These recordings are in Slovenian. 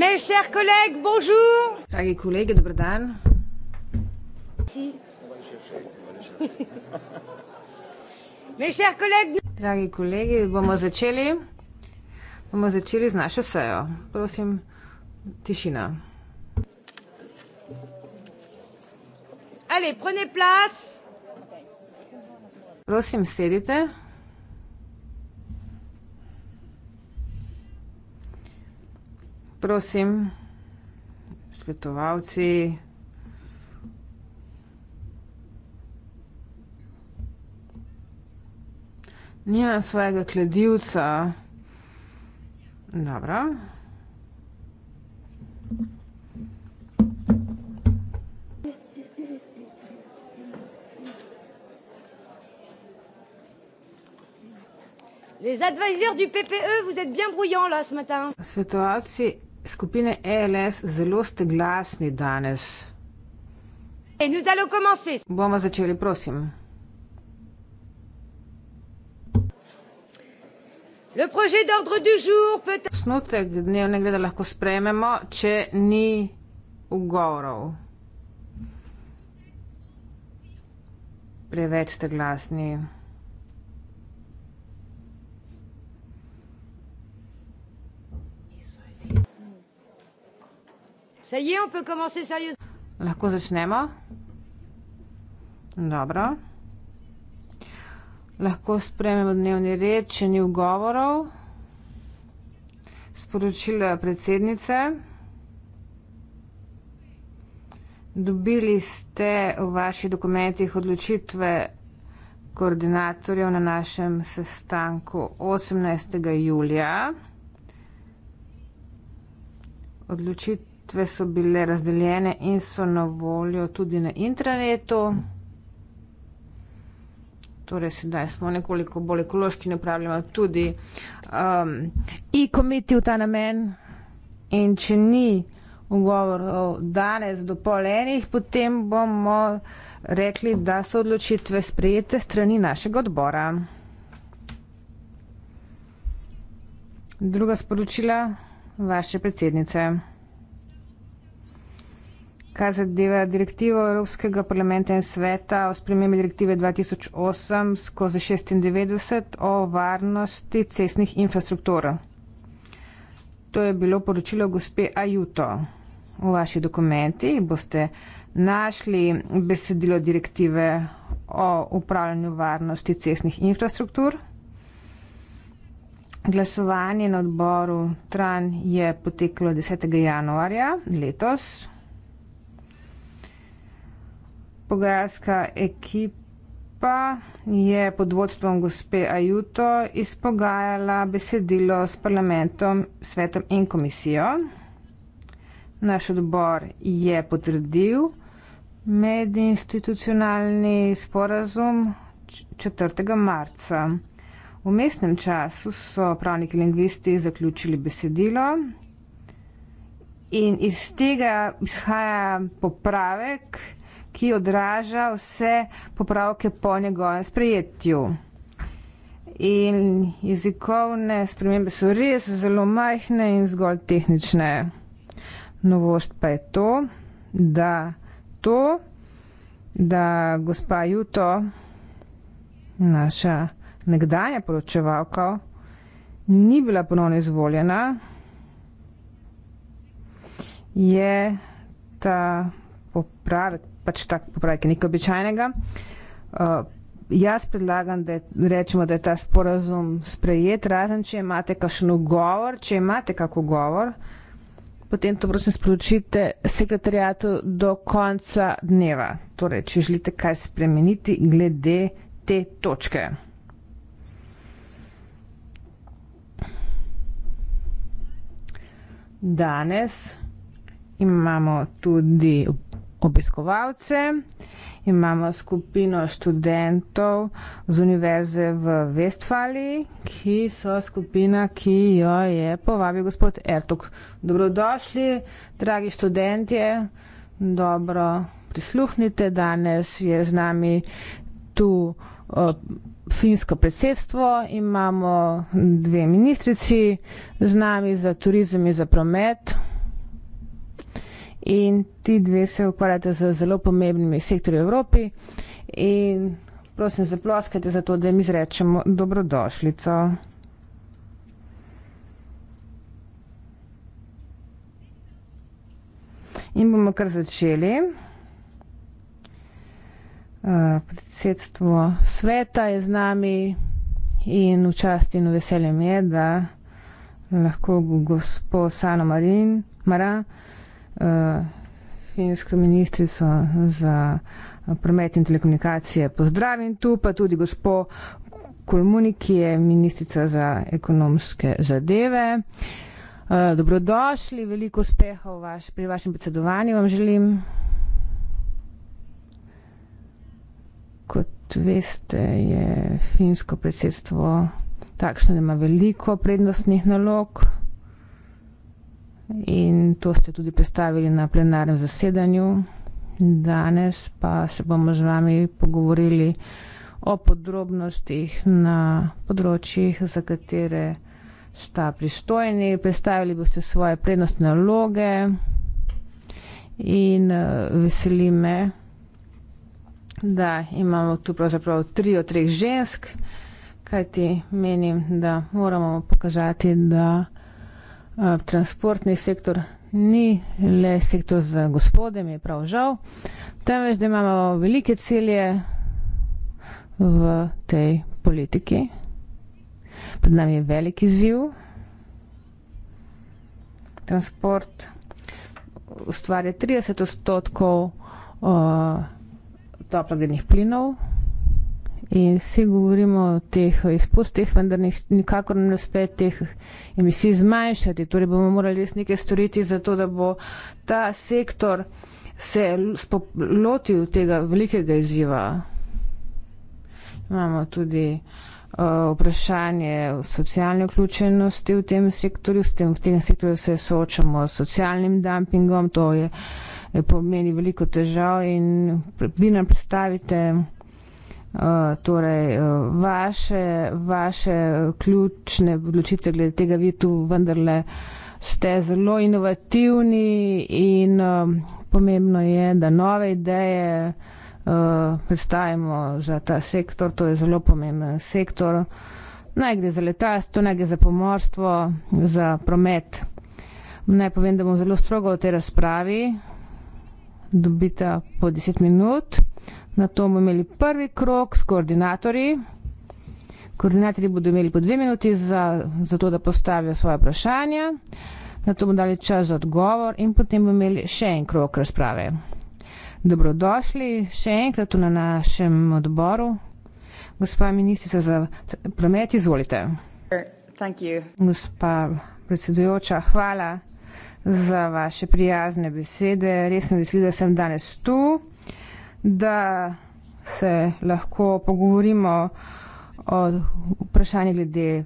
Mes chers collègues, bonjour. Dragi kolegi, dobro dan. Si. Mes chers collègues. Dragi kolegi, bomo začeli. Bomo začeli z našo sejo. Prosim, tišina. Allez, prenez place. Prosim, sedite. prosim. Svetovalci. Nima svojega kladivca. Dobro. Les advisors du PPE, vous êtes bien brouillants là ce matin. Svetovalci skupine ELS, zelo ste glasni danes. Bomo začeli, prosim. Snutek dnevnega reda lahko sprejmemo, če ni ugovorov. Preveč ste glasni. Preveč ste glasni. Lahko začnemo. Dobro. Lahko spremem dnevni red, če ni ugovorov. Sporočila predsednice. Dobili ste v vaših dokumentih odločitve koordinatorjev na našem sestanku 18. julija. Odločitve. Rešitve so bile razdeljene in so na voljo tudi na intranetu. Torej, sedaj smo nekoliko bolj ekološki, ne pravimo tudi um, e-komiti v ta namen. In če ni ugovorov danes do pol enih, potem bomo rekli, da so odločitve sprejete strani našega odbora. Druga sporočila vaše predsednice kar zadeva direktivo Evropskega parlamenta in sveta o spremembi direktive 2008 skozi 96 o varnosti cestnih infrastruktur. To je bilo poročilo gospe Ajuto. V vaših dokumentih boste našli besedilo direktive o upravljanju varnosti cestnih infrastruktur. Glasovanje na odboru TRAN je poteklo 10. januarja letos. Pogajalska ekipa je pod vodstvom gospe Ajuto izpogajala besedilo s parlamentom, svetom in komisijo. Naš odbor je potrdil medinstitucionalni sporazum 4. marca. V mestnem času so pravniki lingvisti zaključili besedilo in iz tega izhaja popravek, ki odraža vse popravke po njegovem sprejetju. In jezikovne spremembe so res zelo majhne in zgolj tehnične. Novost pa je to, da to, da gospa Juto, naša nekdanja poročevalka, ni bila ponovno izvoljena, je ta popravek pač tak popravek nekaj običajnega. Uh, jaz predlagam, da je, rečemo, da je ta sporazum sprejet, razen če imate kakšen govor, če imate kako govor, potem to prosim sporočite sekretarijatu do konca dneva. Torej, če želite kaj spremeniti glede te točke. Danes imamo tudi obiskovalce, imamo skupino študentov z univerze v Vestfali, ki so skupina, ki jo je povabil gospod Ertuk. Dobrodošli, dragi študentje, dobro prisluhnite. Danes je z nami tu o, finsko predsedstvo, imamo dve ministrici z nami za turizem in za promet in ti dve se ukvarjata z zelo pomembnimi sektorji v Evropi in prosim zaploskajte za to, da jim izrečemo dobrodošlico. In bomo kar začeli. Eh, predsedstvo sveta je z nami in v čast in v veselje mi je, da lahko gospod Sano Marin, Mara, uh, finsko ministrico za promet in telekomunikacije. Pozdravim tu pa tudi gospo Kulmuni, ki je ministrica za ekonomske zadeve. Uh, dobrodošli, veliko uspeha vaš, pri vašem predsedovanju vam želim. Kot veste, je finsko predsedstvo takšno, da ima veliko prednostnih nalog in to ste tudi predstavili na plenarnem zasedanju. Danes pa se bomo z vami pogovorili o podrobnostih na področjih, za katere sta pristojni. Predstavili boste svoje prednostne naloge in eh, veseli me, da imamo tu pravzaprav tri od treh žensk, kajti menim, da moramo pokazati, da. Eh, transportni sektor ni le sektor za gospode, mi je prav žal, temveč, da imamo velike cilje v tej politiki. Pred nami je veliki ziv. Transport ustvarja 30 odstotkov uh, toplogrednih plinov. In vsi govorimo o teh izpustih, vendar nikakor ne uspe teh emisij zmanjšati. Torej bomo morali res nekaj storiti za to, da bo ta sektor se lotil tega velikega izziva. Imamo tudi uh, vprašanje socialne vključenosti v tem sektorju. S tem, v tem sektorju se soočamo s socialnim dumpingom. To je, je pomeni veliko težav in vi nam predstavite. Eh, torej eh, vaše, vaše ključne odločitve glede tega, vi tu vendarle ste zelo inovativni in eh, pomembno je, da nove ideje predstavimo za ta sektor, to je zelo pomemben sektor. Naj gre za letalstvo, naj gre za pomorstvo, za promet. Naj povem, da bom zelo strogo v tej razpravi, dobita po 10 minut, Na to bomo imeli prvi krok s koordinatorji. Koordinatorji bodo imeli po dve minuti za, za to, da postavijo svoje vprašanja. Na to bomo dali čas za odgovor in potem bomo imeli še en krok razprave. Dobrodošli še enkrat na našem odboru. Gospa ministrica za promet, izvolite. Gospa predsedujoča, hvala za vaše prijazne besede. Res me veseli, da sem danes tu da se lahko pogovorimo o vprašanju glede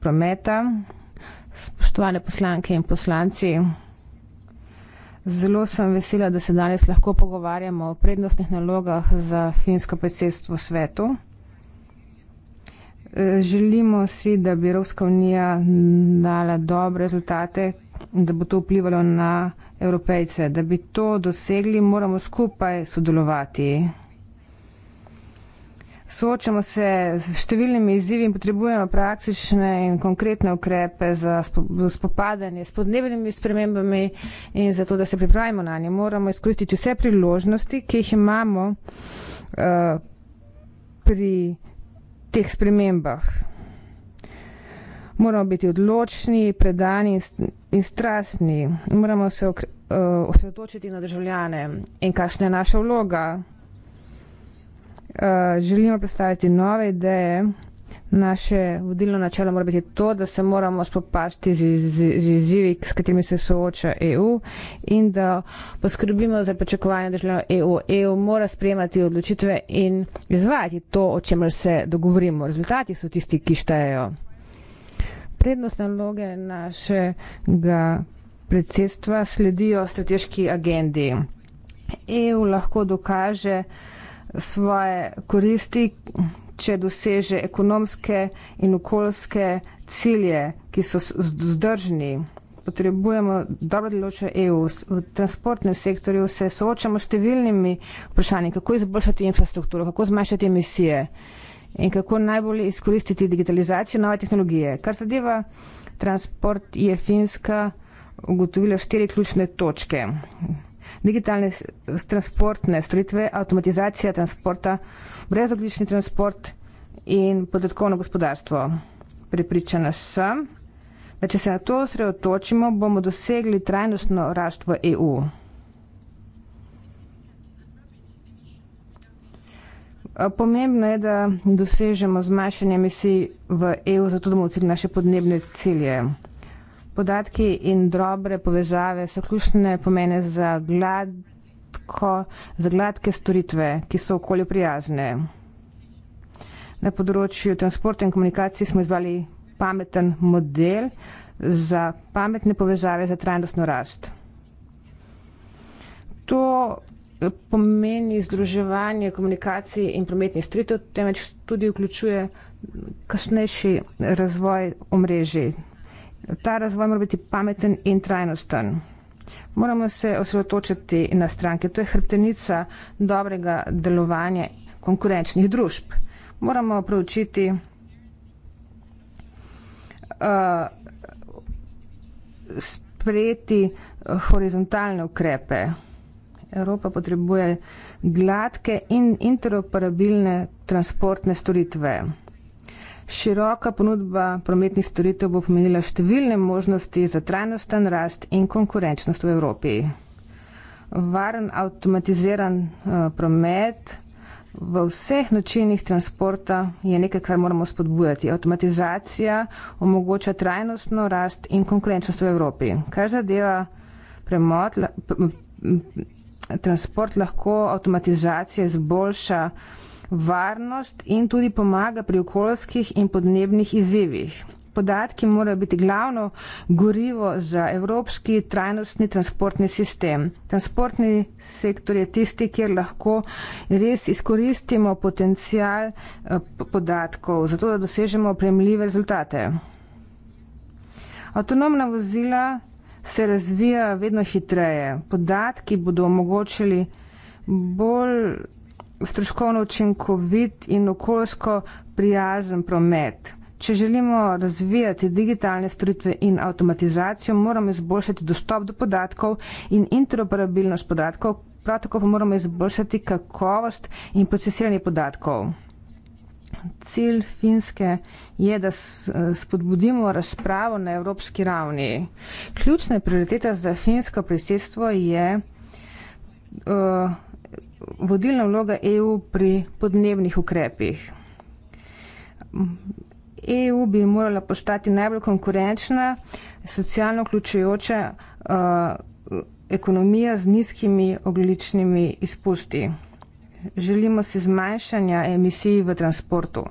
prometa. Spoštovane poslanke in poslanci, zelo sem vesela, da se danes lahko pogovarjamo o prednostnih nalogah za finsko predsedstvo v svetu. Želimo si, da bi Evropska unija dala dobre rezultate in da bo to vplivalo na evropejce, da bi to dosegli, moramo skupaj sodelovati. Soočamo se s številnimi izzivi in potrebujemo praktične in konkretne ukrepe za spopadanje s podnebnimi spremembami in zato, da se pripravimo na nje. Moramo izkoristiti vse priložnosti, ki jih imamo uh, pri teh spremembah moramo biti odločni, predani in strastni. Moramo se eh, osredotočiti na državljane in kakšna je naša vloga. Eh, želimo predstaviti nove ideje. Naše vodilno načelo mora biti to, da se moramo spopasti z, z, z izzivi, s katerimi se sooča EU in da poskrbimo za pričakovanje državljanov EU. EU mora sprejemati odločitve in izvajati to, o čemer se dogovorimo. Rezultati so tisti, ki štejejo prednostne naloge našega predsedstva sledijo strateški agendi. EU lahko dokaže svoje koristi, če doseže ekonomske in okoljske cilje, ki so zdržni. Potrebujemo dobro deločo EU. V transportnem sektorju se soočamo s številnimi vprašanji, kako izboljšati infrastrukturo, kako zmanjšati emisije in kako najbolje izkoristiti digitalizacijo nove tehnologije. Kar zadeva transport, je Finska ugotovila štiri ključne točke. Digitalne transportne storitve, avtomatizacija transporta, brezoglični transport in podatkovno gospodarstvo. Pripričana sem, da če se na to osredotočimo, bomo dosegli trajnostno rast v EU. Pomembno je, da dosežemo zmanjšanje emisij v EU, zato da bomo cilj naše podnebne cilje. Podatki in dobre povezave so ključne pomene za, gladko, za gladke storitve, ki so okolju prijazne. Na področju transporta in komunikacije smo izbrali pameten model za pametne povezave za trajnostno rast. To pomeni združevanje komunikacij in prometnih storitev, temveč tudi vključuje kasnejši razvoj omrežij. Ta razvoj mora biti pameten in trajnosten. Moramo se osredotočiti na stranke. To je hrbtenica dobrega delovanja konkurenčnih družb. Moramo preučiti uh, sprejeti horizontalne ukrepe. Evropa potrebuje gladke in interoperabilne transportne storitve. Široka ponudba prometnih storitev bo pomenila številne možnosti za trajnosten rast in konkurenčnost v Evropi. Varen avtomatiziran eh, promet v vseh načinih transporta je nekaj, kar moramo spodbujati. Avtomatizacija omogoča trajnostno rast in konkurenčnost v Evropi. Kar zadeva premot, transport lahko avtomatizacija izboljša varnost in tudi pomaga pri okoljskih in podnebnih izzivih. Podatki morajo biti glavno gorivo za evropski trajnostni transportni sistem. Transportni sektor je tisti, kjer lahko res izkoristimo potencial eh, podatkov, zato da dosežemo opremljive rezultate. Avtonomna vozila se razvija vedno hitreje. Podatki bodo omogočili bolj stroškovno učinkovit in okoljsko prijazen promet. Če želimo razvijati digitalne storitve in avtomatizacijo, moramo izboljšati dostop do podatkov in interoperabilnost podatkov, prav tako pa moramo izboljšati kakovost in procesiranje podatkov cilj Finske je, da eh, spodbudimo razpravo na evropski ravni. Ključna prioriteta za finsko predsedstvo je uh, vodilna vloga EU pri podnebnih ukrepih. EU bi morala postati najbolj konkurenčna, socialno vključujoča uh, ekonomija z nizkimi ogličnimi izpusti. Želimo si zmanjšanja emisij v transportu.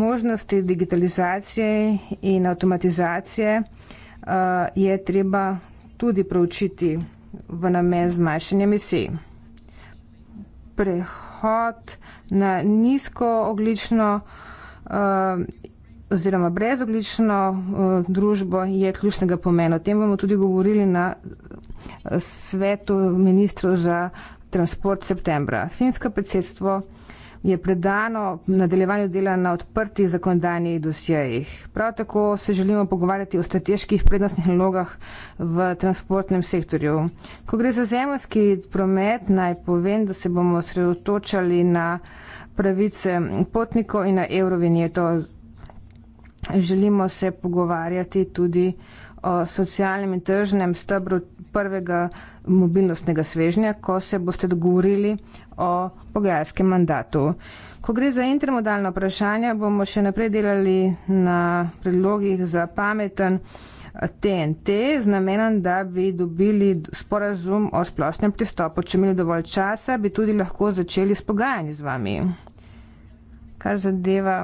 Možnosti digitalizacije in avtomatizacije uh, je treba tudi proučiti v namen zmanjšanja emisij. Prehod na nizko oglično uh, eh, oziroma brezoglično uh, družbo je ključnega pomena. O tem bomo tudi govorili na svetu ministrov za uh, transport septembra. Finsko predsedstvo je predano nadaljevanju dela na odprtih zakonodajnih dosjejih. Prav tako se želimo pogovarjati o strateških prednostnih nalogah v transportnem sektorju. Ko gre za zemljski promet, naj povem, da se bomo sredotočali na pravice potnikov in na evrovinjeto. Želimo se pogovarjati tudi o socialnem in tržnem stebru prvega mobilnostnega svežnja, ko se boste dogovorili o pogajalskem mandatu. Ko gre za intermodalno vprašanje, bomo še naprej delali na predlogih za pameten TNT z namenom, da bi dobili sporazum o splošnem pristopu. Če imeli dovolj časa, bi tudi lahko začeli s pogajanji z vami. Kar zadeva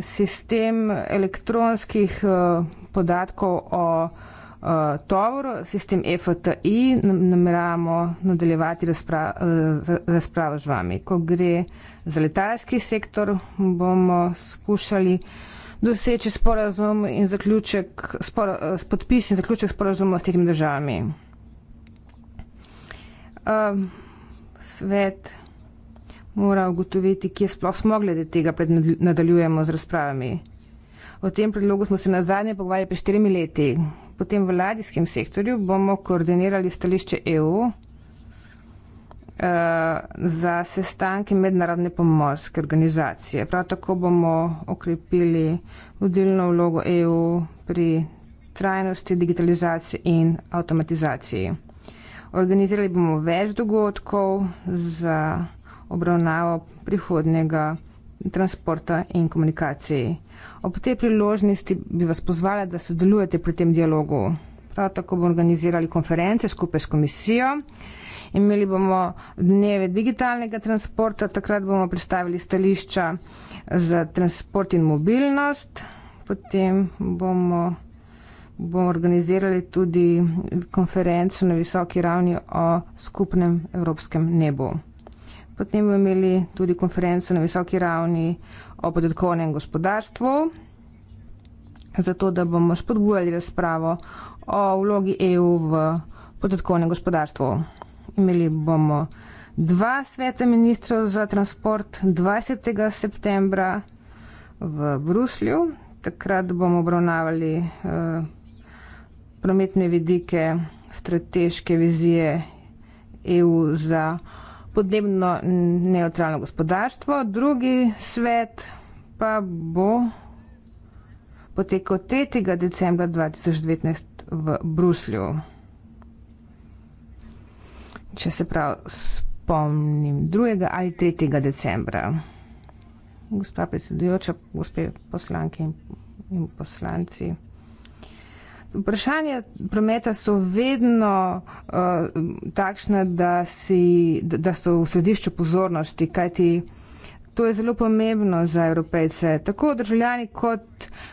sistem elektronskih eh, podatkov o eh, tovoru, sistem e FTI, nameravamo nadaljevati razpravo, eh, razpravo z vami. Ko gre za letalski sektor, bomo skušali doseči sporazum in zaključek, spora, podpis in zaključek sporazuma s tretjimi državami. Uh, svet mora ugotoviti, kje sploh smo glede tega pred nadaljujemo z razpravami. O tem predlogu smo se na zadnje pogovarjali pred štirimi leti. Potem v ladijskem sektorju bomo koordinirali stališče EU eh, za sestanke mednarodne pomorske organizacije. Prav tako bomo okrepili vodilno vlogo EU pri trajnosti, digitalizaciji in avtomatizaciji. Organizirali bomo več dogodkov za obravnavo prihodnega transporta in komunikaciji. Ob tej priložnosti bi vas pozvala, da sodelujete pri tem dialogu. Prav tako bomo organizirali konference skupaj s komisijo. Imeli bomo dneve digitalnega transporta, takrat bomo predstavili stališča za transport in mobilnost. Potem bomo, bomo organizirali tudi konferenco na visoki ravni o skupnem evropskem nebu. Potem bomo imeli tudi konferenco na visoki ravni o podatkovnem gospodarstvu, zato da bomo spodbujali razpravo o vlogi EU v podatkovnem gospodarstvu. Imeli bomo dva sveta ministrov za transport 20. septembra v Bruslju. Takrat bomo obravnavali eh, prometne vidike strateške vizije EU za podatkovne gospodarstvo podnebno neutralno gospodarstvo, drugi svet pa bo potekal 3. decembra 2019 v Bruslju. Če se prav spomnim, 2. ali 3. decembra. Gospa predsedujoča, gospe poslanke in poslanci. Vprašanja prometa so vedno uh, takšna, da, si, da so v središču pozornosti, kajti to je zelo pomembno za evropejce. Tako državljani kot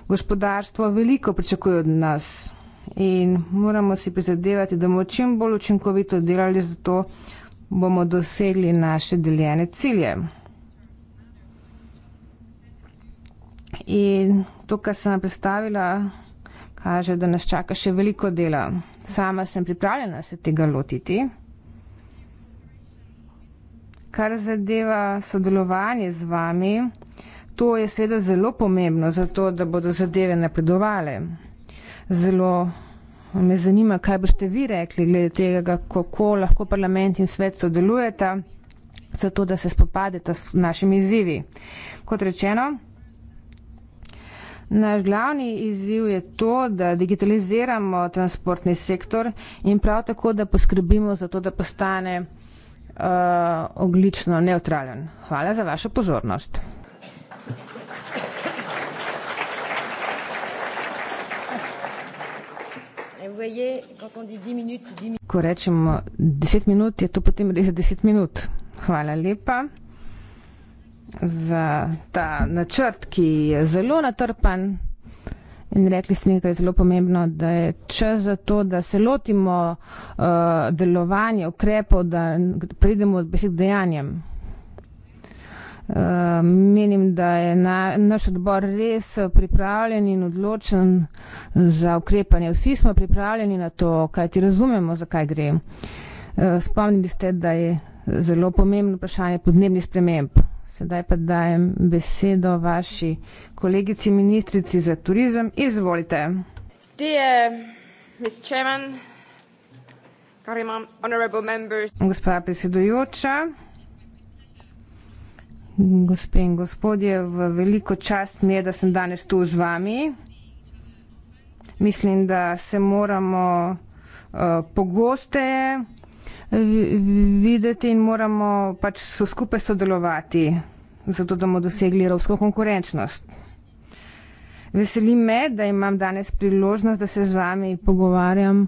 gospodarstvo veliko pričakujejo od nas in moramo si prizadevati, da bomo čim bolj učinkovito delali, zato bomo dosegli naše deljene cilje. In to, kar sem predstavila, kaže, da nas čaka še veliko dela. Sama sem pripravljena se tega lotiti. Kar zadeva sodelovanje z vami, to je seveda zelo pomembno, zato da bodo zadeve napredovale. Zelo me zanima, kaj boste vi rekli glede tega, kako lahko parlament in svet sodelujeta, zato da se spopadeta s našimi izzivi. Kot rečeno, Naš glavni izziv je to, da digitaliziramo transportni sektor in prav tako, da poskrbimo za to, da postane uh, oglično neutralen. Hvala za vašo pozornost. Ko rečemo 10 minut, je to potem res 10 minut. Hvala lepa za ta načrt, ki je zelo natrpan. In rekli ste nekaj zelo pomembno, da je čas za to, da se lotimo uh, delovanja, ukrepov, da pridemo od besed dejanjem. Uh, menim, da je na, naš odbor res pripravljen in odločen za ukrepanje. Vsi smo pripravljeni na to, kaj ti razumemo, zakaj gre. Uh, spomnili ste, da je zelo pomembno vprašanje podnebnih sprememb. Sedaj pa dajem besedo vaši kolegici ministrici za turizem. Izvolite. Gospa predsedujoča, gospe in gospodje, v veliko čast mi je, da sem danes tu z vami. Mislim, da se moramo uh, pogosteje videti in moramo pač so skupaj sodelovati, zato da bomo dosegli evropsko konkurenčnost. Veseli me, da imam danes priložnost, da se z vami pogovarjam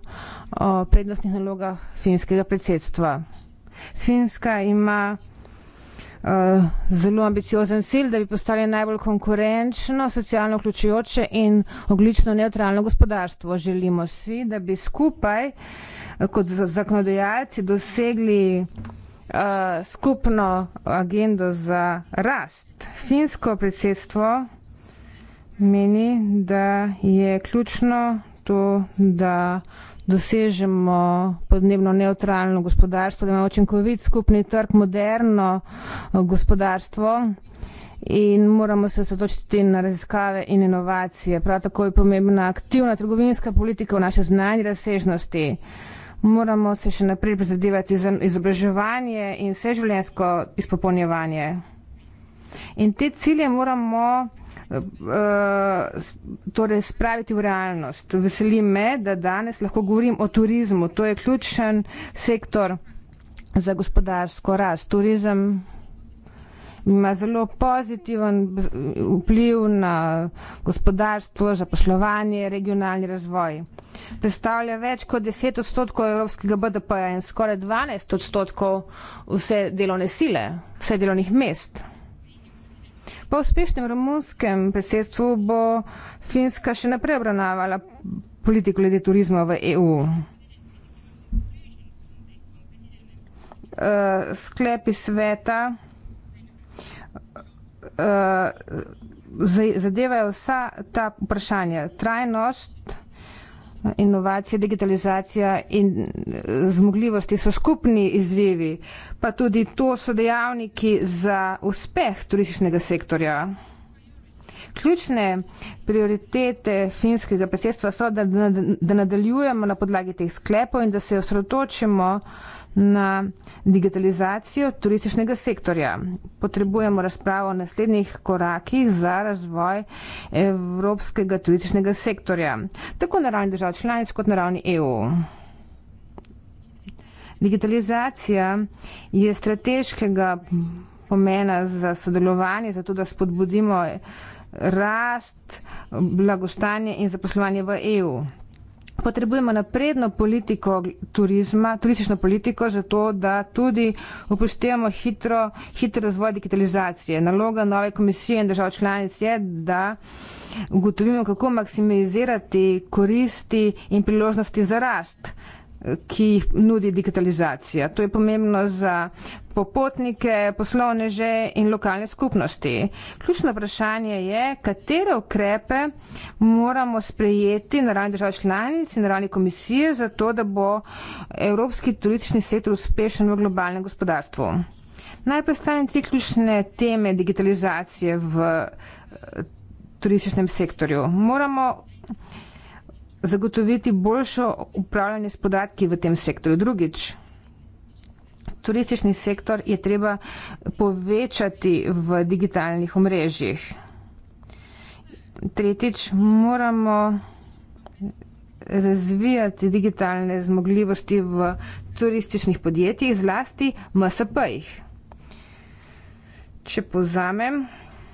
o prednostnih nalogah finskega predsedstva. Finska ima Eh, zelo ambiciozen cilj, da bi postali najbolj konkurenčno, socialno vključujoče in oglično neutralno gospodarstvo. Želimo si, da bi skupaj eh, kot zakonodajalci dosegli uh, skupno agendo za rast. Finsko predsedstvo meni, da je ključno to, da dosežemo podnebno neutralno gospodarstvo, da imamo učinkovit skupni trg, moderno eh, gospodarstvo in moramo se osredotočiti na raziskave in inovacije. Prav tako je pomembna aktivna trgovinska politika v naši znanji razsežnosti. Moramo se še naprej prizadevati za izobraževanje in vseživljenjsko izpopolnjevanje. In te cilje moramo uh, torej spraviti v realnost. Veseli me, da danes lahko govorim o turizmu. To je ključen sektor za gospodarsko rast. Turizem ima zelo pozitiven vpliv na gospodarstvo, zaposlovanje, regionalni razvoj. Predstavlja več kot 10 odstotkov evropskega BDP-ja in skoraj 12 odstotkov vse delovne sile, vse delovnih mest. Po uspešnem romunskem predsedstvu bo Finska še naprej obravnavala politiko glede turizma v EU. Uh, e, sklepi sveta uh, zadevajo vsa ta vprašanja. Trajnost, inovacije, digitalizacija in eh, zmogljivosti so skupni izzivi, pa tudi to so dejavniki za uspeh turističnega sektorja ključne prioritete finskega predsedstva so, da, da, da nadaljujemo na podlagi teh sklepov in da se osredotočimo na digitalizacijo turističnega sektorja. Potrebujemo razpravo o naslednjih korakih za razvoj evropskega turističnega sektorja, tako na ravni držav članic kot na ravni EU. Digitalizacija je strateškega pomena za sodelovanje, zato da spodbudimo rast, blagostanje in zaposlovanje v EU. Potrebujemo napredno politiko turizma, turistično politiko, zato da tudi upoštevamo hitro, hitro razvoj digitalizacije. Naloga nove komisije in držav članic je, da ugotovimo, kako maksimizirati koristi in priložnosti za rast ki jih nudi digitalizacija. To je pomembno za popotnike, poslovneže in lokalne skupnosti. Ključno vprašanje je, katere ukrepe moramo sprejeti na ravni držav članic in na ravni komisije, zato da bo evropski turistični sektor uspešen v globalnem gospodarstvu. Najprej stavim tri ključne teme digitalizacije v eh, turističnem sektorju. Moramo zagotoviti boljšo upravljanje s podatki v tem sektorju. Drugič, turistični sektor je treba povečati v digitalnih omrežjih. Tretjič, moramo razvijati digitalne zmogljivosti v turističnih podjetjih, zlasti MSP-jih. Če povzamem,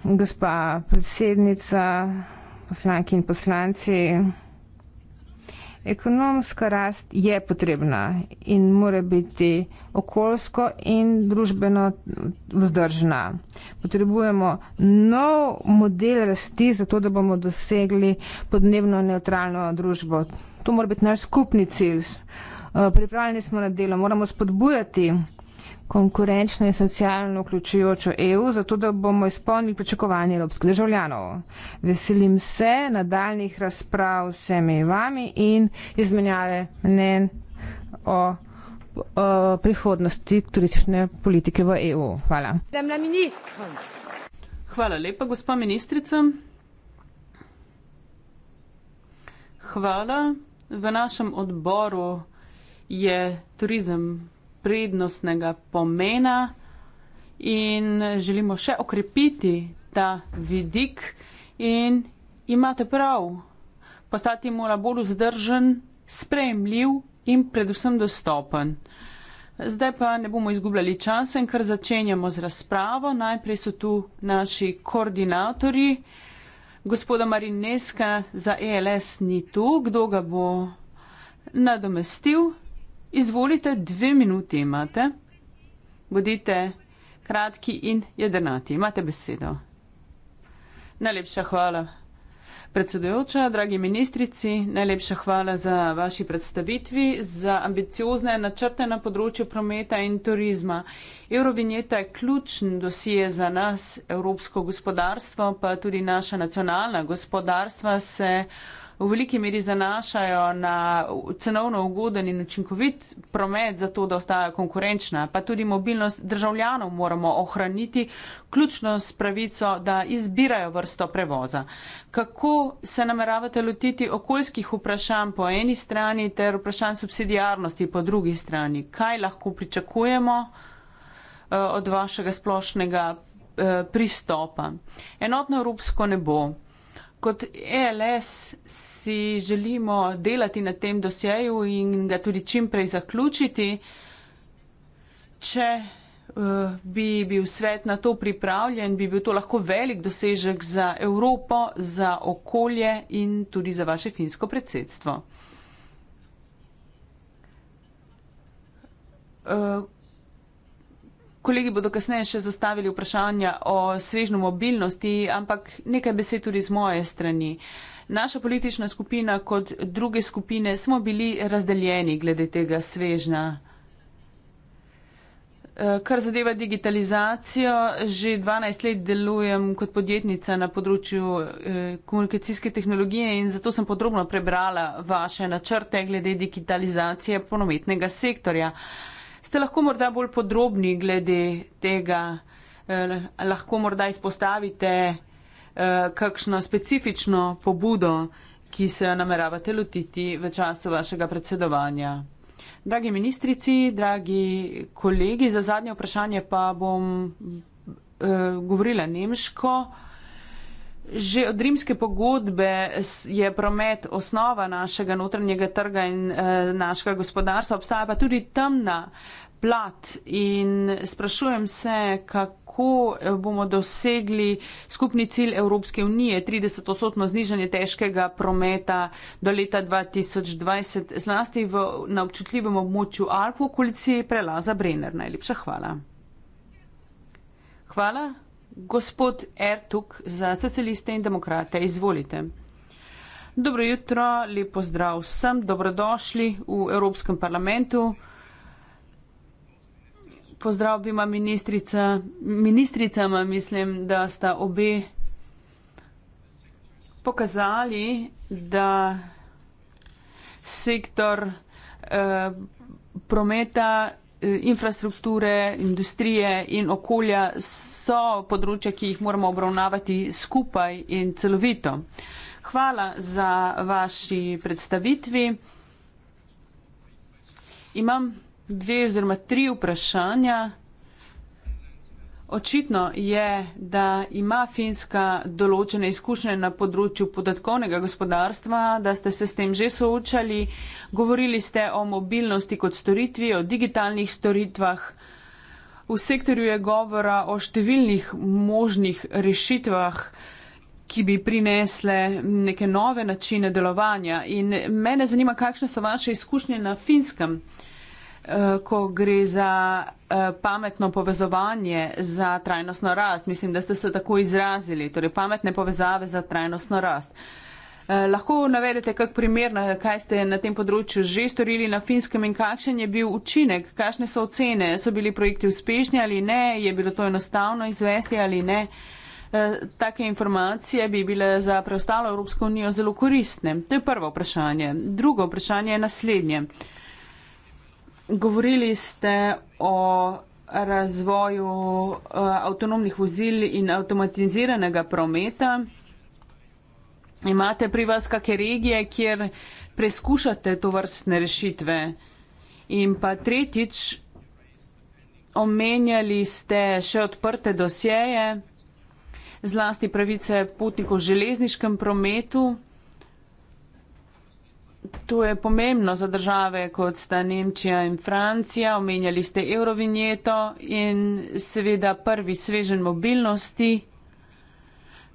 gospa predsednica, poslanke in poslanci, ekonomska rast je potrebna in mora biti okoljsko in družbeno vzdržna. Potrebujemo nov model rasti, zato da bomo dosegli podnebno neutralno družbo. To mora biti naš skupni cilj. Eh, pripravljeni smo na delo, moramo spodbujati konkurenčno in socialno vključujočo EU, zato da bomo izpolnili pričakovanje evropskih državljanov. Veselim se nadaljnih razprav s vsemi vami in izmenjave mnen o, o prihodnosti turistične politike v EU. Hvala. Hvala lepa, gospa ministrica. Hvala. V našem odboru je turizem prednostnega pomena in želimo še okrepiti ta vidik in imate prav, postati mora bolj vzdržen, sprejemljiv in predvsem dostopen. Zdaj pa ne bomo izgubljali časa in kar začenjamo z razpravo. Najprej so tu naši koordinatorji. Gospoda Marineska za ELS ni tu. Kdo ga bo nadomestil? Izvolite, dve minuti imate. Bodite kratki in jedrnati. Imate besedo. Najlepša hvala. Predsedujoča, dragi ministrici, najlepša hvala za vaši predstavitvi, za ambiciozne načrte na področju prometa in turizma. Eurovinjeta je ključen dosije za nas, evropsko gospodarstvo, pa tudi naša nacionalna gospodarstva se v veliki meri zanašajo na cenovno ugoden in učinkovit promet za to, da ostajajo konkurenčna, pa tudi mobilnost državljanov moramo ohraniti, ključno s pravico, da izbirajo vrsto prevoza. Kako se nameravate lotiti okoljskih vprašanj po eni strani ter vprašanj subsidijarnosti po drugi strani? Kaj lahko pričakujemo eh, od vašega splošnega eh, pristopa? Enotno Evropsko ne bo kot ELS si želimo delati na tem dosjeju in ga tudi čimprej zaključiti. Če eh, bi bil svet na to pripravljen, bi bil to lahko velik dosežek za Evropo, za okolje in tudi za vaše finsko predsedstvo. Eh, Kolegi bodo kasneje še zastavili vprašanja o svežnju mobilnosti, ampak nekaj besed tudi z moje strani. Naša politična skupina kot druge skupine smo bili razdeljeni glede tega svežna. E, kar zadeva digitalizacijo, že 12 let delujem kot podjetnica na področju e, komunikacijske tehnologije in zato sem podrobno prebrala vaše načrte glede digitalizacije ponometnega sektorja ste lahko morda bolj podrobni glede tega, eh, lahko morda izpostavite eh, kakšno specifično pobudo, ki se nameravate lotiti v času vašega predsedovanja. Dragi ministrici, dragi kolegi, za zadnje vprašanje pa bom eh, govorila nemško. Že od rimske pogodbe je promet osnova našega notranjega trga in e, našega gospodarstva. Obstaja pa tudi temna plat in sprašujem se, kako eh, bomo dosegli skupni cilj Evropske unije, 30-odstotno znižanje težkega prometa do leta 2020, zlasti v, na občutljivem območju Alp v okolici prelaza Brenner. Najlepša hvala. Hvala. Gospod Ertuk za socialiste in demokrate, izvolite. Dobro jutro, lepo zdrav vsem, dobrodošli v Evropskem parlamentu pozdrav bi ima ministrica, ministricama, mislim, da sta obe pokazali, da sektor eh, prometa, eh, infrastrukture, industrije in okolja so področja, ki jih moramo obravnavati skupaj in celovito. Hvala za vaši predstavitvi. Imam dve oziroma tri vprašanja. Očitno je, da ima Finska določene izkušnje na področju podatkovnega gospodarstva, da ste se s tem že soočali. Govorili ste o mobilnosti kot storitvi, o digitalnih storitvah. V sektorju je govora o številnih možnih rešitvah, ki bi prinesle neke nove načine delovanja. In mene zanima, kakšne so vaše izkušnje na finskem področju. Eh, ko gre za eh, pametno povezovanje za trajnostno rast. Mislim, da ste se tako izrazili, torej pametne povezave za trajnostno rast. Eh, lahko navedete kak primer, kaj ste na tem področju že storili na finskem in kakšen je bil učinek, kakšne so ocene, so bili projekti uspešni ali ne, je bilo to enostavno izvesti ali ne. Take informacije bi bile za preostalo Evropsko unijo zelo koristne. To je prvo vprašanje. Drugo vprašanje je naslednje. Govorili ste o razvoju uh, avtonomnih vozil in avtomatiziranega prometa. Imate pri vas kakšne regije, kjer preizkušate to vrstne rešitve? In pa tretjič, omenjali ste še odprte dosjeje, zlasti pravice potnikov v železniškem prometu. To je pomembno za države, kot sta Nemčija in Francija, omenjali ste eurovinjeto in seveda prvi svežen mobilnosti.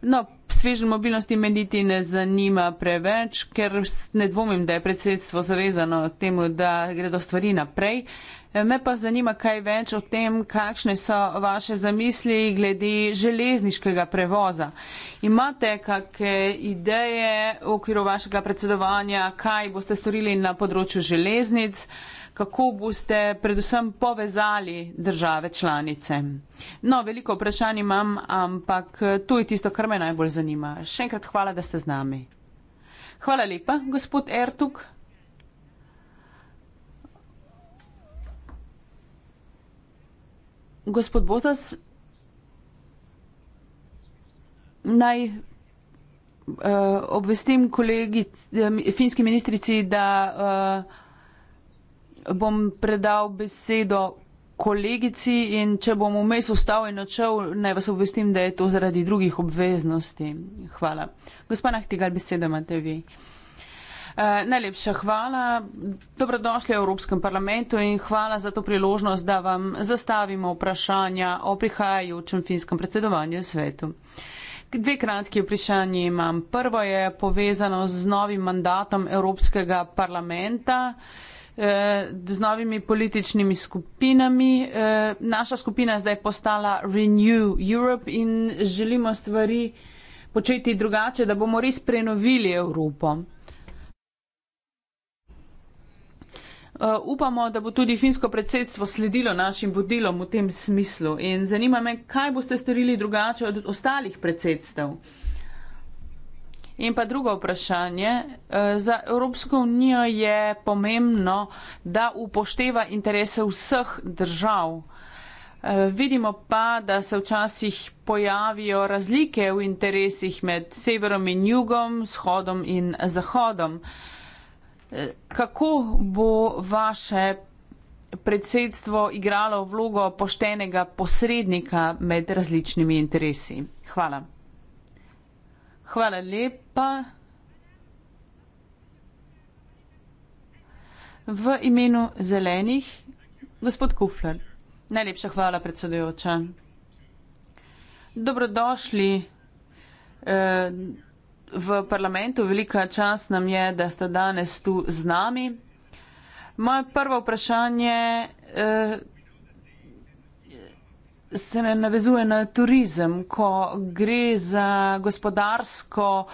No, svežen mobilnosti me niti ne zanima preveč, ker ne dvomim, da je predsedstvo zavezano temu, da gredo stvari naprej. Uh, Me pa zanima kaj več o tem, kakšne so vaše zamisli glede železniškega prevoza. Imate kakšne ideje v okviru vašega predsedovanja, kaj boste storili na področju železnic, kako boste predvsem povezali države članice? No, veliko vprašanj imam, ampak to je tisto, kar me najbolj zanima. Še enkrat hvala, da ste z nami. Hvala lepa, gospod Ertuk. Gospod Bozas, naj uh, obvestim kolegi, eh, finski ministrici, da uh, bom predal besedo kolegici in če bom vmes ostal in odšel, naj vas obvestim, da je to zaradi drugih obveznosti. Hvala. Gospa Nahtigal, besedo imate vi. Eh, najlepša hvala, dobrodošli v Evropskem parlamentu in hvala za to priložnost, da vam zastavimo vprašanja o prihajajočem finskem predsedovanju svetu. Dve kratki vprašanje imam. Prvo je povezano z novim mandatom Evropskega parlamenta eh, z novimi političnimi skupinami. Eh, naša skupina je zdaj postala Renew Europe in želimo stvari početi drugače, da bomo res prenovili Evropo. Eh, upamo, da bo tudi finsko predsedstvo sledilo našim vodilom v tem smislu. In zanima me, kaj boste storili drugače od ostalih predsedstev. In pa drugo vprašanje. Eh, za Evropsko unijo je pomembno, da upošteva interese vseh držav. Eh, vidimo pa, da se včasih pojavijo razlike v interesih med severom in jugom, shodom in zahodom kako bo vaše predsedstvo igralo vlogo poštenega posrednika med različnimi interesi. Hvala. Hvala lepa. V imenu zelenih, gospod Kufler. Najlepša hvala, predsedujoča. Dobrodošli. Eh, v parlamentu, velika čast nam je, da ste danes tu z nami. Moje prvo vprašanje eh, se ne navezuje na turizem, ko gre za gospodarsko,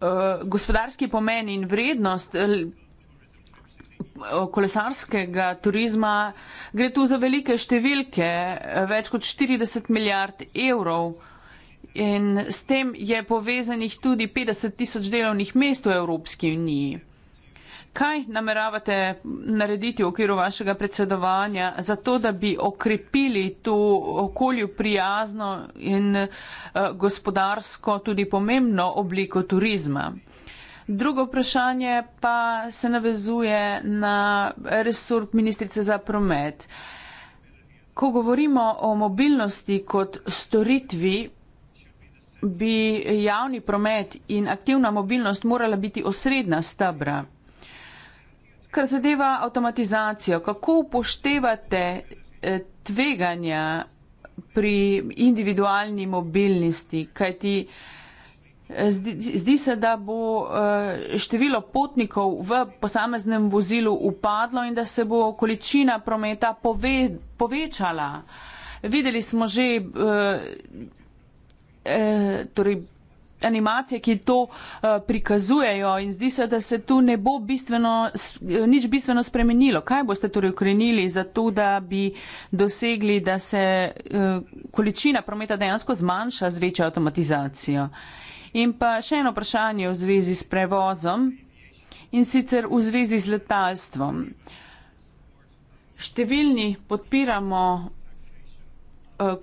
eh, gospodarski pomen in vrednost. Eh, kolesarskega turizma gre tu za velike številke, več kot 40 milijard evrov in s tem je povezanih tudi 50 tisoč delovnih mest v Evropski uniji. Kaj nameravate narediti v okviru vašega predsedovanja za to, da bi okrepili to okolju prijazno in eh, gospodarsko tudi pomembno obliko turizma? Drugo vprašanje pa se navezuje na resurs ministrice za promet. Ko govorimo o mobilnosti kot storitvi, bi javni promet in aktivna mobilnost morala biti osredna stabra. Kar zadeva avtomatizacijo, kako upoštevate eh, tveganja pri individualni mobilnosti, kajti eh, zdi, zdi se, da bo eh, število potnikov v posameznem vozilu upadlo in da se bo količina prometa pove, povečala. Videli smo že eh, torej animacije, ki to eh, prikazujejo in zdi se, da se tu ne bo bistveno, eh, nič bistveno spremenilo. Kaj boste torej ukrenili za to, da bi dosegli, da se eh, količina prometa dejansko zmanjša z večjo avtomatizacijo? In pa še eno vprašanje v zvezi s prevozom in sicer v zvezi z letalstvom. Številni podpiramo eh,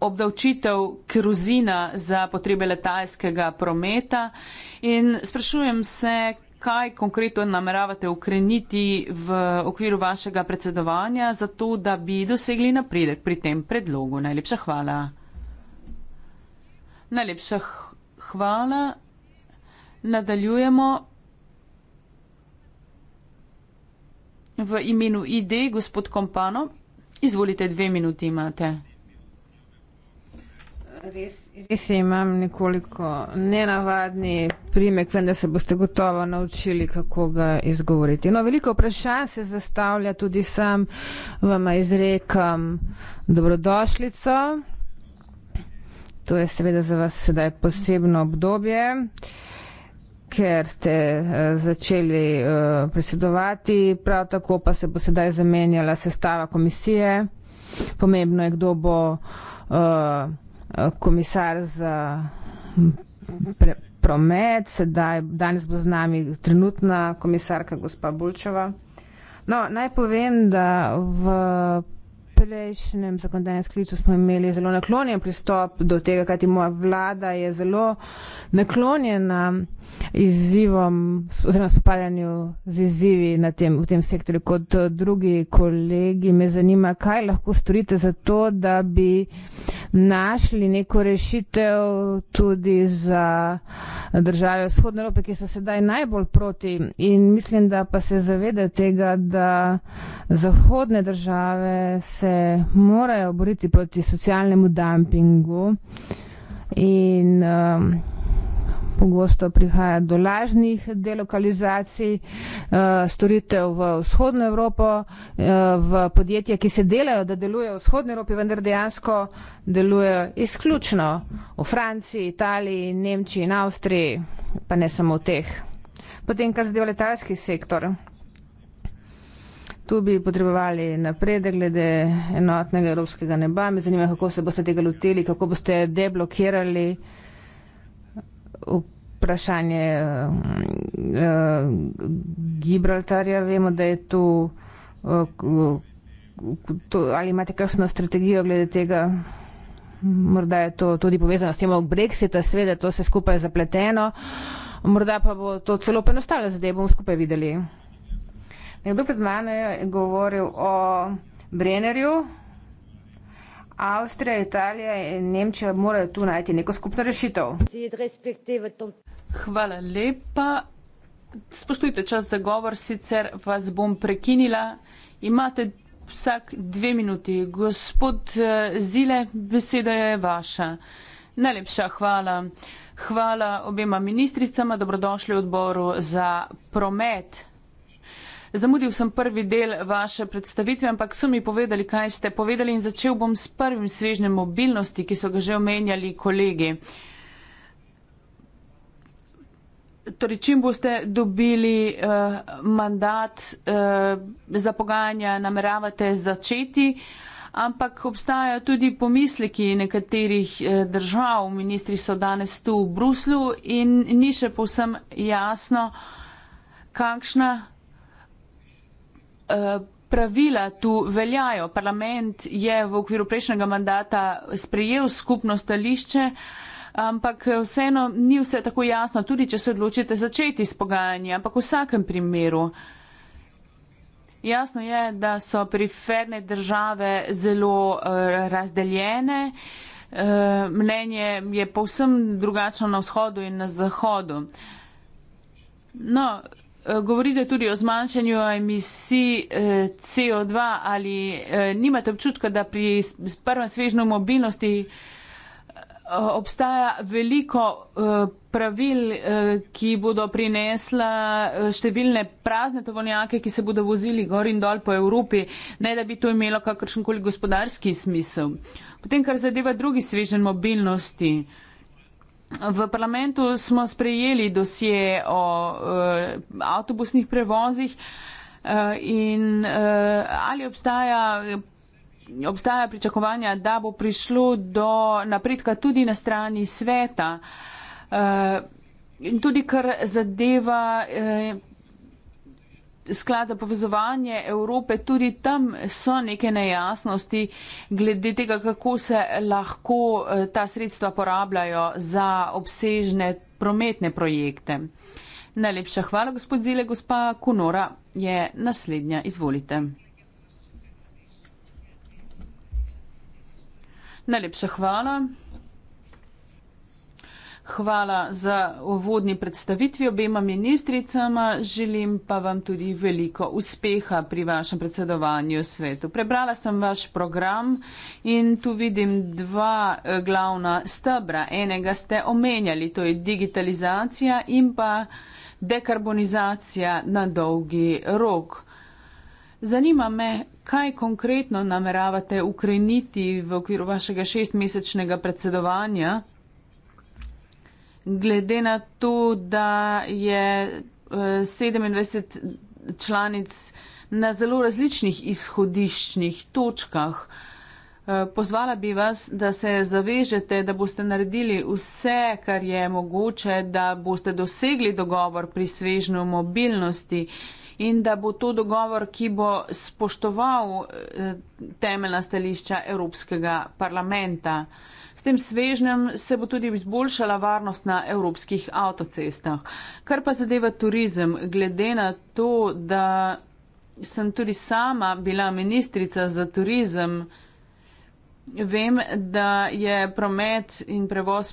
obdavčitev kruzina za potrebe letalskega prometa in sprašujem se, kaj konkretno nameravate ukreniti v okviru vašega predsedovanja, zato da bi dosegli napredek pri tem predlogu. Najlepša hvala. Najlepša hvala. Nadaljujemo. V imenu ID, gospod Kompano, izvolite, dve minuti imate res, res imam nekoliko nenavadni primek, vendar se boste gotovo naučili, kako ga izgovoriti. No, veliko vprašanj se zastavlja tudi sam, vam izrekam dobrodošlico. To je seveda za vas sedaj posebno obdobje, ker ste eh, začeli eh, predsedovati, prav tako pa se bo sedaj zamenjala sestava komisije. Pomembno je, kdo bo uh, komisar za pre, promet, sedaj, danes bo z nami trenutna komisarka gospa Bulčeva. No, naj povem, da v prejšnjem zakonodajnem sklicu smo imeli zelo naklonjen pristop do tega, kajti moja vlada je zelo naklonjena izzivom oziroma spopadanju z izzivi na tem, v tem sektorju. Kot eh, drugi kolegi me zanima, kaj lahko storite za to, da bi našli neko rešitev tudi za države vzhodne Evrope, ki so sedaj najbolj proti in mislim, da pa se zavedajo tega, da zahodne države se se morajo boriti proti socialnemu dumpingu in um, pogosto prihaja do lažnih delokalizacij uh, storitev v vzhodno Evropo, uh, v podjetja, ki se delajo, da delujejo v vzhodni Evropi, vendar dejansko delujejo izključno v Franciji, Italiji, Nemčiji in Avstriji, pa ne samo v teh. Potem, kar zadeva letalski sektor. Tu bi potrebovali napredek glede enotnega evropskega neba. Me zanima, kako se boste tega lotili, kako boste deblokirali vprašanje uh, uh, Gibraltarja. Vemo, da je tu. Uh, to, ali imate kakšno strategijo glede tega? Morda je to tudi povezano s tem od Brexita, sveda to se skupaj zapleteno. Morda pa bo to celo poenostavljeno, zdaj bomo skupaj videli. Nekdo pred mano je govoril o Brennerju. Avstrija, Italija in Nemčija morajo tu najti neko skupno rešitev. Hvala lepa. Spoštujte čas za govor, sicer vas bom prekinila. Imate vsak dve minuti. Gospod eh, Zile, beseda je vaša. Najlepša hvala. Hvala obema ministricama, dobrodošli v odboru za promet. Zamudil sem prvi del vaše predstavitve, ampak so mi povedali, kaj ste povedali in začel bom s prvim svežnem mobilnosti, ki so ga že omenjali kolegi. Torej, čim boste dobili uh, mandat uh, za pogajanja, nameravate začeti, ampak obstajajo tudi pomisleki nekaterih uh, držav. Ministri so danes tu v Bruslu in ni še povsem jasno, kakšna Eh, pravila tu veljajo. Parlament je v okviru prejšnjega mandata sprejel skupno stališče, ampak vseeno ni vse tako jasno, tudi če se odločite začeti s pogajanji, ampak v vsakem primeru. Jasno je, da so periferne države zelo eh, razdeljene, eh, mnenje je povsem drugačno na vzhodu in na zahodu. No, Eh, govorite tudi o zmanjšanju emisij eh, CO2, ali eh, nimate občutka, da pri prvem svežnju mobilnosti obstaja veliko pravil, ki bodo prinesla številne prazne tovornjake, ki se bodo vozili gor in dol po Evropi, ne da bi to imelo kakršenkoli gospodarski smisel. Potem, kar zadeva drugi svežen mobilnosti, V parlamentu smo sprejeli dosje o uh, avtobusnih prevozih uh, in uh, ali obstaja. Obstaja pričakovanja, da bo prišlo do napredka tudi na strani sveta. Uh, in tudi kar zadeva. Uh, sklad za povezovanje Evrope, tudi tam so neke nejasnosti glede tega, kako se lahko eh, ta sredstva porabljajo za obsežne prometne projekte. Najlepša hvala, gospod Zile, gospa Kunora je naslednja. Izvolite. Najlepša hvala. Hvala za uvodni predstavitvi obema ministricama, želim pa vam tudi veliko uspeha pri vašem predsedovanju svetu. Prebrala sem vaš program in tu vidim dva eh, glavna stebra. Enega ste omenjali, to je digitalizacija in pa dekarbonizacija na dolgi rok. Zanima me, kaj konkretno nameravate ukreniti v okviru vašega šestmesečnega predsedovanja glede na to, da je 27 eh, članic na zelo različnih izhodiščnih točkah. Eh, pozvala bi vas, da se zavežete, da boste naredili vse, kar je mogoče, da boste dosegli dogovor pri svežnju mobilnosti in da bo to dogovor, ki bo spoštoval eh, temeljna stališča Evropskega parlamenta tem svežnjem se bo tudi izboljšala varnost na evropskih avtocestah. Kar pa zadeva turizem, glede na to, da sem tudi sama bila ministrica za turizem, vem, da je promet in prevoz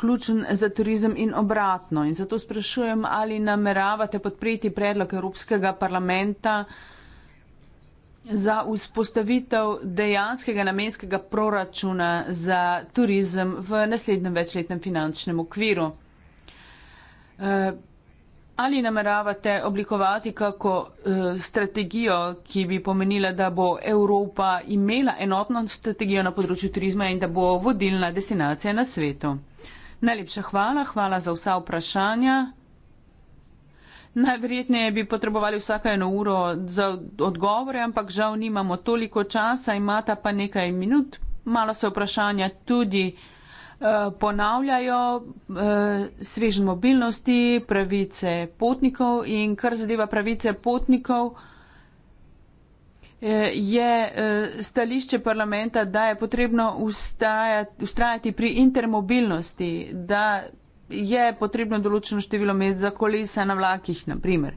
ključen za turizem in obratno. In zato sprašujem, ali nameravate podpreti predlog Evropskega parlamenta, za vzpostavitev dejanskega namenskega proračuna za turizem v naslednjem večletnem finančnem okviru. Eh, ali nameravate oblikovati kako eh, strategijo, ki bi pomenila, da bo Evropa imela enotno strategijo na področju turizma in da bo vodilna destinacija na svetu? Najlepša hvala, hvala za vsa vprašanja. Najverjetneje bi potrebovali vsaka eno uro za odgovore, ampak žal nimamo toliko časa, imata pa nekaj minut. Malo se vprašanja tudi eh, ponavljajo eh, svežen mobilnosti, pravice potnikov in kar zadeva pravice potnikov, eh, je stališče parlamenta, da je potrebno ustajati, ustrajati pri intermobilnosti, da je potrebno določeno število mest za kolesa na vlakih, naprimer.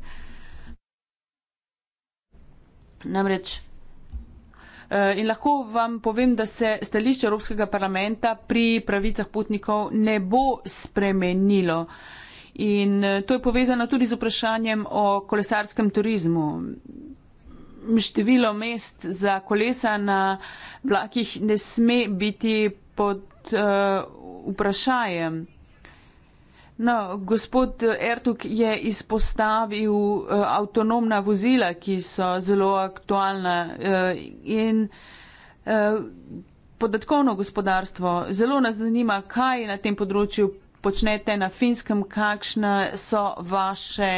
Namreč. Eh, in lahko vam povem, da se stališče Evropskega parlamenta pri pravicah potnikov ne bo spremenilo. In eh, to je povezano tudi z vprašanjem o kolesarskem turizmu. Število mest za kolesa na vlakih ne sme biti pod uh, eh, vprašanjem. No, gospod Ertug je izpostavil eh, avtonomna vozila, ki so zelo aktualna eh, in eh, podatkovno gospodarstvo. Zelo nas zanima, kaj na tem področju počnete na finskem, kakšne so vaše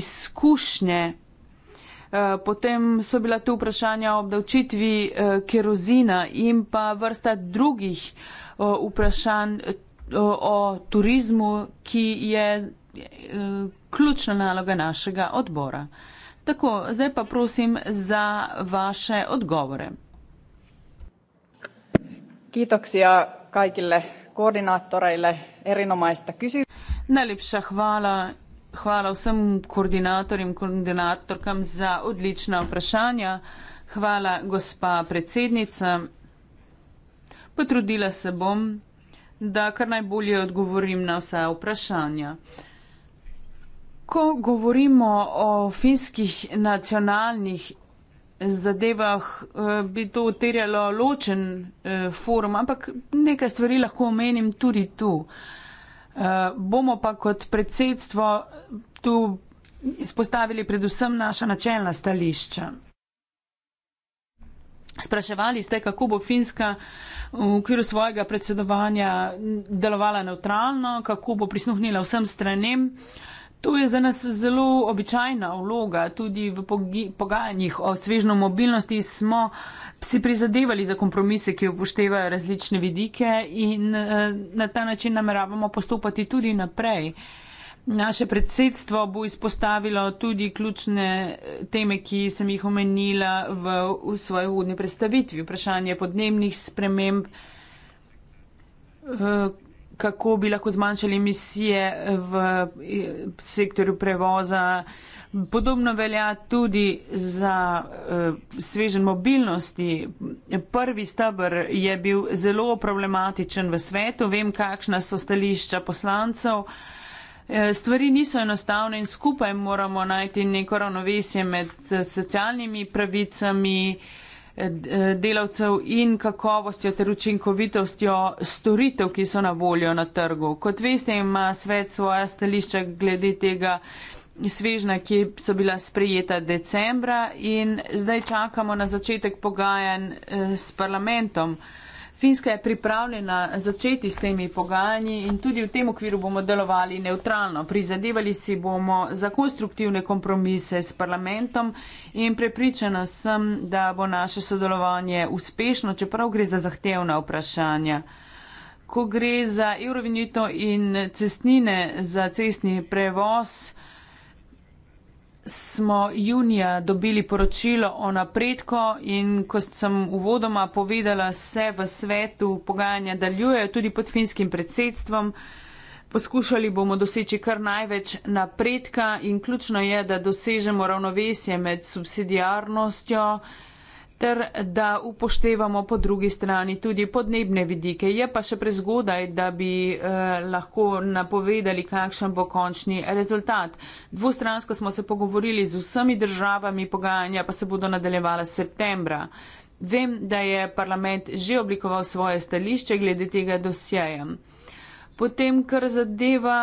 izkušnje. Eh, potem so bila tu vprašanja o obdavčitvi eh, kerozina in pa vrsta drugih eh, vprašanj o, o turizmu, ki je eh, ključna naloga našega odbora. Tako, zdaj pa prosim za vaše odgovore. Kitoksija kaikille koordinatorejle erinomajsta küsim. Najlepša hvala. Hvala vsem koordinatorjem, koordinatorkam za odlična vprašanja. Hvala, gospa predsednica. Potrudila se bom da kar najbolje odgovorim na vsa vprašanja. Ko govorimo o finskih nacionalnih zadevah, eh, bi to terjalo ločen eh, forum, ampak nekaj stvari lahko omenim tudi tu. Eh, bomo pa kot predsedstvo tu izpostavili predvsem naša načelna stališča. Spraševali ste, kako bo Finska v okviru svojega predsedovanja delovala neutralno, kako bo prisluhnila vsem stranem. To je za nas zelo običajna vloga, tudi v pogajanjih o svežno mobilnosti smo si prizadevali za kompromise, ki upoštevajo različne vidike in eh, na ta način nameravamo postopati tudi naprej. Uh, Naše predsedstvo bo izpostavilo tudi ključne eh, teme, ki sem jih omenila v, v svoji vodni predstavitvi. Vprašanje podnebnih sprememb, eh, kako bi lahko zmanjšali emisije v eh, sektorju prevoza. Podobno velja tudi za svežen mobilnosti. Prvi stabr je bil zelo problematičen v svetu. Vem, kakšna so stališča poslancev. E, stvari niso enostavne in skupaj moramo najti neko ravnovesje med e, socialnimi pravicami e, delavcev in kakovostjo ter učinkovitostjo storitev, ki so na voljo na trgu. Kot veste, ima svet svoja stališča glede tega svežna, ki so bila sprejeta decembra in zdaj čakamo na začetek pogajanj s parlamentom. Finska je pripravljena začeti s temi pogajanji in tudi v tem okviru bomo delovali neutralno. Prizadevali si bomo za konstruktivne kompromise s parlamentom in prepričana sem, da bo naše sodelovanje uspešno, čeprav gre za zahtevna vprašanja. Ko gre za eurovinito in cestnine za cestni prevoz, smo junija dobili poročilo o napredku in ko sem uvodoma povedala, se v svetu pogajanja daljujejo tudi pod finskim predsedstvom. Poskušali bomo doseči kar največ napredka in ključno je, da dosežemo ravnovesje med subsidijarnostjo, ter da upoštevamo po drugi strani tudi podnebne vidike. Je pa še prezgodaj, da bi eh, lahko napovedali, kakšen bo končni rezultat. Dvostransko smo se pogovorili z vsemi državami, pogajanja pa se bodo nadaljevala septembra. Vem, da je parlament že oblikoval svoje stališče glede tega dosjeja. Potem, kar zadeva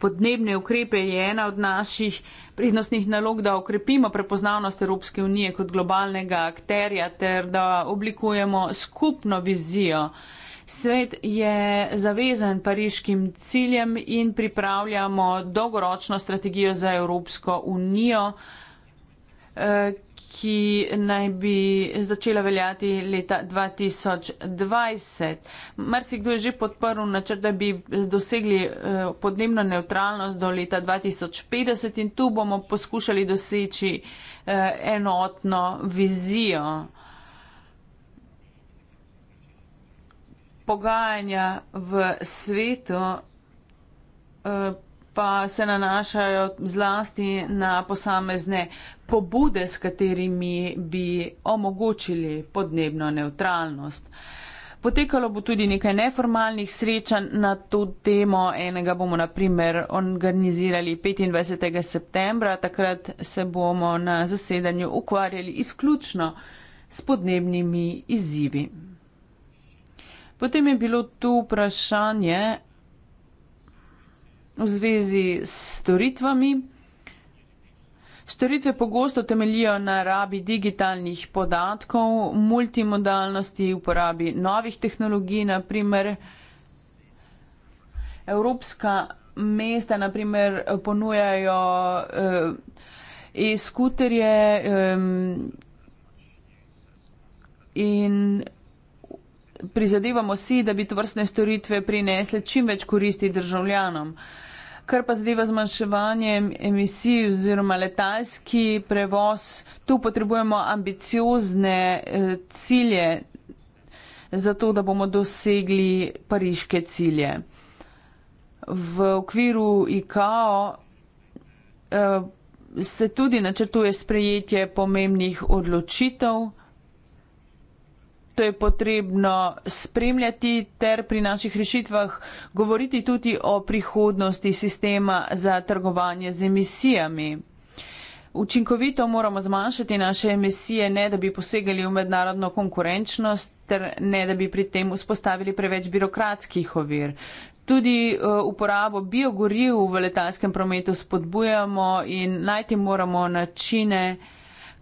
Podnebne ukrepe je ena od naših prednostnih nalog, da okrepimo prepoznavnost Evropske unije kot globalnega akterja ter da oblikujemo skupno vizijo. Svet je zavezan pariškim ciljem in pripravljamo dolgoročno strategijo za Evropsko unijo, eh, ki naj bi začela veljati leta 2020. Marsikdo je že podprl načrt, da bi dosegli eh, podnebno neutralnost do leta 2050 in tu bomo poskušali doseči eh, enotno vizijo. Pogajanja v svetu eh, pa se nanašajo zlasti na posamezne pobude, s katerimi bi omogočili podnebno neutralnost. Potekalo bo tudi nekaj neformalnih srečanj na to temo. Enega bomo naprimer organizirali 25. septembra. Takrat se bomo na zasedanju ukvarjali izključno s podnebnimi izzivi. Potem je bilo tu vprašanje, v zvezi s storitvami. Storitve pogosto temelijo na rabi digitalnih podatkov, multimodalnosti, uporabi novih tehnologij, naprimer evropska mesta naprimer, ponujajo eh, e-skuterje eh, in prizadevamo si, da bi to vrstne storitve prinesle čim več koristi državljanom. Eh, kar pa zadeva zmanjševanje emisij oziroma letalski prevoz, tu potrebujemo ambiciozne eh, cilje za to, da bomo dosegli pariške cilje. V okviru IKO eh, se tudi načrtuje sprejetje pomembnih odločitev. To je potrebno spremljati ter pri naših rešitvah govoriti tudi o prihodnosti sistema za trgovanje z emisijami. Učinkovito moramo zmanjšati naše emisije, ne da bi posegali v mednarodno konkurenčnost ter ne da bi pri tem vzpostavili preveč birokratskih ovir. Tudi eh, uporabo biogoriv v letalskem prometu spodbujamo in najti moramo načine,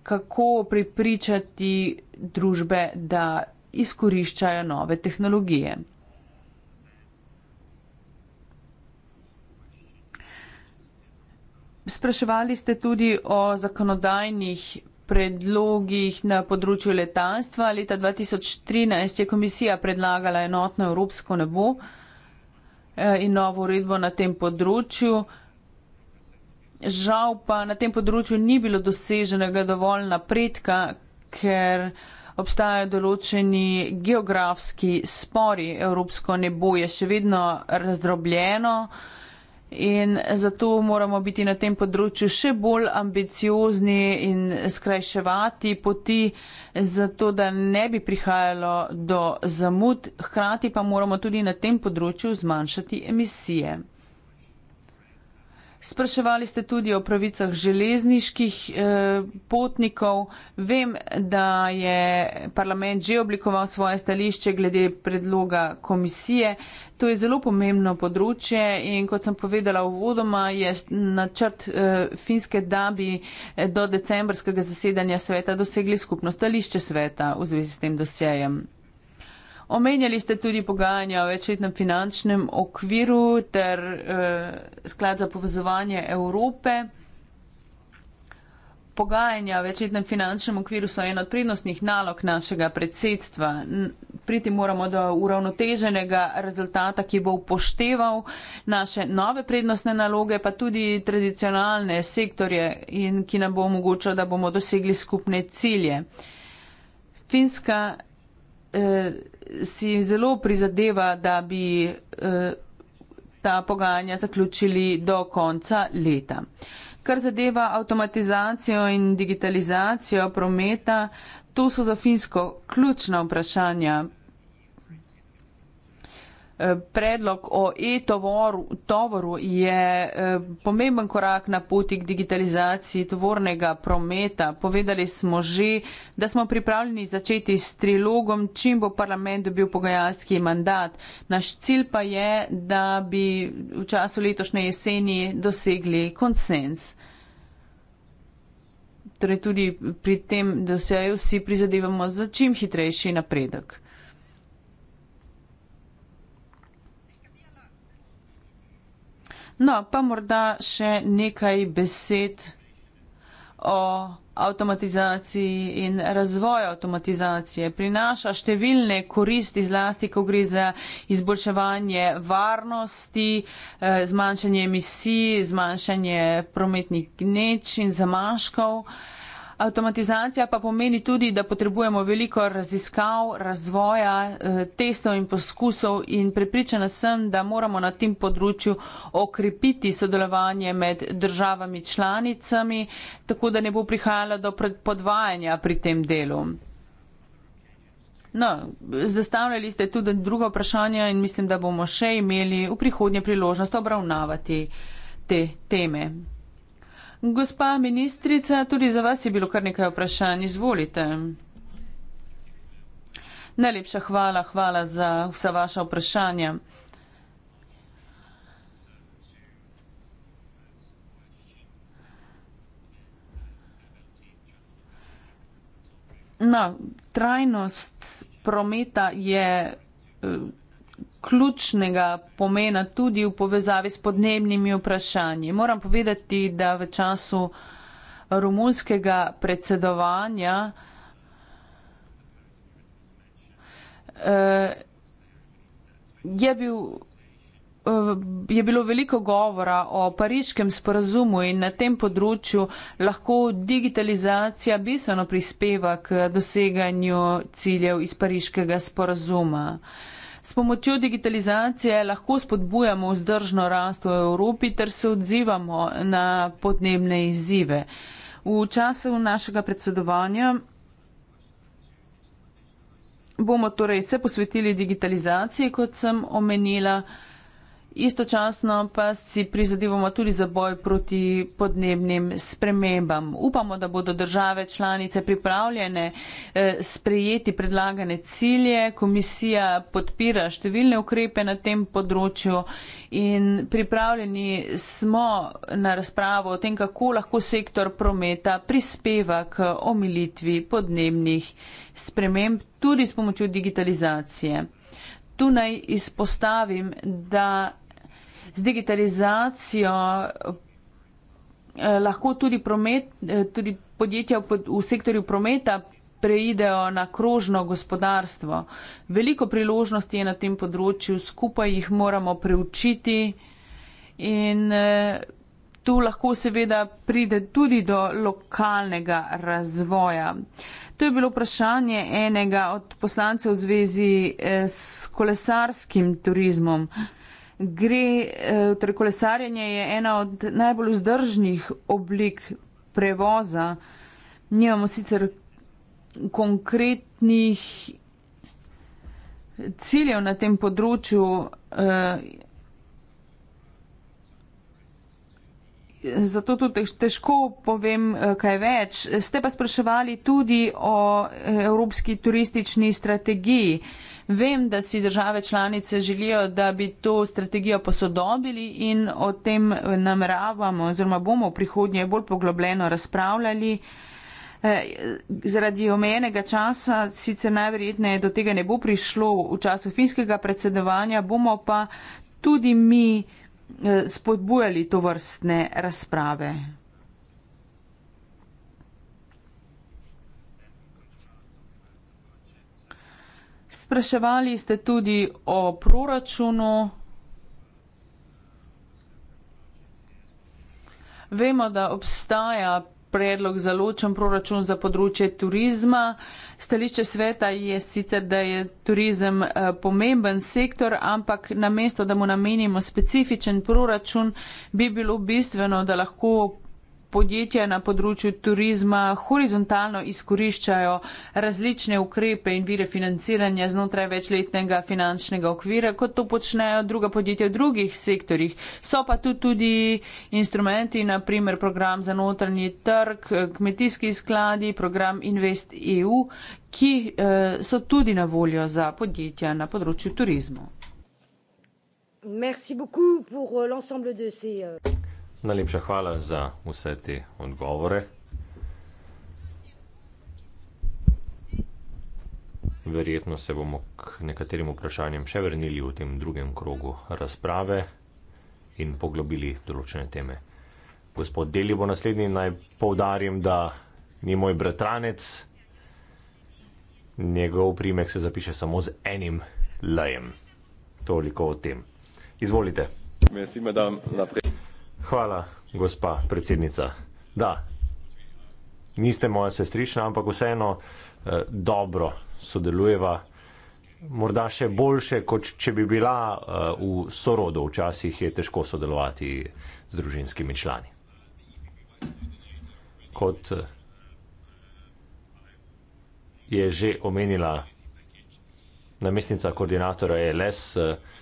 kako pripričati družbe, da izkoriščajo nove tehnologije. Spraševali ste tudi o zakonodajnih predlogih na področju letalstva. Leta 2013 je komisija predlagala enotno evropsko nebo e, in novo uredbo na tem področju. Žal pa na tem področju ni bilo doseženega dovolj napredka, ker obstajajo določeni geografski spori. Evropsko nebo je še vedno razdrobljeno in zato moramo biti na tem področju še bolj ambiciozni in skrajševati poti, zato da ne bi prihajalo do zamud. Hkrati pa moramo tudi na tem področju zmanjšati emisije. Spraševali ste tudi o pravicah železniških eh, potnikov. Vem, da je parlament že oblikoval svoje stališče glede predloga komisije. To je zelo pomembno področje in kot sem povedala v vodoma, je načrt eh, finske dabi eh, do decembrskega zasedanja sveta dosegli skupno stališče sveta v zvezi s tem dosjejem. Omenjali ste tudi pogajanja o večletnem finančnem okviru ter eh, sklad za povezovanje Evrope. Pogajanja o večletnem finančnem okviru so en od prednostnih nalog našega predsedstva. Priti moramo do uravnoteženega rezultata, ki bo upošteval naše nove prednostne naloge, pa tudi tradicionalne sektorje in ki nam bo omogočal, da bomo dosegli skupne cilje. Finska eh, si zelo prizadeva, da bi eh, ta pogajanja zaključili do konca leta. Kar zadeva avtomatizacijo in digitalizacijo prometa, to so za Finsko ključna vprašanja, Eh, predlog o e-tovoru tovoru je eh, pomemben korak na poti k digitalizaciji tovornega prometa. Povedali smo že, da smo pripravljeni začeti s trilogom, čim bo parlament dobil pogajalski mandat. Naš cilj pa je, da bi v času letošnje jeseni dosegli konsens. Torej tudi pri tem, da se vsi prizadevamo za čim hitrejši napredek. No, pa morda še nekaj besed o avtomatizaciji in razvoju avtomatizacije. Prinaša številne koristi, zlasti, ko gre za izboljševanje varnosti, eh, zmanjšanje emisij, zmanjšanje prometnih gneč in zamaškov. Avtomatizacija pa pomeni tudi, da potrebujemo veliko raziskav, razvoja, eh, testov in poskusov in prepričana sem, da moramo na tem področju okrepiti sodelovanje med državami članicami, tako da ne bo prihajalo do podvajanja pri tem delu. No, zastavljali ste tudi druga vprašanja in mislim, da bomo še imeli v prihodnje priložnost obravnavati te teme. Gospa ministrica, tudi za vas je bilo kar nekaj vprašanj. Izvolite. Najlepša hvala, hvala za vsa vaša vprašanja. No, trajnost prometa je eh, ključnega pomena tudi v povezavi s podnebnimi vprašanji. Moram povedati, da v času rumunskega predsedovanja eh, je, bil, eh, je bilo veliko govora o pariškem sporazumu in na tem področju lahko digitalizacija bistveno prispeva k doseganju ciljev iz pariškega sporazuma. S pomočjo digitalizacije lahko spodbujamo vzdržno rast v Evropi ter se odzivamo na podnebne izzive. V času našega predsedovanja bomo torej se posvetili digitalizaciji, kot sem omenila. Istočasno pa si prizadevamo tudi za boj proti podnebnim spremembam. Upamo, da bodo države članice pripravljene eh, sprejeti predlagane cilje. Komisija podpira številne ukrepe na tem področju in pripravljeni smo na razpravo o tem, kako lahko sektor prometa prispeva k omilitvi podnebnih sprememb tudi s pomočjo digitalizacije tu naj izpostavim, da z digitalizacijo eh, lahko tudi, promet, eh, tudi podjetja v sektorju prometa preidejo na krožno gospodarstvo. Veliko priložnosti je na tem področju, skupaj jih moramo preučiti in eh, tu lahko seveda pride tudi do lokalnega razvoja. To je bilo vprašanje enega od poslancev v zvezi eh, s kolesarskim turizmom. Gre, eh, torej kolesarjenje je ena od najbolj vzdržnih oblik prevoza. Nimamo sicer konkretnih ciljev na tem področju. Eh, zato tudi težko povem eh, kaj več. Ste pa spraševali tudi o eh, evropski turistični strategiji. Vem, da si države članice želijo, da bi to strategijo posodobili in o tem nameravamo oziroma bomo v prihodnje bolj poglobljeno razpravljali. Eh, zaradi omejenega časa sicer najverjetneje do tega ne bo prišlo v času finskega predsedovanja, bomo pa tudi mi Eh, spodbujali to vrstne razprave. Spraševali ste tudi o proračunu. Vemo, da obstaja predlog za ločen proračun za področje turizma. Stališče sveta je sicer, da je turizem eh, pomemben sektor, ampak namesto, da mu namenimo specifičen proračun, bi bilo bistveno, da lahko podjetja na področju turizma horizontalno izkoriščajo različne ukrepe in vire financiranja znotraj večletnega finančnega okvira, kot to počnejo druga podjetja v drugih sektorjih. So pa tu tudi instrumenti, naprimer program za notranji trg, kmetijski skladi, program Invest EU, ki eh, so tudi na voljo za podjetja na področju turizma. Merci beaucoup pour eh, l'ensemble de ces. Euh... Najlepša hvala za vse te odgovore. Verjetno se bomo k nekaterim vprašanjem še vrnili v tem drugem krogu razprave in poglobili določene teme. Gospod Deli bo naslednji, naj povdarim, da ni moj bratranec, njegov primek se zapiše samo z enim lejem. Toliko o tem. Izvolite. Merci, madame, Hvala, gospa predsednica. Da, niste moja sestrična, ampak vseeno eh, dobro sodelujeva, morda še boljše, kot če bi bila eh, v sorodu. Včasih je težko sodelovati z družinskimi člani. Kot eh, je že omenila namestnica koordinatora e LS, e eh,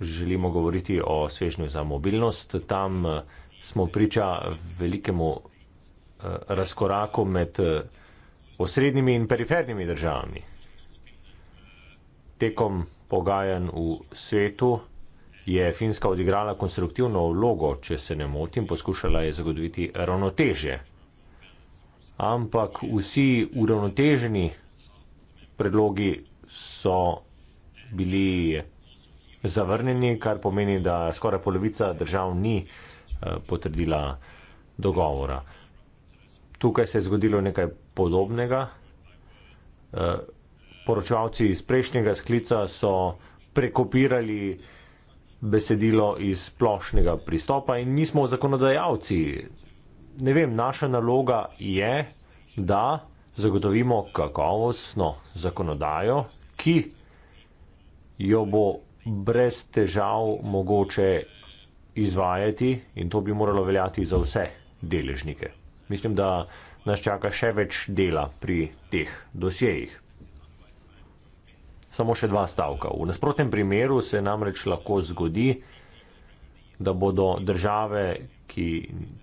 želimo govoriti o svežnju za mobilnost. Tam eh, smo priča velikemu eh, razkoraku med eh, osrednjimi in perifernimi državami. Tekom pogajanj v svetu je Finska odigrala konstruktivno vlogo, če se ne motim, poskušala je zagotoviti ravnoteže. Ampak vsi uravnoteženi predlogi so bili zavrnjeni, kar pomeni, da skoraj polovica držav ni eh, potrdila dogovora. Tukaj se je zgodilo nekaj podobnega. Eh, poročevalci iz prejšnjega sklica so prekopirali besedilo iz splošnega pristopa in mi smo zakonodajalci. Ne vem, naša naloga je, da zagotovimo kakovostno zakonodajo, ki jo bo brez težav mogoče izvajati in to bi moralo veljati za vse deležnike. Mislim, da nas čaka še več dela pri teh dosjejih. Samo še dva stavka. V nasprotnem primeru se namreč lahko zgodi, da bodo države, ki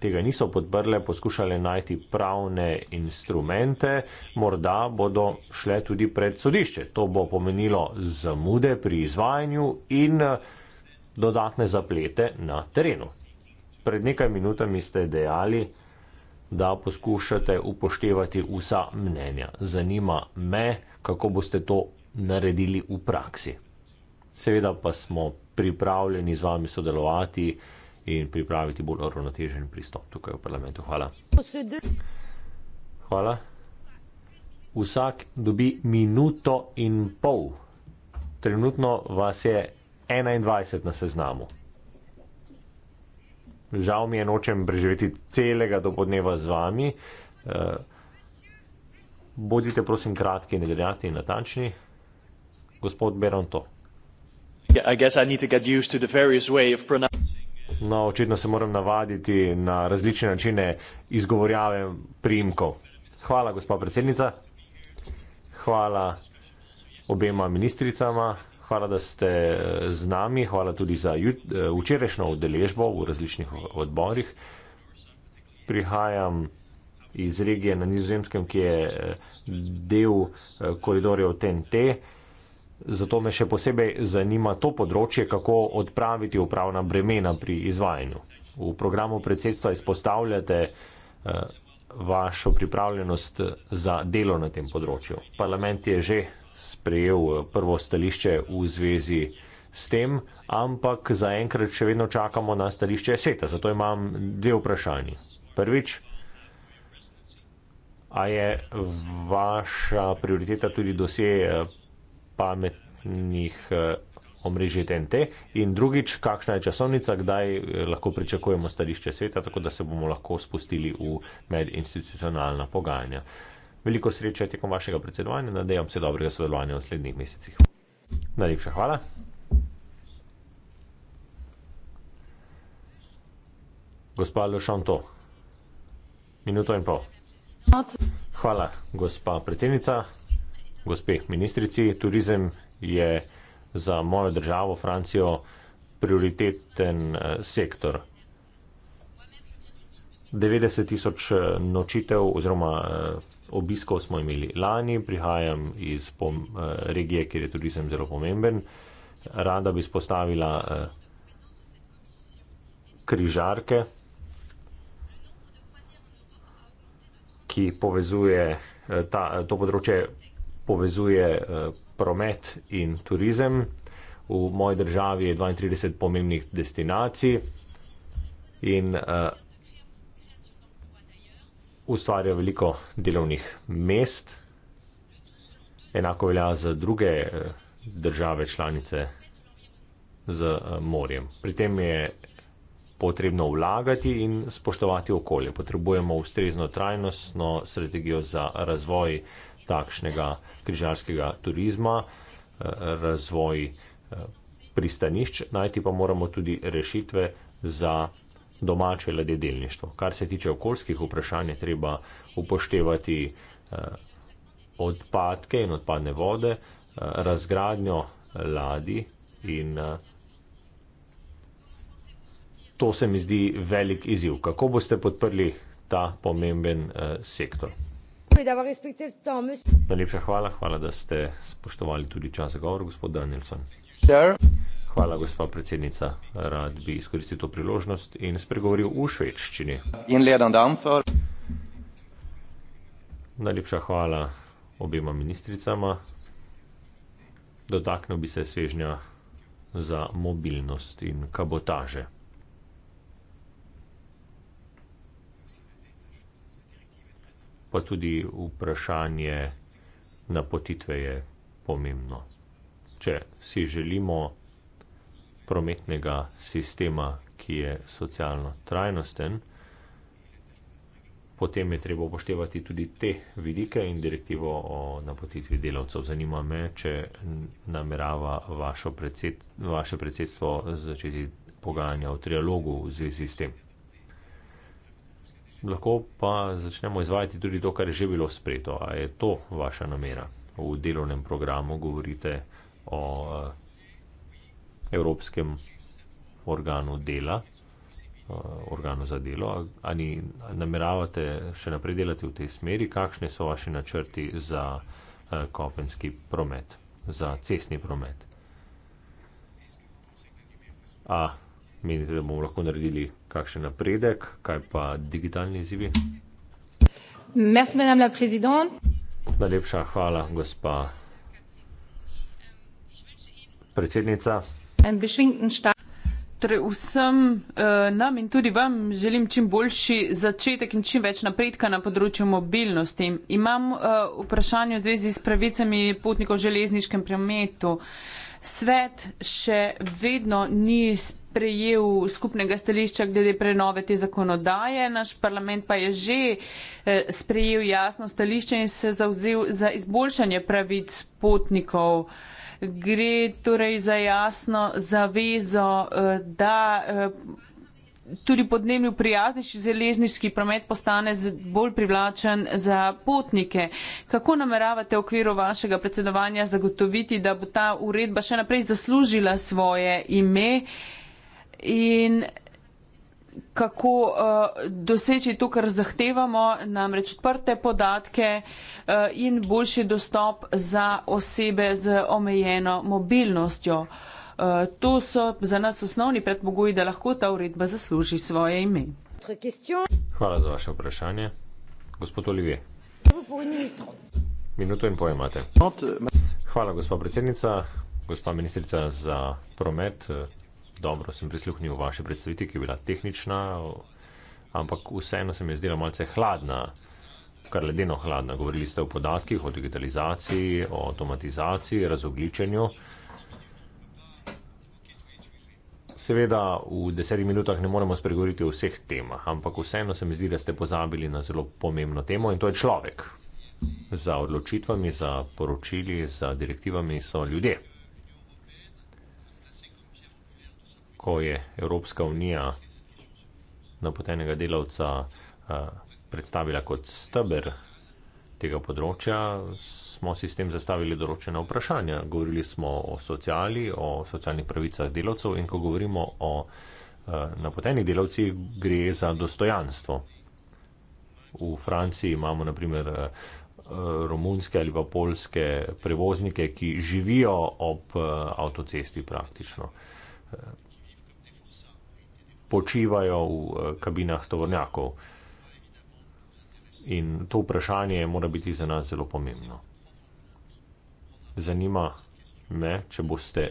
tega niso podprle, poskušale najti pravne instrumente, morda bodo šle tudi pred sodišče. To bo pomenilo zamude pri izvajanju in dodatne zaplete na terenu. Pred nekaj minutami ste dejali, da poskušate upoštevati vsa mnenja. Zanima me, kako boste to naredili v praksi seveda pa smo pripravljeni z vami sodelovati in pripraviti bolj uravnotežen pristop tukaj v parlamentu. Hvala. Hvala. Vsak dobi minuto in pol. Trenutno vas je 21 na seznamu. Žal mi je nočem preživeti celega dopodneva z vami. Eh, bodite prosim kratki, nedeljati in natančni. Gospod Beranto. No, očitno se moram navaditi na različne načine izgovorjave primkov. Hvala, gospa predsednica. Hvala obema ministricama. Hvala, da ste eh, z nami. Hvala tudi za eh, včerajšnjo udeležbo v različnih odborih. Prihajam iz regije na nizozemskem, ki je eh, del koridorjev TNT. Zato me še posebej zanima to področje, kako odpraviti upravna bremena pri izvajanju. V programu predsedstva izpostavljate eh, vašo pripravljenost eh, za delo na tem področju. Parlament je že sprejel eh, prvo stališče v zvezi s tem, ampak zaenkrat še vedno čakamo na stališče SETA. Zato imam dve vprašanji. Prvič, a je vaša prioriteta tudi dosje pametnih eh, omrežij TNT in drugič, kakšna je časovnica, kdaj eh, lahko pričakujemo stališče sveta, tako da se bomo lahko spustili v medinstitucionalna pogajanja. Veliko sreče tekom vašega predsedovanja, nadejam se dobrega sodelovanja v naslednjih mesecih. Najlepša hvala. Gospa Lešanto, minuto in pol. Hvala, gospa predsednica gospe ministrici. Turizem je za mojo državo, Francijo, prioriteten eh, sektor. 90 tisoč eh, nočitev oziroma eh, obiskov smo imeli lani, prihajam iz regije, kjer je turizem zelo pomemben. Rada bi spostavila križarke, ki povezuje ta, to področje povezuje eh, promet in turizem. V moji državi je 32 pomembnih destinacij in uh, ustvarja veliko delovnih mest. Enako velja za druge eh, države članice z morjem. Pri tem je potrebno vlagati in spoštovati okolje. Potrebujemo ustrezno trajnostno strategijo za razvoj uh, takšnega križarskega turizma, eh, razvoj eh, pristanišč, najti pa moramo tudi rešitve za domače ladjedelništvo. Kar se tiče okoljskih vprašanj, je treba upoštevati eh, odpadke in odpadne vode, razgradnjo ladi in to se mi zdi velik izziv. Kako boste podprli ta pomemben sektor? Upam, da bo respektiral to. Najlepša hvala, hvala, da ste spoštovali tudi čas za govor, gospod Danielson. Sure. Hvala, gospa predsednica. Rad bi izkoristil to priložnost in spregovoril v švedščini. Najlepša hvala obema ministricama. Dotaknil bi se svežnja za mobilnost in kabotaže. pa tudi vprašanje napotitve je pomembno. Če si želimo prometnega sistema, ki je socialno trajnosten, potem je treba upoštevati tudi te vidike in direktivo o napotitvi delavcev. Zanima me, če namerava predsed, vaše predsedstvo začeti pogajanja o trialogu v zvezi s tem lahko pa začnemo izvajati tudi to, kar je že bilo sprejeto. A je to vaša namera? V delovnem programu govorite o eh, Evropskem organu dela, eh, organu za delo. Ali nameravate še naprej delati v tej smeri? Kakšne so vaše načrti za eh, kopenski promet, za cestni promet? A menite, da bomo lahko naredili kakšen napredek, kaj pa digitalni izzivi? Najlepša hvala, gospa predsednica. Torej vsem eh, nam in tudi vam želim čim boljši začetek in čim več napredka na področju mobilnosti. Imam eh, vprašanje v zvezi s pravicami potnikov v železniškem prometu. Svet še vedno ni sprejel sprejel skupnega stališča glede prenove te zakonodaje. Naš parlament pa je že eh, sprejel jasno stališče in se zauzel za izboljšanje pravic potnikov. Gre torej za jasno zavezo, eh, da eh, tudi podnebni prijaznejši železniški promet postane bolj privlačen za potnike. Kako nameravate v okviru vašega predsedovanja zagotoviti, da bo ta uredba še naprej zaslužila svoje ime? in kako uh, doseči to, kar zahtevamo, namreč odprte podatke uh, in boljši dostop za osebe z omejeno mobilnostjo. Uh, to so za nas osnovni predpogoji, da lahko ta uredba zasluži svoje ime. Hvala za vaše vprašanje. Gospod Olivije. Minuto in pojemate. Hvala, gospa predsednica, gospa ministrica za promet, dobro sem prisluhnil vaši predstavitvi, ki je bila tehnična, ampak vseeno se mi je zdela malce hladna, kar ledeno hladna. Govorili ste o podatkih, o digitalizaciji, o avtomatizaciji, razogličenju. Seveda v desetih minutah ne moremo spregovoriti o vseh temah, ampak vseeno se mi zdi, da ste pozabili na zelo pomembno temo in to je človek. Za odločitvami, za poročili, za direktivami so ljudje. ko je Evropska unija napotenega delavca uh, predstavila kot stebr tega področja, smo si s tem zastavili določena vprašanja. Govorili smo o sociali, o socialnih pravicah delavcev in ko govorimo o uh, napotenih delavcih, gre za dostojanstvo. V Franciji imamo naprimer eh, romunske ali pa polske prevoznike, ki živijo ob avtocesti praktično počivajo v eh, kabinah tovornjakov. In to vprašanje mora biti za nas zelo pomembno. Zanima me, če boste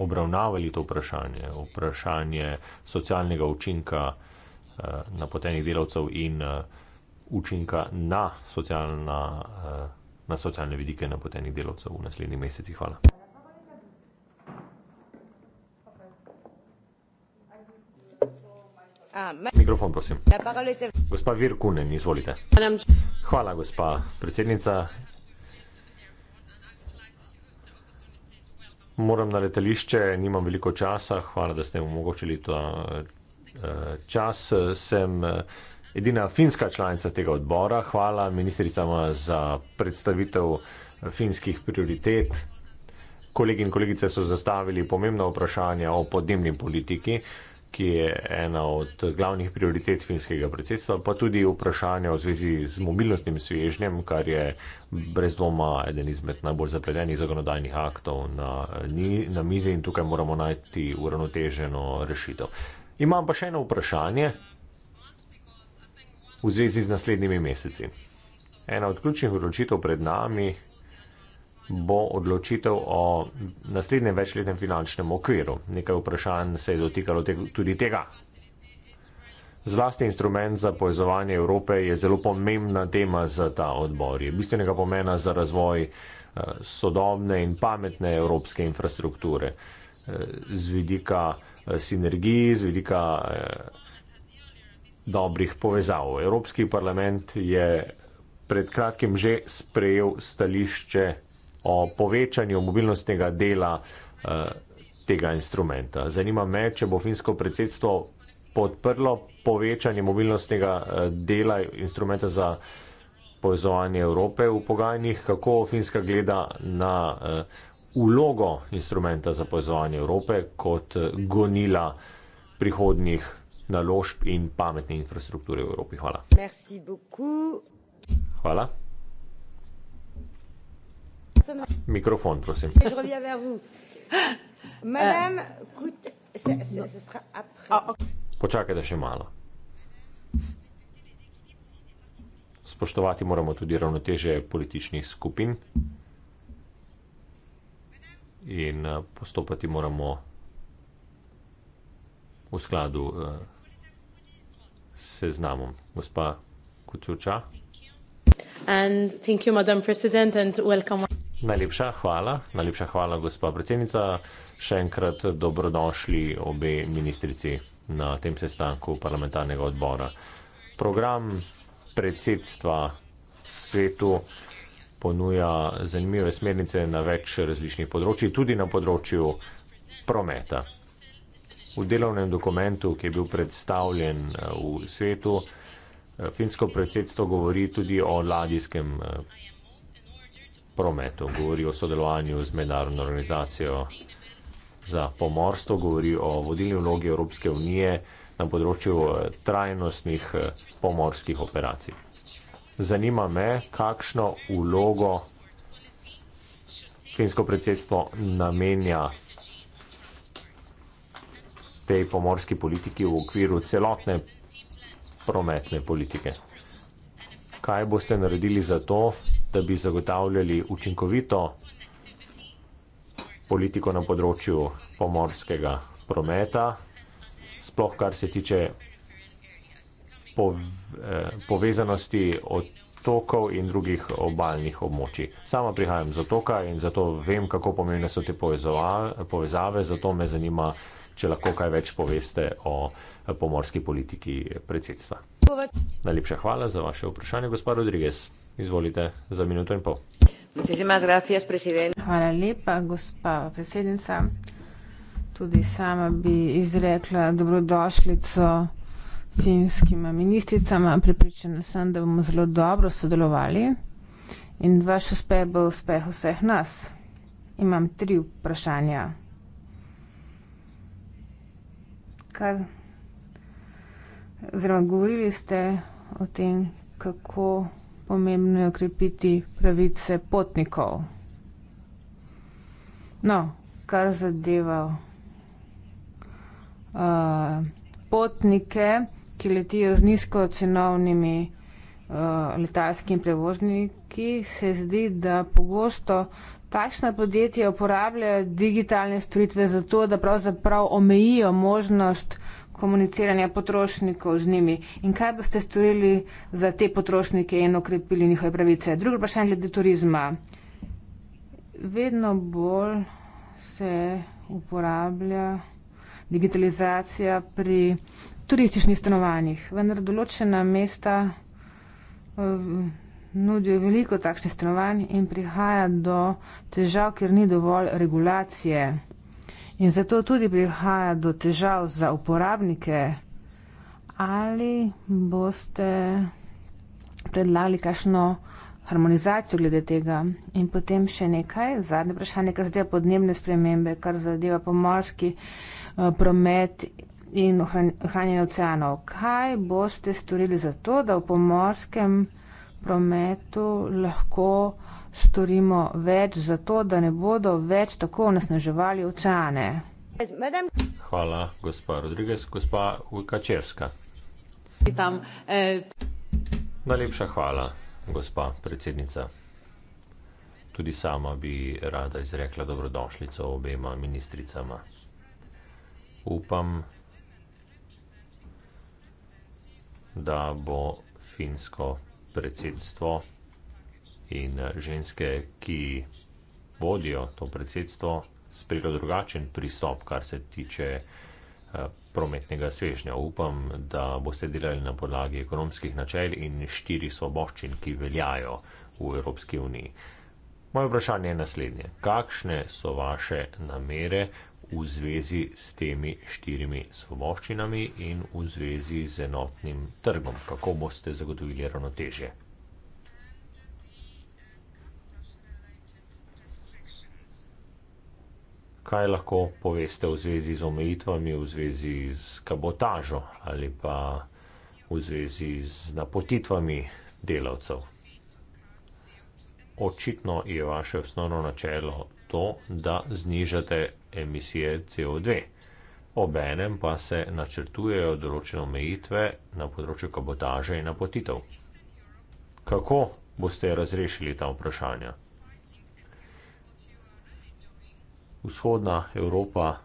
obravnavali to vprašanje, vprašanje socialnega učinka eh, napotenih delavcev in eh, učinka na, socialna, na socialne vidike napotenih delavcev v naslednjih mesecih. Hvala. Mikrofon, prosim. Ja, gospa Virkunen, izvolite. Hvala, gospa predsednica. Moram na letališče, nimam veliko časa. Hvala, da ste mi omogočili ta eh, čas. Sem eh, edina finska članica tega odbora. Hvala ministricama za predstavitev finskih prioritet. Kolegi in kolegice so zastavili pomembna vprašanja o podnebni politiki ki je ena od glavnih prioritet finskega predsedstva, pa tudi vprašanje v zvezi z mobilnostnim svežnjem, kar je brez dvoma eden izmed najbolj zapletenih zakonodajnih aktov na, na mizi in tukaj moramo najti uravnoteženo rešitev. Imam pa še eno vprašanje v zvezi z naslednjimi meseci. Ena od ključnih odločitev pred nami bo odločitev o naslednjem večletnem finančnem okviru. Nekaj vprašanj se je dotikalo te, tudi tega. Zlasti instrument za povezovanje Evrope je zelo pomembna tema za ta odbor. Je bistvenega pomena za razvoj eh, sodobne in pametne evropske infrastrukture. Eh, z vidika eh, sinergiji, z vidika dobrih povezav. Evropski parlament je pred kratkim že sprejel stališče o povečanju mobilnostnega dela eh, tega instrumenta. Zanima me, če bo finsko predsedstvo podprlo povečanje mobilnostnega eh, dela instrumenta za povezovanje Evrope v pogajanjih, kako finska gleda na eh, ulogo instrumenta za povezovanje Evrope kot eh, gonila prihodnih naložb in pametne infrastrukture v Evropi. Hvala. Hvala personne. Microfon, prosim. Je reviens vers vous. Madame, écoute, ce sera après. Oh, Počakaj, da še malo. Spoštovati moramo tudi ravnoteže političnih skupin in eh, postopati moramo v skladu eh, s seznamom. Gospa Kucuča. And thank you, Madam President, and welcome. Najlepša hvala, najlepša hvala, gospa predsednica. Še enkrat dobrodošli obe ministrici na tem sestanku parlamentarnega odbora. Program predsedstva svetu ponuja zanimive smernice na več različnih področji, tudi na področju prometa. V delovnem dokumentu, ki je bil predstavljen eh, v svetu, eh, finsko predsedstvo govori tudi o ladijskem eh, prometu, govori o sodelovanju z mednarodno organizacijo za pomorstvo, govori o vodilni vlogi Evropske unije na področju eh, trajnostnih eh, pomorskih operacij. Zanima me, kakšno vlogo finsko predsedstvo namenja tej pomorski politiki v okviru celotne prometne politike. Kaj boste naredili za to, da bi zagotavljali učinkovito politiko na področju pomorskega prometa, sploh kar se tiče eh, povezanosti otokov in drugih obaljnih območij. Sama prihajam z otoka in zato vem, kako pomembne so te povezave, zato me zanima, če lahko kaj več poveste o pomorski politiki predsedstva. Najlepša hvala za vaše vprašanje, gospod Rodriguez. Izvolite za minuto in pol. Hvala lepa, gospa predsednica. Tudi sama bi izrekla dobrodošljico finskima ministricama. Pripričana sem, da bomo zelo dobro sodelovali in vaš uspeh bo uspeh vseh nas. Imam tri vprašanja. Kar, oziroma govorili ste o tem, kako pomembno je okrepiti pravice potnikov. No, kar zadeva uh, potnike, ki letijo z nizkocenovnimi uh, eh, letalskimi prevozniki, se zdi, da pogosto takšna podjetja uporabljajo digitalne storitve zato, da pravzaprav omejijo možnost komuniciranja potrošnikov z njimi in kaj boste storili za te potrošnike in okrepili njihove pravice. Drugo vprašanje glede turizma. Vedno bolj se uporablja digitalizacija pri turističnih stanovanjih, vendar določena mesta eh, nudijo veliko takšnih stanovanj in prihaja do težav, ker ni dovolj regulacije. In zato tudi prihaja do težav za uporabnike. Ali boste predlagali kakšno harmonizacijo glede tega? In potem še nekaj, zadnje vprašanje, kar zadeva podnebne spremembe, kar zadeva pomorski eh, promet in ohranjanje oceanov. Kaj boste storili za to, da v pomorskem prometu lahko storimo več za to, da ne bodo več tako onesnaževali oceane. Hvala, gospa Rodriguez, gospa Ukačevska. Tam, eh. Najlepša hvala, gospa predsednica. Tudi sama bi rada izrekla dobrodošlico obema ministricama. Upam, da bo finsko predsedstvo in eh, ženske, ki vodijo to predsedstvo, sprejelo drugačen pristop, kar se tiče eh, prometnega svežnja. Upam, da boste delali na podlagi ekonomskih načel in štiri svoboščin, ki veljajo v Evropski uniji. Moje vprašanje je naslednje. Kakšne so vaše namere v zvezi s temi štirimi svoboščinami in v zvezi z enotnim trgom? Kako boste zagotovili ravnotežje? kaj lahko poveste v zvezi z omejitvami, v zvezi z kabotažo ali pa v zvezi z napotitvami delavcev. Očitno je vaše osnovno načelo to, da znižate emisije CO2. Obenem pa se načrtujejo določene omejitve na področju kabotaže in napotitev. Kako boste razrešili ta vprašanja? Vzhodna Evropa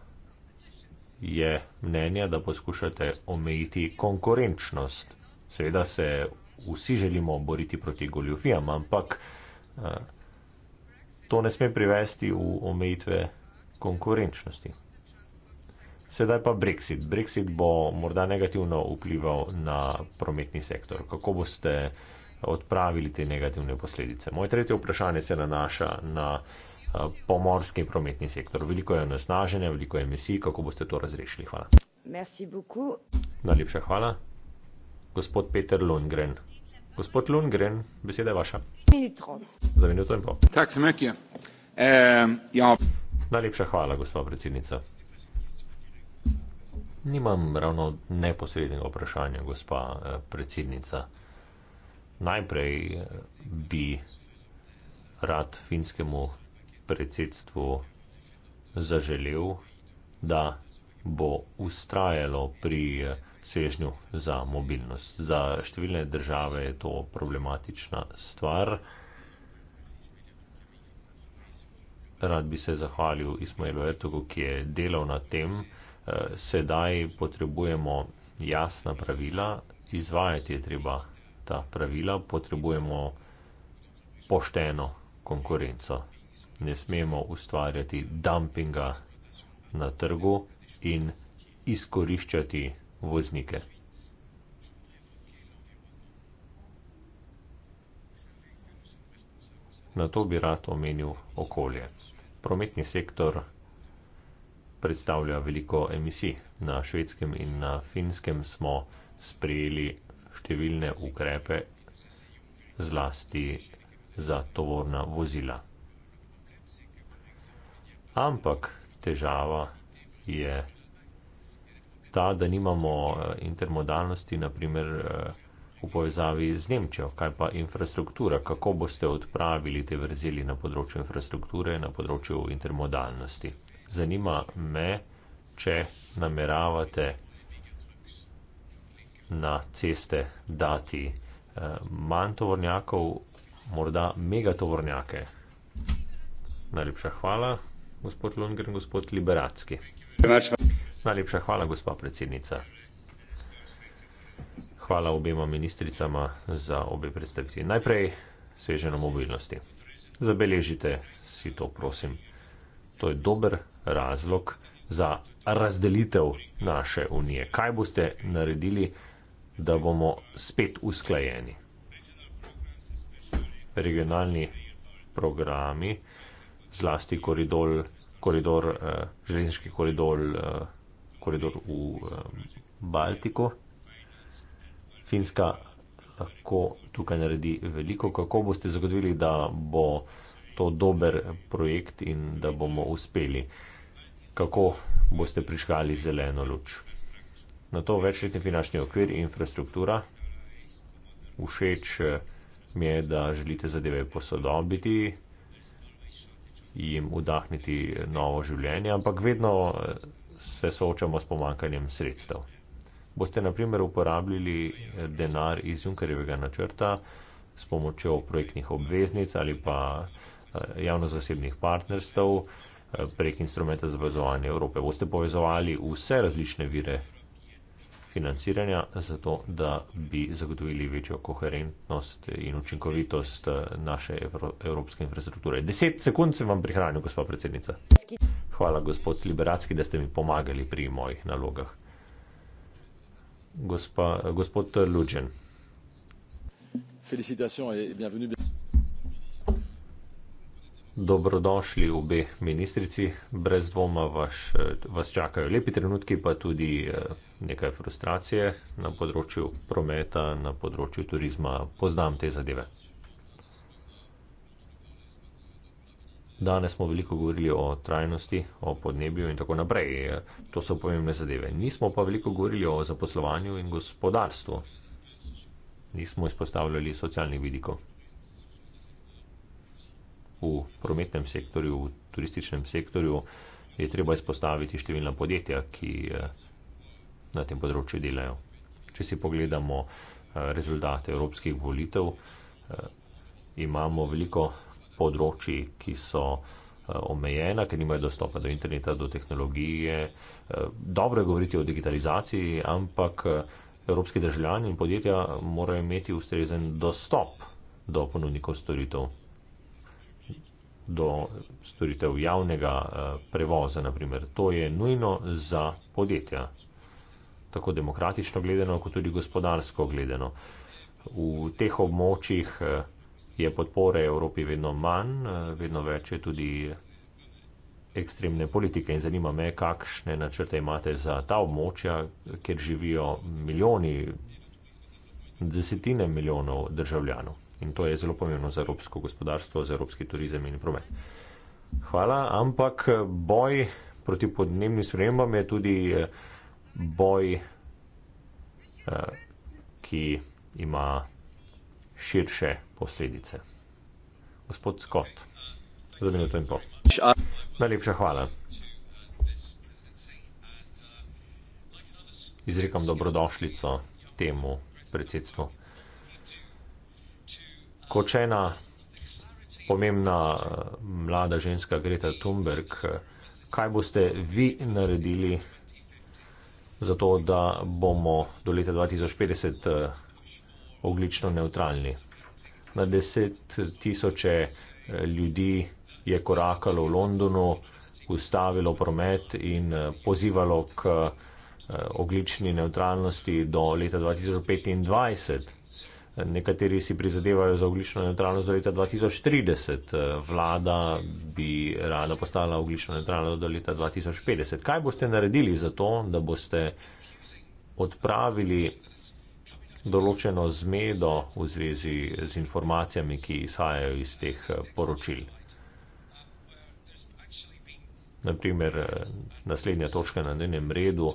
je mnenja, da poskušate omejiti konkurenčnost. Seveda se vsi želimo boriti proti goljofijam, ampak eh, to ne sme privesti v omejitve konkurenčnosti. Sedaj pa Brexit. Brexit bo morda negativno vplival na prometni sektor. Kako boste odpravili te negativne posledice? Moje tretje vprašanje se nanaša na uh, Eh, pomorski prometni sektor. Veliko je onesnaženja, veliko je emisij, kako boste to razrešili? Hvala. Najlepša hvala. Gospod Peter Lundgren. Gospod Lundgren, beseda je vaša. Za minuto in pol. Ja. Ja. Najlepša hvala, gospa predsednica. Nimam ravno neposrednega vprašanja, gospa eh, predsednica. Najprej eh, bi rad finskemu predsedstvu zaželel, da bo ustrajalo pri svežnju za mobilnost. Za številne države je to problematična stvar. Rad bi se zahvalil Ismailu Etogu, ki je delal na tem. Eh, sedaj potrebujemo jasna pravila, izvajati je treba ta pravila, potrebujemo pošteno konkurenco ne smemo ustvarjati dumpinga na trgu in izkoriščati voznike. Na to bi rad omenil okolje. Prometni sektor predstavlja veliko emisij. Na švedskem in na finskem smo sprejeli številne ukrepe zlasti za tovorna vozila. Ampak težava je ta, da nimamo eh, intermodalnosti, naprimer eh, v povezavi z Nemčijo, kaj pa infrastruktura, kako boste odpravili te vrzeli na področju infrastrukture, na področju intermodalnosti. Zanima me, če nameravate na ceste dati eh, manj tovornjakov, morda megatovornjake. Najlepša hvala gospod Lundgren, gospod Liberacki. Najlepša hvala, gospa predsednica. Hvala obema ministricama za obe predstavitvi. Najprej sveže na mobilnosti. Zabeležite si to, prosim. To je dober razlog za razdelitev naše unije. Kaj boste naredili, da bomo spet usklajeni? Regionalni programi, zlasti koridor koridor, uh, železniški koridor, uh, koridor v um, Baltiku. Finska lahko tukaj naredi veliko. Kako boste zagotovili, da bo to dober projekt in da bomo uspeli? Kako boste prišli zeleno luč? Na to večletni finančni okvir in infrastruktura. Všeč mi je, da želite zadeve posodobiti, jim vdahniti novo življenje, ampak vedno eh, se soočamo s pomankanjem sredstev. Boste naprimer uporabljali eh, denar iz Junkerjevega načrta s pomočjo projektnih obveznic ali pa eh, javno-zasebnih partnerstv prek instrumenta za povezovanje Evrope. Boste povezovali vse različne vire financiranja, zato da bi zagotovili večjo koherentnost in učinkovitost eh, naše evro, evropske infrastrukture. Deset sekund sem vam prihranil, gospa predsednica. Hvala, gospod Liberacki, da ste mi pomagali pri mojih nalogah. Gospa, gospod Luđen. Felicitacijo in bienvenue. Dobrodošli obe ministrici, brez dvoma vaš, vas čakajo lepi trenutki, pa tudi eh, nekaj frustracije na področju prometa, na področju turizma. Poznam te zadeve. Danes smo veliko govorili o trajnosti, o podnebju in tako naprej. To so pomembne zadeve. Nismo pa veliko govorili o zaposlovanju in gospodarstvu. Nismo izpostavljali socialnih vidikov v prometnem sektorju, v turističnem sektorju, je treba izpostaviti številna podjetja, ki eh, na tem področju delajo. Če si pogledamo eh, rezultate evropskih volitev, eh, imamo veliko področji, ki so omejena, ker nimajo dostopa do interneta, do tehnologije. Dobro je govoriti o digitalizaciji, ampak evropski državljani in podjetja morajo imeti ustrezen dostop do ponudnikov storitev do storitev javnega eh, prevoza, naprimer. To je nujno za podjetja, tako demokratično gledano, kot tudi gospodarsko gledano. V teh območjih eh, je podpore Evropi vedno manj, eh, vedno več je tudi ekstremne politike in zanima me, kakšne načrte imate za ta območja, kjer živijo milijoni, desetine milijonov državljanov. In to je zelo pomembno za evropsko gospodarstvo, za evropski turizem in promet. Hvala, ampak boj proti podnebnim spremembam je tudi eh, boj, eh, ki ima širše posledice. Gospod Scott, za minuto in pol. Najlepša hvala. Izrekam dobrodošljico temu predsedstvu kot ena pomembna eh, mlada ženska Greta Thunberg, eh, kaj boste vi naredili za to, da bomo do leta 2050 eh, oglično neutralni? Na deset tisoče ljudi je korakalo v Londonu, ustavilo promet in pozivalo k oglični neutralnosti do leta 2025. Nekateri si prizadevajo za oglično neutralnost do leta 2030, vlada bi rada postala oglično neutralna do leta 2050. Kaj boste naredili za to, da boste odpravili določeno zmedo v zvezi z informacijami, ki izhajajo iz teh poročil? Naprimer, naslednja točka na dnevnem redu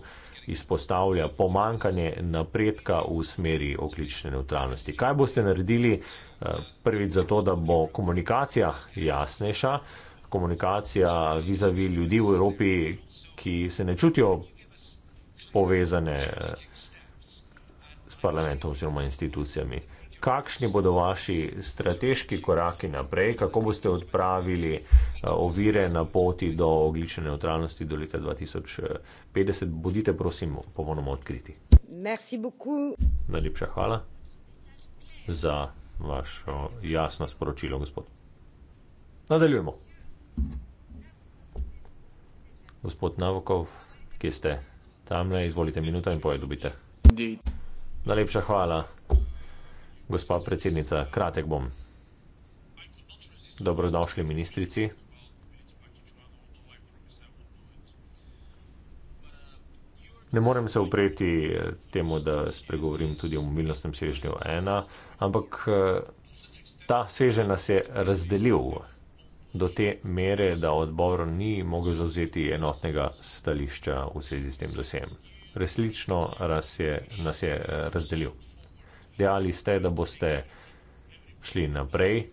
izpostavlja pomankanje napredka v smeri oklične neutralnosti. Kaj boste naredili eh, prvič za to, da bo komunikacija jasnejša, komunikacija vizavi ljudi v Evropi, ki se ne čutijo povezane eh, s parlamentom oziroma institucijami? kakšni bodo vaši strateški koraki naprej, kako boste odpravili eh, ovire na poti do oglične neutralnosti do leta 2050. Bodite, prosim, popolnoma odkriti. Najlepša hvala za vašo jasno sporočilo, gospod. Nadaljujemo. Gospod Navokov, kje ste? Tamle, izvolite minuto in pojedobite. Najlepša hvala Gospa predsednica, kratek bom. Dobrodošli ministrici. Ne morem se upreti eh, temu, da spregovorim tudi o mobilnostnem svežnju ena, ampak eh, ta sveže nas je razdelil do te mere, da odbor ni mogel zauzeti enotnega stališča v sezi s tem dosem. Resnično nas je eh, razdelil dejali ste, da boste šli naprej,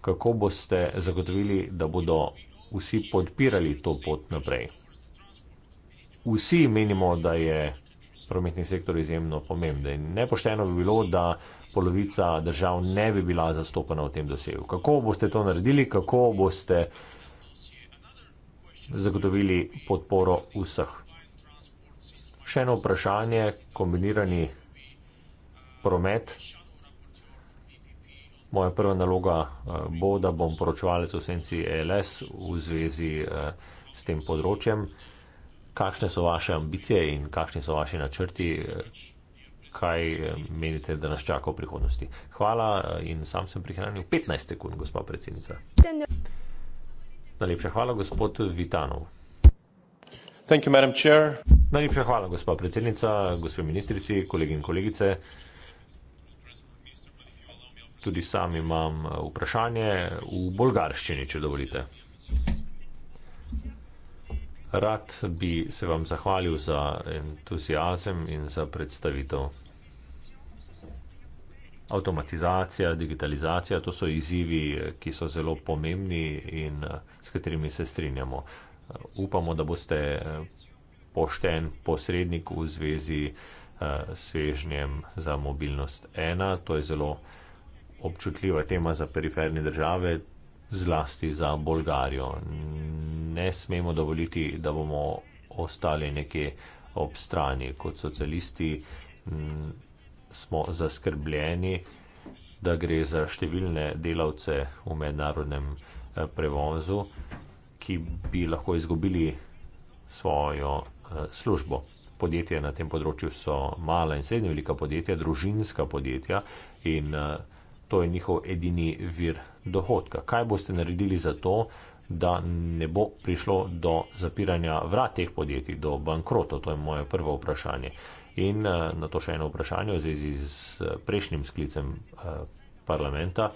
kako boste zagotovili, da bodo vsi podpirali to pot naprej. Vsi menimo, da je prometni sektor izjemno pomemben. Nepošteno bi bilo, da polovica držav ne bi bila zastopana v tem dosegu. Kako boste to naredili, kako boste zagotovili podporo vseh? Še eno vprašanje, kombinirani promet. Moja prva naloga eh, bo, da bom poročevalec v senci ELS v zvezi eh, s tem področjem. Kakšne so vaše ambicije in kakšni so vaši načrti, eh, kaj menite, da nas čaka v prihodnosti? Hvala in sam sem prihranil 15 sekund, gospod predsednica. Najlepša hvala, gospod Vitanov. Najlepša hvala, gospod predsednica, gospod ministrici, kolegi in kolegice tudi sam imam eh, vprašanje v bolgarščini, če dovolite. Rad bi se vam zahvalil za entuzijazem in za predstavitev. Avtomatizacija, digitalizacija, to so izzivi, eh, ki so zelo pomembni in eh, s katerimi se strinjamo. Upamo, da boste pošten posrednik v zvezi s svežnjem za mobilnost ena, to je zelo občutljiva tema za periferne države, zlasti za Bolgarijo. Ne smemo dovoliti, da bomo ostali nekje ob strani. Kot socialisti smo zaskrbljeni, da gre za številne delavce v mednarodnem eh, prevozu, ki bi lahko izgubili svojo eh, službo. Podjetja na tem področju so mala in srednja velika podjetja, družinska podjetja in uh, to je njihov edini vir dohodka. Kaj boste naredili za to, da ne bo prišlo do zapiranja vrat teh podjetij, do bankrota? To je moje prvo vprašanje. In eh, na to še eno vprašanje v zvezi z eh, prejšnjim sklicem eh, parlamenta.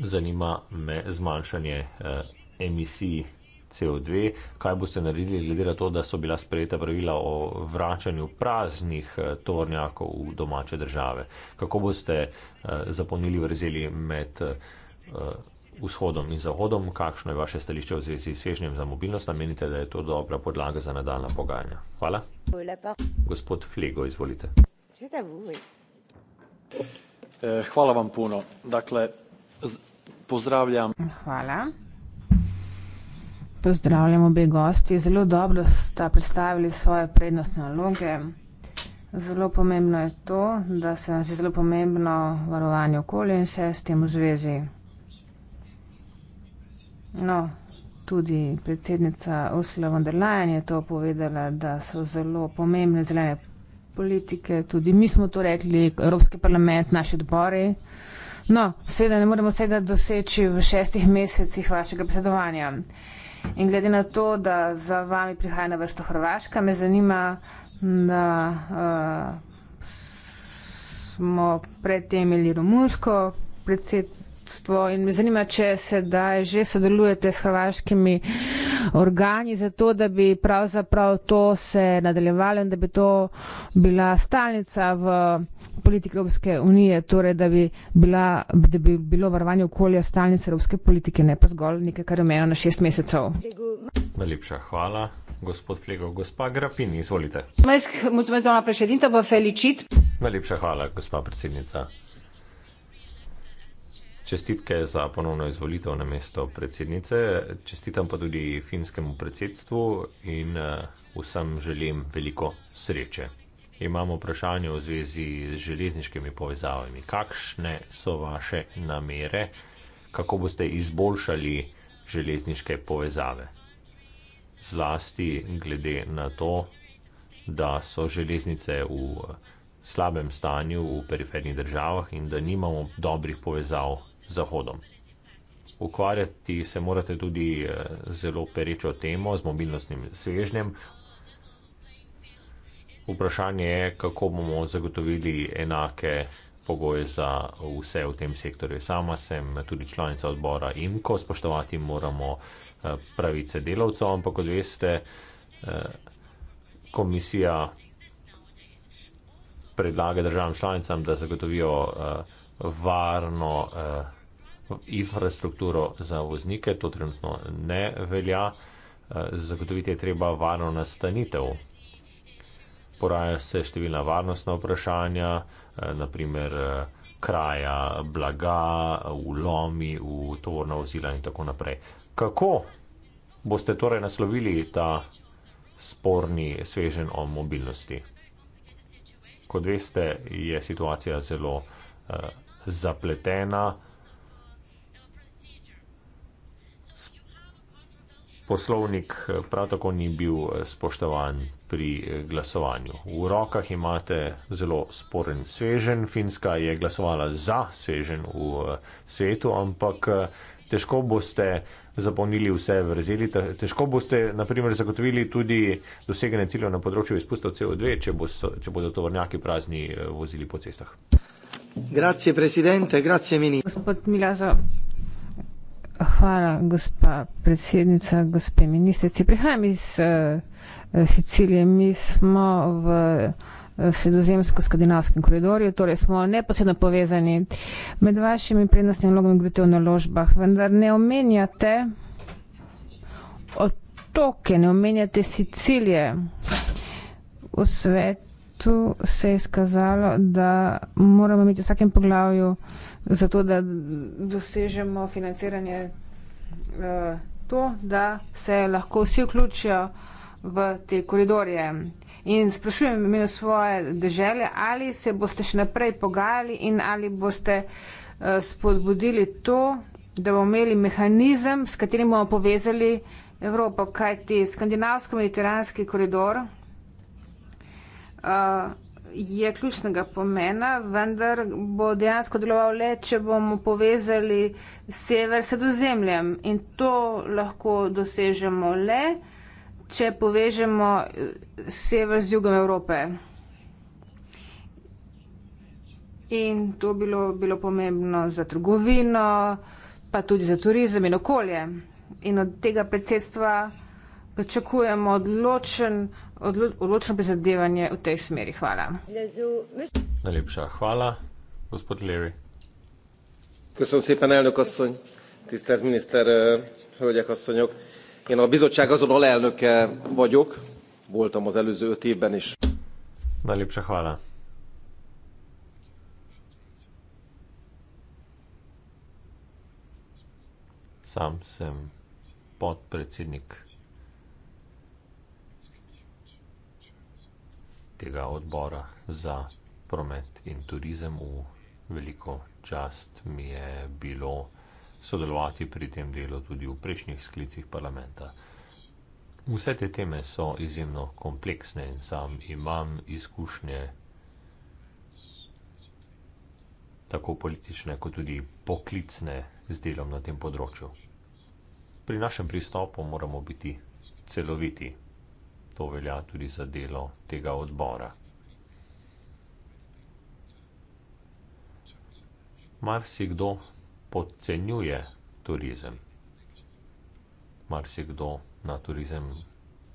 Zanima me zmanjšanje eh, emisij CO2, kaj boste naredili glede na to, da so bila sprejeta pravila o vračanju praznih eh, tovornjakov v domače države. Kako boste eh, zapolnili vrzeli med eh, vzhodom in zahodom, kakšno je vaše stališče v zvezi s svežnjem za mobilnost, namenite, da je to dobra podlaga za nadaljna pogajanja. Hvala. Gospod Flego, izvolite. Hvala vam puno. Dakle, pozdravljam. Hvala. Pozdravljamo obe gosti. Zelo dobro sta predstavili svoje prednostne naloge. Zelo pomembno je to, da se nas je zelo pomembno varovanje okolja in vse s tem v zvezi. No, tudi predsednica Ursula von der Leyen je to povedala, da so zelo pomembne zelene politike. Tudi mi smo to rekli, Evropski parlament, naši odbori. No, seveda ne moremo vsega doseči v šestih mesecih vašega predsedovanja. In glede na to, da za vami prihaja na vrsto Hrvaška, me zanima, da uh, smo predtem imeli romunsko predsed, vodstvo in me zanima, če sedaj že sodelujete s hrvaškimi organi za to, da bi pravzaprav to se nadaljevalo in da bi to bila stalnica v politike Evropske unije, torej da bi, bila, da bi bilo varovanje okolja stalnice Evropske politike, ne pa zgolj nekaj, kar je omenjeno na šest mesecev. Najlepša hvala. Gospod Flegov, gospa Grapini, izvolite. Najlepša hvala, gospa predsednica. Čestitke za ponovno izvolitev na mesto predsednice, čestitam pa tudi finskemu predsedstvu in eh, vsem želim veliko sreče. Imamo vprašanje v zvezi z železniškimi povezavami. Kakšne so vaše namere, kako boste izboljšali železniške povezave? Zlasti glede na to, da so železnice v slabem stanju v perifernih državah in da nimamo dobrih povezav z Zahodom. Ukvarjati se morate tudi z eh, zelo perečo temo, z mobilnostnim svežnjem. Vprašanje je, kako bomo zagotovili enake pogoje za vse v tem sektorju. Sama sem tudi članica odbora IMKO, spoštovati moramo eh, pravice delavcev, ampak kot veste, eh, komisija predlaga državam članicam, da zagotovijo uh, varno uh, infrastrukturo za voznike. To trenutno ne velja. Uh, zagotoviti je treba varno nastanitev. Porajajo se številna varnostna vprašanja, uh, naprimer uh, kraja blaga, ulomi v tovorna vozila in tako naprej. Kako boste torej naslovili ta sporni svežen o mobilnosti? kot veste, je situacija zelo uh, zapletena. Poslovnik eh, prav tako ni bil eh, spoštovan pri glasovanju. V rokah imate zelo sporen svežen. Finska je glasovala za svežen v svetu, ampak težko boste zapolnili vse vrzeli. Težko boste, naprimer, zagotovili tudi dosegene ciljev na področju izpustov CO2, če, bo, če bodo tovornjaki prazni eh, vozili po cestah. Grazie, presidente, grazie, ministr. Gospod Milazo, hvala, gospa predsednica, gospe ministrici. Prihajam iz uh, Sicilije, mi smo v. Uh, sredozemsko-skandinavskem koridorju, torej smo neposredno povezani med vašimi prednostnimi vlogami, govorite o naložbah, vendar ne omenjate otoke, ne omenjate Sicilije. V svetu se je skazalo, da moramo imeti v vsakem poglavju za to, da dosežemo financiranje eh, to, da se lahko vsi vključijo v te koridorje in sprašujem v imenu svoje države, ali se boste še naprej pogajali in ali boste eh, spodbudili to, da bomo imeli mehanizem, s katerim bomo povezali Evropo, kajti skandinavsko-mediteranski koridor eh, je ključnega pomena, vendar bo dejansko deloval le, če bomo povezali sever sredozemljem in to lahko dosežemo le, če povežemo eh, sever z jugom Evrope. In to bilo, bilo pomembno za trgovino, pa tudi za turizem in okolje. In od tega predsedstva pričakujemo odločen, odlo, odločeno prizadevanje v tej smeri. Hvala. Najlepša hvala, gospod Levi. Köszönöm szépen, elnök asszony, tisztelt miniszter, eh, hölgyek, asszonyok! Én a bizottság azon alelnöke vagyok, voltam az előző öt évben is. Ne lépsek halá. Sam sem podpredsednik tega odbora za promet in turizem v veliko čast mi je bilo sodelovati pri tem delu tudi v prejšnjih sklicih parlamenta. Vse te teme so izjemno kompleksne in sam imam izkušnje tako politične kot tudi poklicne z delom na tem področju. Pri našem pristopu moramo biti celoviti. To velja tudi za delo tega odbora. Mar si kdo podcenjuje turizem. Mar si kdo na turizem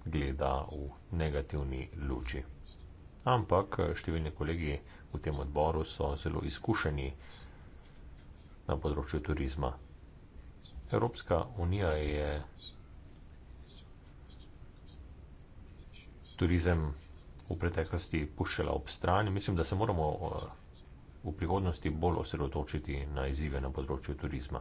gleda v negativni luči. Ampak eh, številni kolegi v tem odboru so zelo izkušeni na področju turizma. Evropska unija je turizem v preteklosti puščala ob strani. Mislim, da se moramo eh, v prihodnosti bolj osredotočiti na izzive na področju turizma.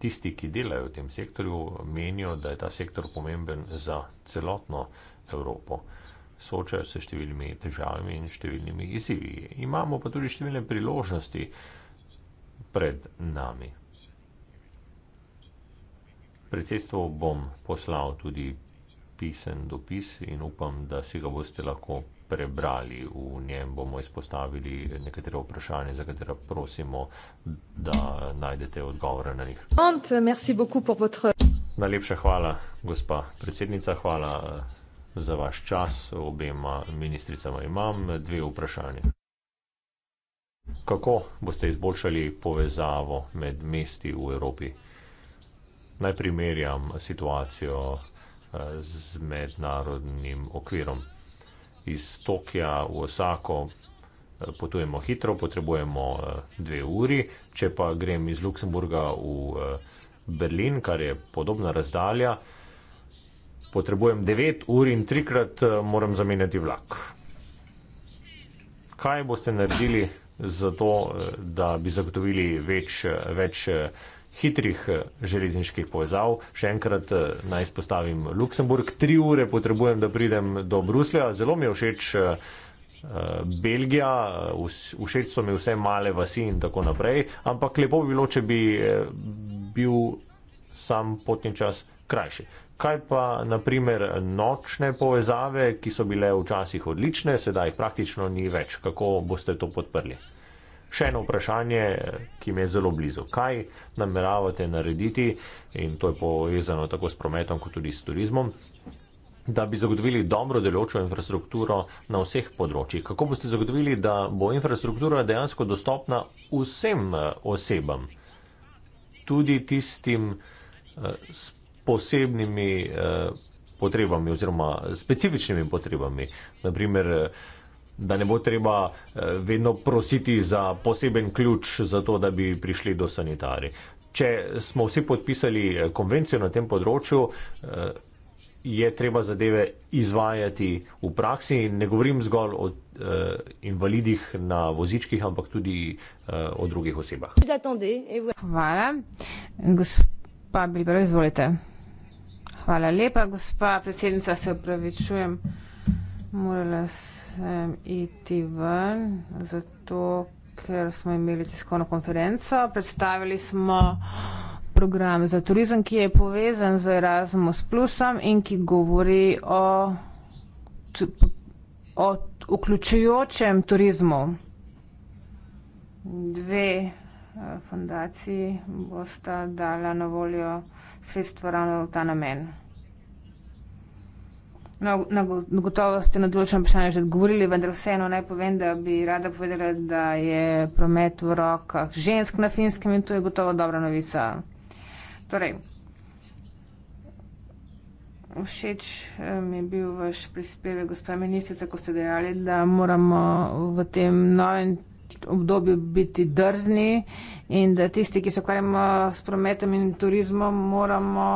Tisti, ki delajo v tem sektorju, menijo, da je ta sektor pomemben za celotno Evropo. Soočajo se številnimi težavami in številnimi izzivi. Imamo pa tudi številne priložnosti pred nami. Predsedstvo bom poslal tudi pisen dopis in upam, da si ga boste lahko prebrali. V njem bomo izpostavili nekatere vprašanja, za katera prosimo, da najdete odgovore na njih. Najlepša hvala, gospa predsednica, hvala eh, za vaš čas. Obema ministricama imam eh, dve vprašanje. Kako boste izboljšali povezavo med mesti v Evropi? Naj primerjam situacijo eh, z mednarodnim okvirom iz Tokija v Osako eh, potujemo hitro, potrebujemo eh, dve uri, če pa grem iz Luksemburga v eh, Berlin, kar je podobna razdalja, potrebujem 9 ur in trikrat moram zamenjati vlak. Kaj boste naredili za to, da bi zagotovili več, več hitrih eh, železniških povezav. Še enkrat eh, naj izpostavim Luksemburg. Tri ure potrebujem, da pridem do Bruslja. Zelo mi je všeč eh, Belgija, všeč so mi vse male vasi in tako naprej, ampak lepo bi bilo, če bi bil sam potni čas krajši. Kaj pa naprimer nočne povezave, ki so bile včasih odlične, sedaj jih praktično ni več. Kako boste to podprli? še eno vprašanje, ki mi je zelo blizu. Kaj nameravate narediti, in to je povezano tako s prometom, kot tudi s turizmom, da bi zagotovili dobro deločo infrastrukturo na vseh področjih? Kako boste zagotovili, da bo infrastruktura dejansko dostopna vsem eh, osebam, tudi tistim eh, s posebnimi eh, potrebami oziroma specifičnimi potrebami? Naprimer, da ne bo treba eh, vedno prositi za poseben ključ, za to, da bi prišli do sanitari. Če smo vsi podpisali eh, konvencijo na tem področju, eh, je treba zadeve izvajati v praksi in ne govorim zgolj o invalidih na vozičkih, ampak tudi o drugih osebah. Hvala. Gospa Bilbero, izvolite. Hvala lepa, gospa predsednica, se opravičujem. Morala sem um, iti ven, zato ker smo imeli tiskovno konferenco, predstavili smo program za turizem, ki je povezan z Erasmus Plusom in ki govori o, o vključujočem turizmu. Dve eh, fondaciji bosta dala na voljo sredstva ravno v ta namen. No, na go, gotovo ste na določeno vprašanje že odgovorili, vendar vseeno naj povem, da bi rada povedala, da je promet v rokah žensk na finskem in to je gotovo dobra novica. Torej, všeč eh, mi je bil vaš prispevek, gospod ministrica, ko ste dejali, da moramo v tem novem obdobju biti drzni in da tisti, ki se ukvarjamo s prometom in turizmom, moramo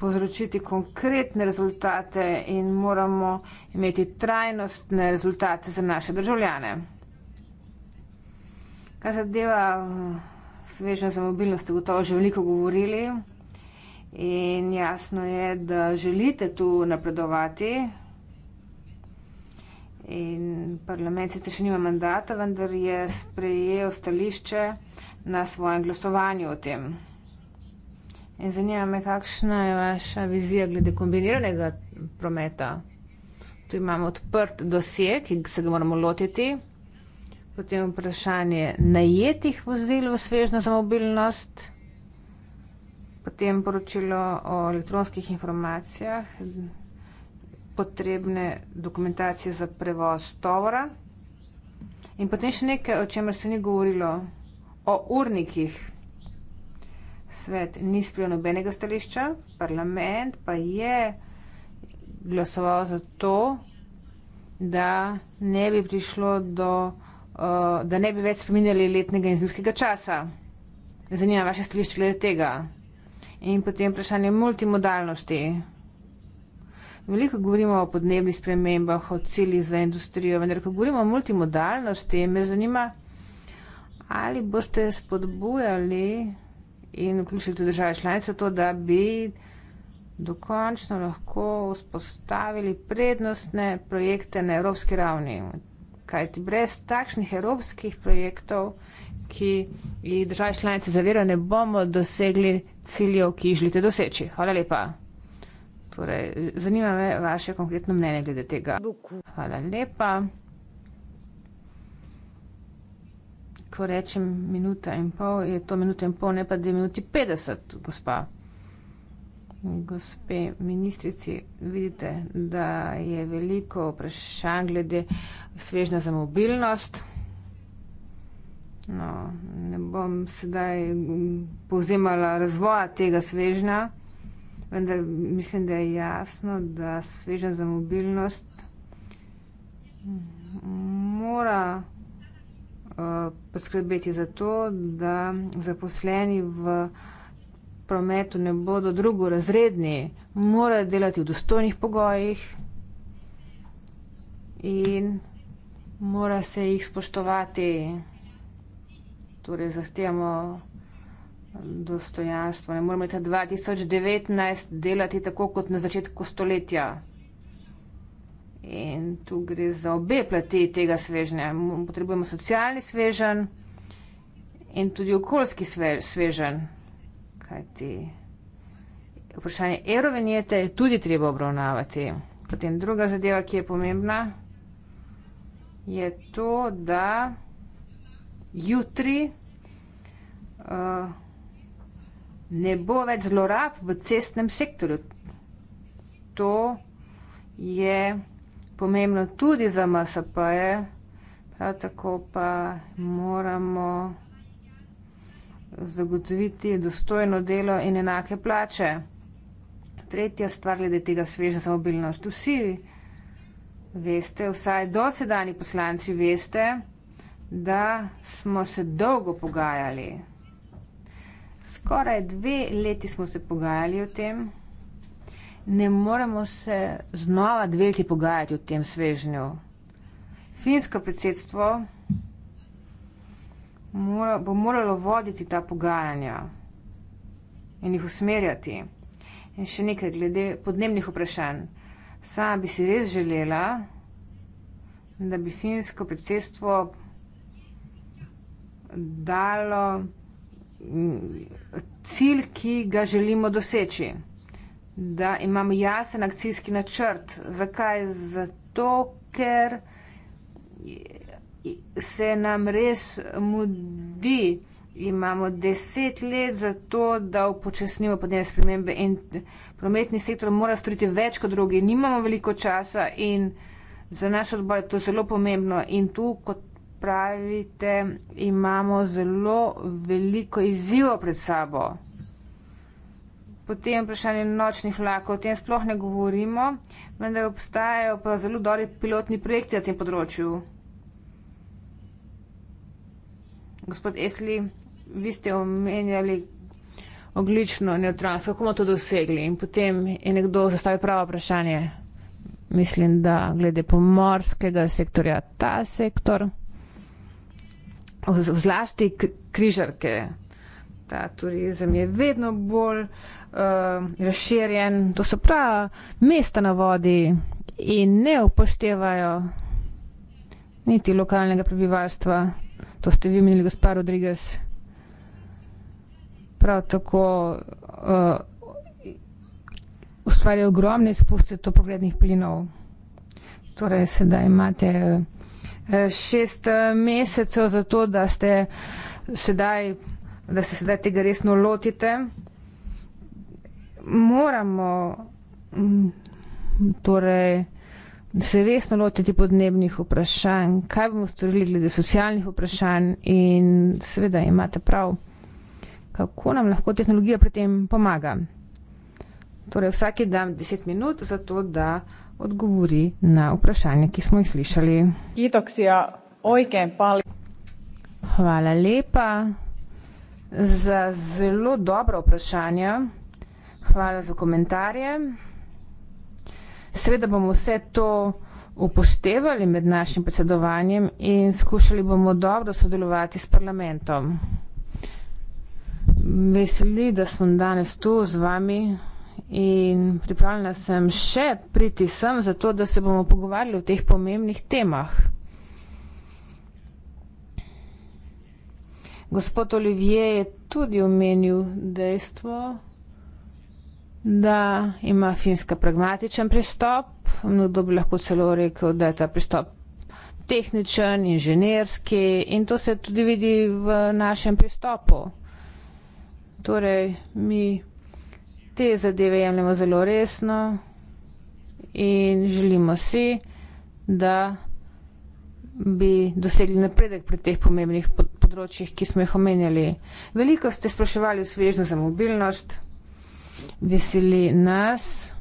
povzročiti konkretne rezultate in moramo imeti trajnostne rezultate za naše državljane. Kar zadeva eh, svežnja za mobilnost, ste gotovo že veliko govorili in jasno je, da želite tu napredovati. In parlament sicer še nima mandata, vendar je sprejel stališče na svojem glasovanju o tem. In zanima me, kakšna je vaša vizija glede kombiniranega prometa? Tu imamo odprt dosje, ki se ga moramo lotiti. Potem vprašanje najetih vozil v svežno za mobilnost. Potem poročilo o elektronskih informacijah, potrebne dokumentacije za prevoz tovora. In potem še nekaj, o čemer se ni govorilo, o urnikih svet ni sprejel nobenega stališča, parlament pa je glasoval za to, da ne bi prišlo do, uh, da ne bi več spreminjali letnega in zimskega časa. Zanima vaše stališče glede tega. In potem vprašanje multimodalnosti. Veliko govorimo o podnebnih spremembah, o ciljih za industrijo, vendar ko govorimo o multimodalnosti, me zanima, ali boste spodbujali in vključili tudi države članice, to, da bi dokončno lahko vzpostavili prednostne projekte na evropski ravni. Kaj ti brez takšnih evropskih projektov, ki jih države članice zavirajo, ne bomo dosegli ciljev, ki jih želite doseči. Hvala lepa. Torej, zanima me vaše konkretno mnenje glede tega. Hvala lepa. ko rečem minuta in pol, je to minuta in pol, ne pa dve minuti petdeset, gospa. Gospe ministrici, vidite, da je veliko vprašanj glede svežna za mobilnost. No, ne bom sedaj povzemala razvoja tega svežna, vendar mislim, da je jasno, da svežna za mobilnost mora. Eh, poskrbeti za to, da zaposleni v prometu ne bodo drugorazredni, morajo delati v dostojnih pogojih in mora se jih spoštovati. Torej zahtevamo dostojanstvo. Ne moremo leta 2019 delati tako kot na začetku stoletja. In tu gre za obe plati tega svežnja. Potrebujemo socialni svežen in tudi okoljski svežen. Kajti vprašanje erovenjete je tudi treba obravnavati. Potem druga zadeva, ki je pomembna, je to, da jutri uh, ne bo več zlorab v cestnem sektorju. To je pomembno tudi za MSP-je, prav tako pa moramo zagotoviti dostojno delo in enake plače. Tretja stvar glede tega sveža za mobilnost. Vsi veste, vsaj dosedani poslanci veste, da smo se dolgo pogajali. Skoraj dve leti smo se pogajali o tem ne moremo se znova dve leti pogajati o tem svežnju. Finsko predsedstvo mora, bo moralo voditi ta pogajanja in jih usmerjati. In še nekaj glede podnebnih vprašanj. Sama bi si res želela, da bi finsko predsedstvo dalo mm, cilj, ki ga želimo doseči da imam jasen akcijski načrt. Zakaj? Zato, ker se nam res mudi. Imamo deset let za to, da upočasnimo podnebne spremembe in prometni sektor mora storiti več kot drugi. Nimamo veliko časa in za naš odbor je to zelo pomembno. In tu, kot pravite, imamo zelo veliko izzivo pred sabo. Potem vprašanje nočnih vlakov, o tem sploh ne govorimo, vendar obstajajo pa zelo dobri pilotni projekti na tem področju. Gospod Esli, vi ste omenjali oglično neutralnost, kako bomo to dosegli? In potem je nekdo zastavil pravo vprašanje. Mislim, da glede pomorskega sektorja, ta sektor, zlasti križarke, ta turizem je vedno bolj. Eh, razširjen, to se pravi, mesta na vodi in ne upoštevajo niti lokalnega prebivalstva. To ste vi menili, gospod Rodriguez. Prav tako uh, ustvarjajo ogromne izpuste toplogrednih plinov. Torej, sedaj imate eh, šest mesecev za to, da ste sedaj, da se sedaj tega resno lotite moramo mm, torej, se resno lotiti podnebnih vprašanj, kaj bomo storili glede socialnih vprašanj in seveda imate prav, kako nam lahko tehnologija pri tem pomaga. Torej, vsaki dan 10 minut za to, da odgovori na vprašanje, ki smo jih slišali. Kitoksija, ojke, pali. Hvala lepa za zelo dobro vprašanje hvala za komentarje. Seveda bomo vse to upoštevali med našim predsedovanjem in skušali bomo dobro sodelovati s parlamentom. Veseli, da sem danes tu z vami in pripravljena sem še priti sem zato, da se bomo pogovarjali o teh pomembnih temah. Gospod Olivier je tudi omenil dejstvo, da ima Finska pragmatičen pristop. Mnogo bi lahko celo rekel, da je ta pristop tehničen, inženirski in to se tudi vidi v našem pristopu. Torej, mi te zadeve jemljemo zelo resno in želimo si, da bi dosegli napredek pri teh pomembnih področjih, ki smo jih omenjali. Veliko ste spraševali v svežnju za mobilnost veseli nas,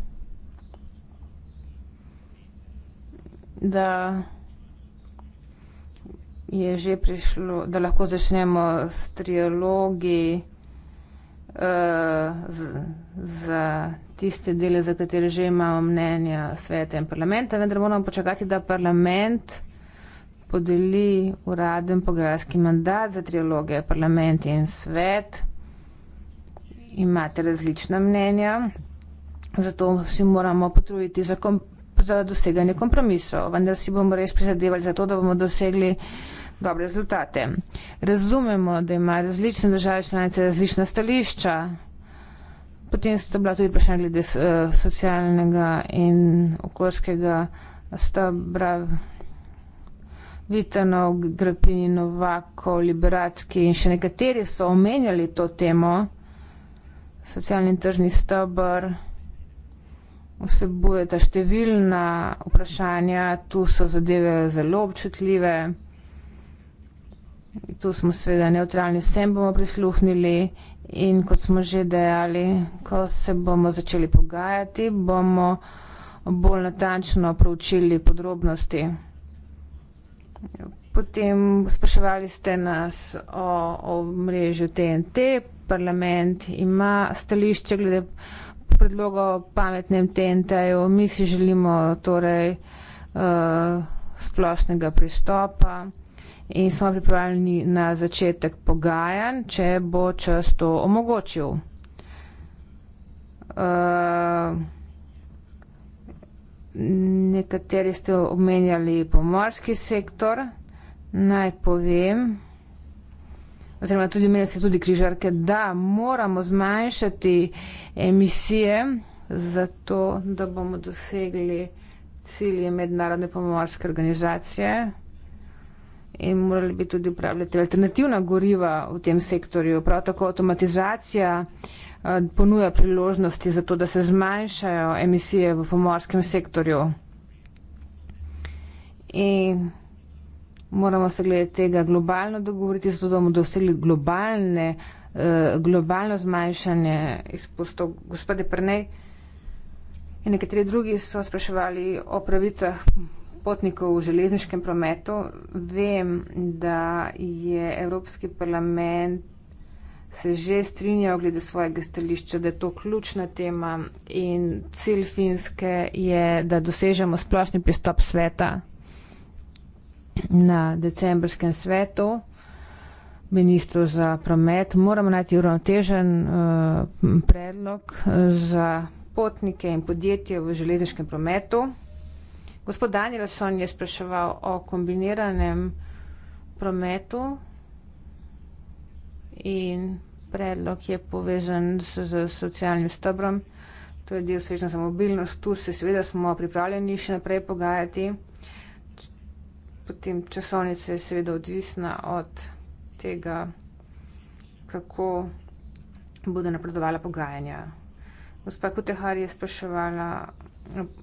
da je že prišlo, da lahko začnemo s trialogi uh, za tiste dele, za katere že imamo mnenja sveta in parlamenta, vendar moramo počakati, da parlament podeli uraden pogajalski mandat za trialoge parlament in svet imate različna mnenja, zato si moramo potruditi za, kom, za doseganje kompromisov, vendar si bomo res prizadevali za to, da bomo dosegli dobre rezultate. Razumemo, da ima različne države članice različna stališča, potem so to bila tudi vprašanja glede eh, socialnega in okoljskega stabra. Vitanov, Grapini, Novakov, Liberacki in še nekateri so omenjali to temo socialni tržni stebr vsebujeta številna vprašanja, tu so zadeve zelo občutljive. Tu smo seveda neutralni, vsem bomo prisluhnili in kot smo že dejali, ko se bomo začeli pogajati, bomo bolj natančno proučili podrobnosti. Potem spraševali ste nas o, o mreži TNT, parlament, ima stališče glede predloga o pametnem TNT-ju. Mi si želimo torej uh, splošnega pristopa in smo pripravljeni na začetek pogajanj, če bo čas to omogočil. Uh, nekateri ste omenjali pomorski sektor. Naj povem, oziroma tudi meni se tudi križarke, da moramo zmanjšati emisije za to, da bomo dosegli cilje mednarodne pomorske organizacije in morali bi tudi upravljati alternativna goriva v tem sektorju. Prav tako avtomatizacija eh, ponuja priložnosti za to, da se zmanjšajo emisije v pomorskem sektorju. In moramo se glede tega globalno dogovoriti, zato da bomo dosegli globalne, eh, globalno zmanjšanje izpustov. Gospode Prnej in nekateri drugi so spraševali o pravicah potnikov v železniškem prometu. Vem, da je Evropski parlament se že strinjal glede svojega stališča, da je to ključna tema in cilj Finske je, da dosežemo splošni pristop sveta na decembrskem svetu ministrov za promet, moramo najti uravnotežen eh, predlog eh, za potnike in podjetje v železniškem prometu. Gospod Danielson je spraševal o kombiniranem prometu in predlog je povezan s, s socialnim stebrom, to je del svežnja za mobilnost, tu se seveda smo pripravljeni še naprej pogajati potem časovnica je seveda odvisna od tega, kako bodo napredovala pogajanja. Gospa Kutehar je spraševala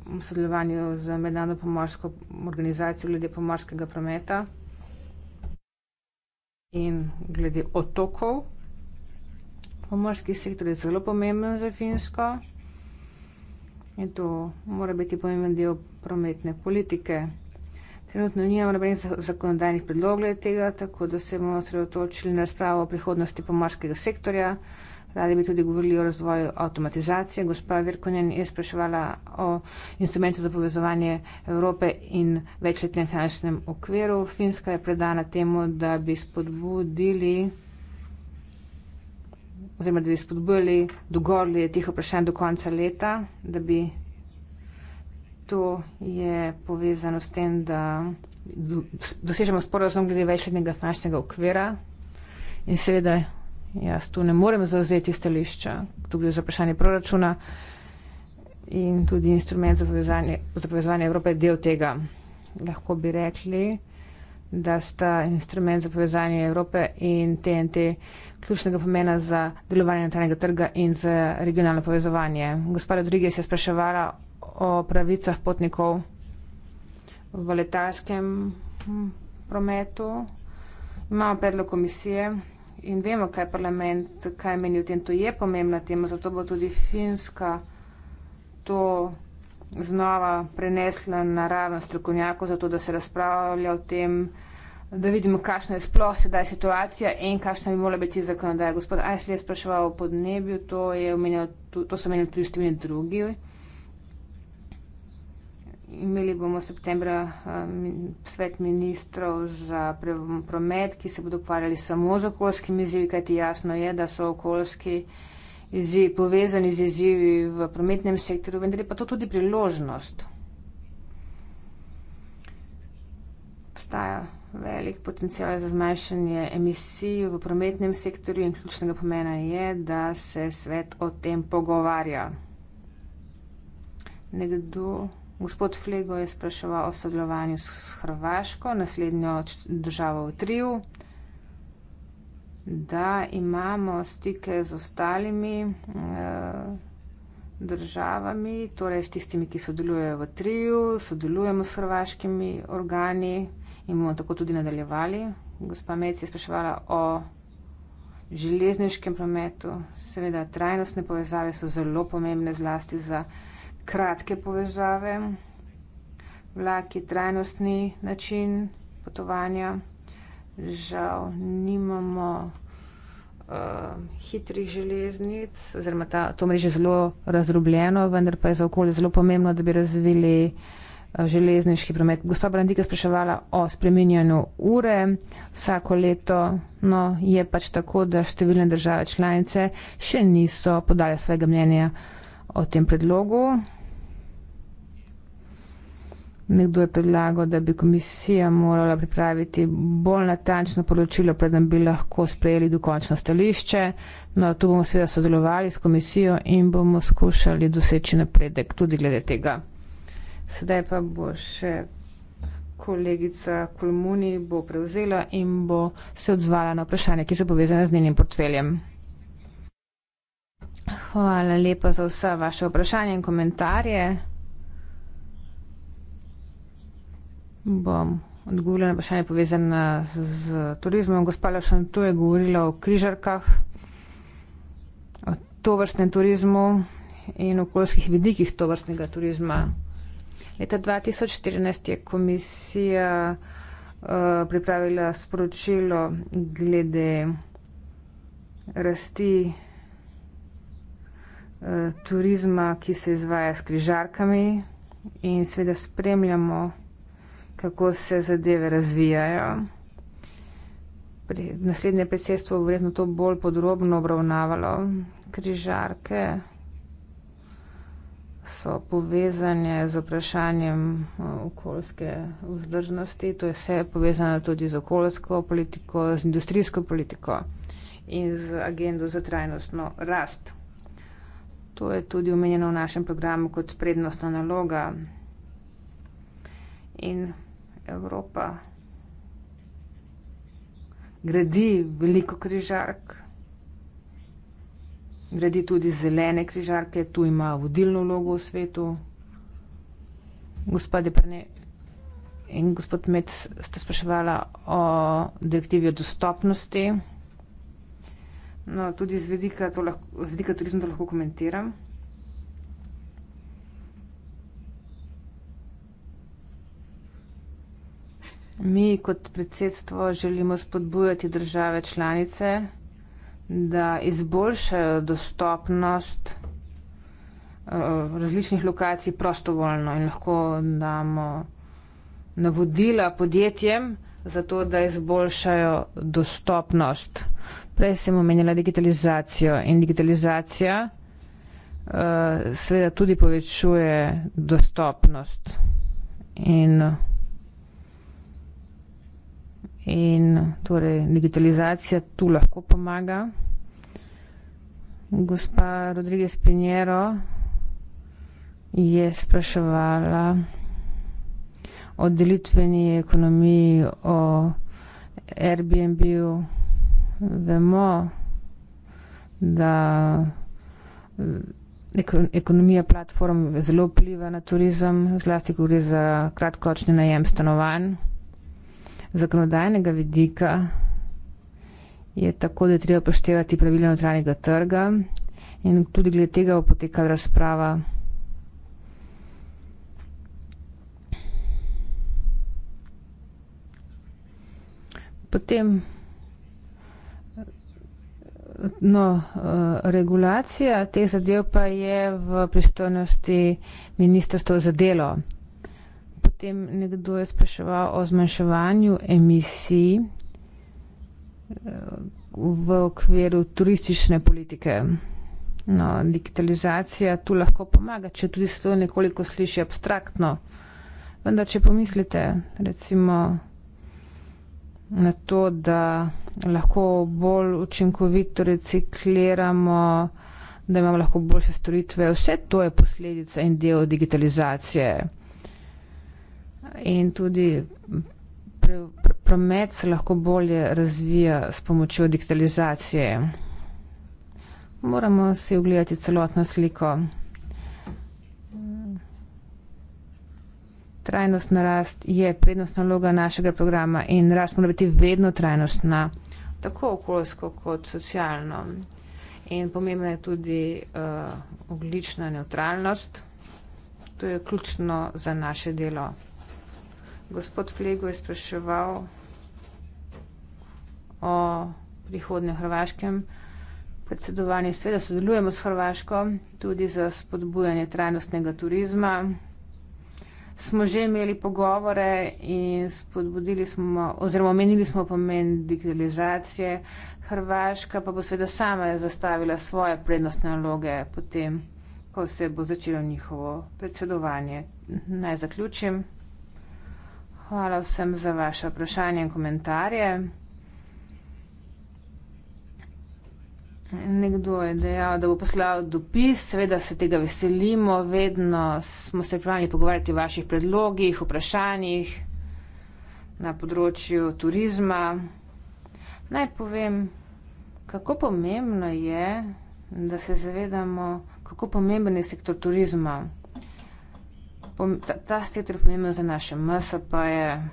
v sodelovanju z mednarodno pomorsko organizacijo glede pomorskega prometa in glede otokov. Pomorski sektor je zelo pomemben za Finsko in to mora biti pomemben del prometne politike. Trenutno nijemo nobenih zakonodajnih predlogov tega, tako da se bomo sredotočili na razpravo o prihodnosti pomorskega sektorja. Radi bi tudi govorili o razvoju avtomatizacije. Gospa Virkonjen je spraševala o instrumentu za povezovanje Evrope in večletnem finančnem okviru. Finska je predana temu, da bi spodbudili oziroma da bi spodbujali dogovor glede teh vprašanj do konca leta, da bi to je povezano s tem, da dosežemo sporozum glede večletnega finančnega okvira in seveda jaz tu ne morem zauzeti stališča, tu gre za vprašanje proračuna in tudi instrument za povezanje, za povezanje Evrope je del tega. Lahko bi rekli, da sta instrument za povezanje Evrope in TNT ključnega pomena za delovanje notranjega trga in za regionalno povezovanje. Gospod Rodriguez je spraševala o pravicah potnikov v letalskem hm, prometu. Imamo predlog komisije in vemo, kaj parlament, kaj meni v tem, to je pomembna tema, zato bo tudi Finska to znova prenesla na raven strokovnjakov, zato da se razpravlja o tem, da vidimo, kakšna je sploh sedaj situacija in kakšna bi morala biti zakonodaja. Gospod Ajsli je spraševal o podnebju, to, je omenjal, to, to so omenjali tudi številni drugi imeli bomo v septembra um, svet ministrov za promet, ki se bodo ukvarjali samo z okoljskimi izzivi, kajti jasno je, da so okoljski izzivi povezani z izzivi v prometnem sektorju, vendar je pa to tudi priložnost. Obstaja velik potencial za zmanjšanje emisij v prometnem sektorju in ključnega pomena je, da se svet o tem pogovarja. Nekdo. Gospod Flego je spraševal o sodelovanju s Hrvaško, naslednjo državo v triju, da imamo stike z ostalimi eh, državami, torej s tistimi, ki sodelujejo v triju, sodelujemo s hrvaškimi organi in bomo tako tudi nadaljevali. Gospa Mec je spraševala o železniškem prometu. Seveda, trajnostne povezave so zelo pomembne zlasti za kratke povezave, vlak je trajnostni način potovanja, žal nimamo uh, hitrih železnic, oziroma ta, to mreže je zelo razdrobljeno, vendar pa je za okolje zelo pomembno, da bi razvili eh, železniški promet. Gospa Brandika spraševala o spreminjanju ure vsako leto, no je pač tako, da številne države članice še niso podale svojega mnenja o tem predlogu. Nekdo je predlagal, da bi komisija morala pripraviti bolj natančno poročilo, predem bi lahko sprejeli dokončno stališče. No, tu bomo seveda sodelovali s komisijo in bomo skušali doseči napredek tudi glede tega. Sedaj pa bo še kolegica Kulmuni bo prevzela in bo se odzvala na vprašanje, ki so povezane z njenim portfeljem. Hvala lepa za vsa vaše vprašanje in komentarje. bom odgovorila na vprašanje povezane z, z turizmom. Gospa Lašan, tu je govorila o križarkah, o tovrstnem turizmu in okoljskih vidikih tovrstnega turizma. Leta 2014 je komisija uh, pripravila sporočilo glede eh, rasti eh, turizma, ki se izvaja s križarkami in seveda spremljamo kako se zadeve razvijajo. Pri naslednje predsedstvo bo verjetno to bolj podrobno obravnavalo. Križarke so povezane z vprašanjem eh, okoljske vzdržnosti. To je vse povezano tudi z okoljsko politiko, z industrijsko politiko in z agendo za trajnostno rast. To je tudi omenjeno v našem programu kot prednostna naloga. In Evropa gradi veliko križark, gradi tudi zelene križarke, tu ima vodilno vlogo v svetu. Gospa Deprne in gospod Med sta spraševala o direktivi o dostopnosti. No, tudi z vidika to lahko, z vidika turizma to lahko komentiram. Mi kot predsedstvo želimo spodbujati države članice, da izboljšajo dostopnost eh, različnih lokacij prostovoljno in lahko damo navodila podjetjem za to, da izboljšajo dostopnost. Prej sem omenjala digitalizacijo in digitalizacija eh, seveda tudi povečuje dostopnost in In torej digitalizacija tu lahko pomaga. Gospa Rodriguez Pinjero je spraševala o delitveni ekonomiji, o Airbnb-u. Vemo, da eh, ekonomija platform zelo vpliva na turizem, zlasti ko gre za kratkoročni najem stanovanj zakonodajnega vidika je tako, da je treba poštevati pravila notranjega trga in tudi glede tega bo potekala razprava. Potem no, eh, regulacija teh zadev pa je v pristojnosti ministrstva za delo. Potem nekdo je spraševal o zmanjševanju emisij eh, v okviru turistične politike. No, digitalizacija tu lahko pomaga, če tudi se to nekoliko sliši abstraktno. Vendar, če pomislite recimo na to, da lahko bolj učinkovito recikliramo, da imamo lahko boljše storitve, vse to je posledica in del digitalizacije in tudi pr pr promet se lahko bolje razvija s pomočjo digitalizacije. Moramo si ogledati celotno sliko. Trajnostna rast je prednostna loga našega programa in rast mora biti vedno trajnostna, tako okoljsko kot socialno. In pomembna je tudi uh, eh, oglična neutralnost. To je ključno za naše delo. Gospod Flego je spraševal o prihodnjem hrvaškem predsedovanju. Sveda sodelujemo s Hrvaško tudi za spodbujanje trajnostnega turizma. Smo že imeli pogovore in spodbudili smo, oziroma omenili smo pomen digitalizacije. Hrvaška pa bo sveda sama je zastavila svoje prednostne naloge potem, ko se bo začelo njihovo predsedovanje. Naj zaključim. Hvala vsem za vaša vprašanja in komentarje. Nekdo je dejal, da bo poslal dopis, seveda se tega veselimo, vedno smo se pripravljeni pogovarjati o vaših predlogih, vprašanjih na področju turizma. Naj povem, kako pomembno je, da se zavedamo, kako pomemben je sektor turizma ta, ta sektor je pomemben za naše MS, pa je,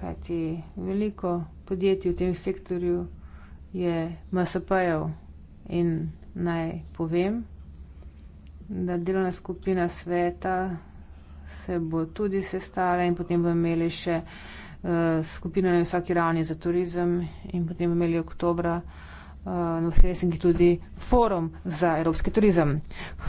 kajti veliko podjetij v tem sektorju je MSP-jev in naj povem, da delovna skupina sveta se bo tudi sestala in potem bomo imeli še uh, skupino na visoki ravni za turizem in potem bomo imeli oktobra uh, Eh, na no, Helsinki tudi forum za evropski turizem.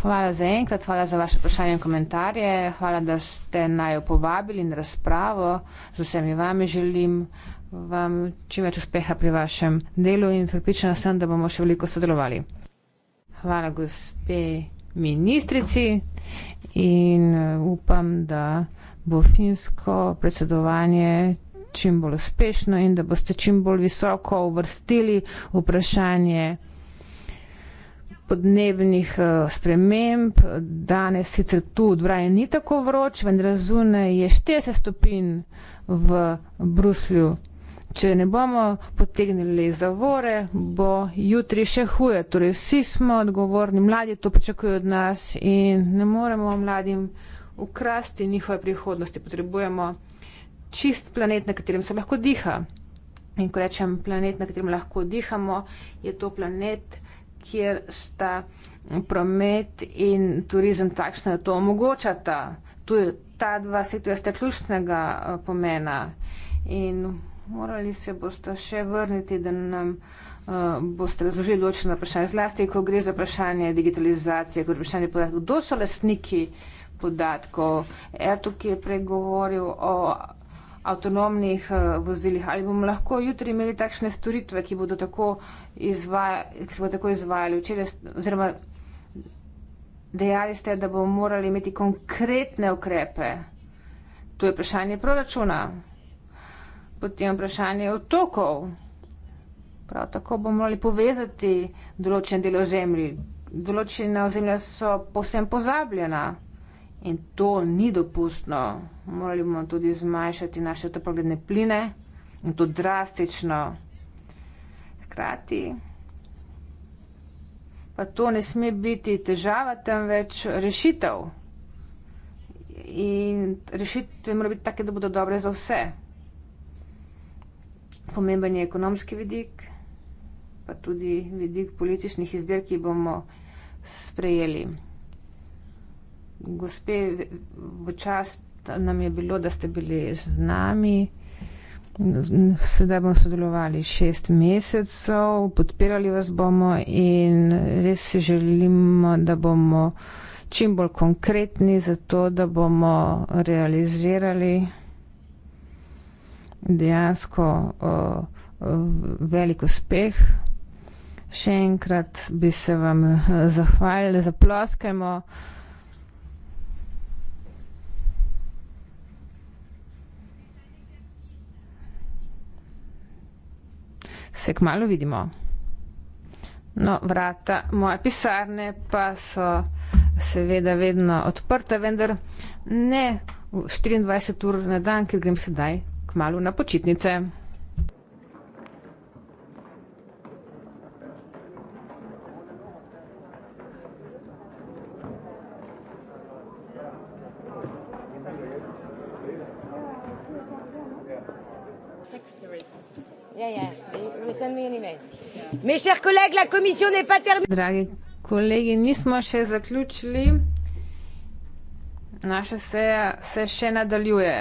Hvala za enkrat, hvala za vaše vprašanje in komentarje, hvala, da ste najo povabili in razpravo. Z vsemi vami želim vam čim več uspeha pri vašem delu in pripričana sem, da bomo še veliko sodelovali. Hvala gospe ministrici in eh, upam, da bo finsko predsedovanje čim bolj uspešno in da boste čim bolj visoko uvrstili vprašanje podnebnih eh, sprememb. Danes sicer tu v dvoraju ni tako vroč, vendar zunaj je 40 stopinj v Bruslju. Če ne bomo potegnili zavore, bo jutri še huje. Torej vsi smo odgovorni, mladi to pričakujejo od nas in ne moremo mladim ukrasti njihove prihodnosti. Potrebujemo čist planet, na katerem se lahko diha. In ko rečem planet, na katerem lahko dihamo, je to planet, kjer sta promet in turizem takšne, da to omogočata. Tu je ta dva sektorja sta ključnega eh, pomena. In morali se boste še vrniti, da nam eh, boste razložili ločena vprašanja. Zlasti, ko gre za vprašanje digitalizacije, kot vprašanje podatkov, kdo so lastniki podatkov. Ertuk je pregovoril o avtonomnih eh, vozilih. Ali bomo lahko jutri imeli takšne storitve, ki, bodo tako izvaja, ki se bodo tako izvajali? Včeraj, oziroma, dejali ste, da bomo morali imeti konkretne ukrepe. To je vprašanje proračuna. Potem vprašanje otokov. Prav tako bomo morali povezati določen del ozemlji. Določena ozemlja so povsem pozabljena. In to ni dopustno. Morali bomo tudi zmanjšati naše toplogledne pline in to drastično. Hkrati pa to ne sme biti težava, temveč rešitev. In rešitve morajo biti take, da bodo dobre za vse. Pomemben je ekonomski vidik, pa tudi vidik političnih izbir, ki bomo sprejeli gospe, v čast nam je bilo, da ste bili z nami. Sedaj bomo sodelovali šest mesecev, podpirali vas bomo in res si želimo, da bomo čim bolj konkretni za to, da bomo realizirali dejansko o, o, velik uspeh. Še enkrat bi se vam eh, zahvalili, zaploskajmo. se kmalo vidimo. No, vrata moje pisarne pa so seveda vedno odprta, vendar ne 24 ur na dan, ker grem sedaj kmalo na počitnice. Yeah, yeah. Dragi kolegi, nismo še zaključili. Naša seja se še nadaljuje.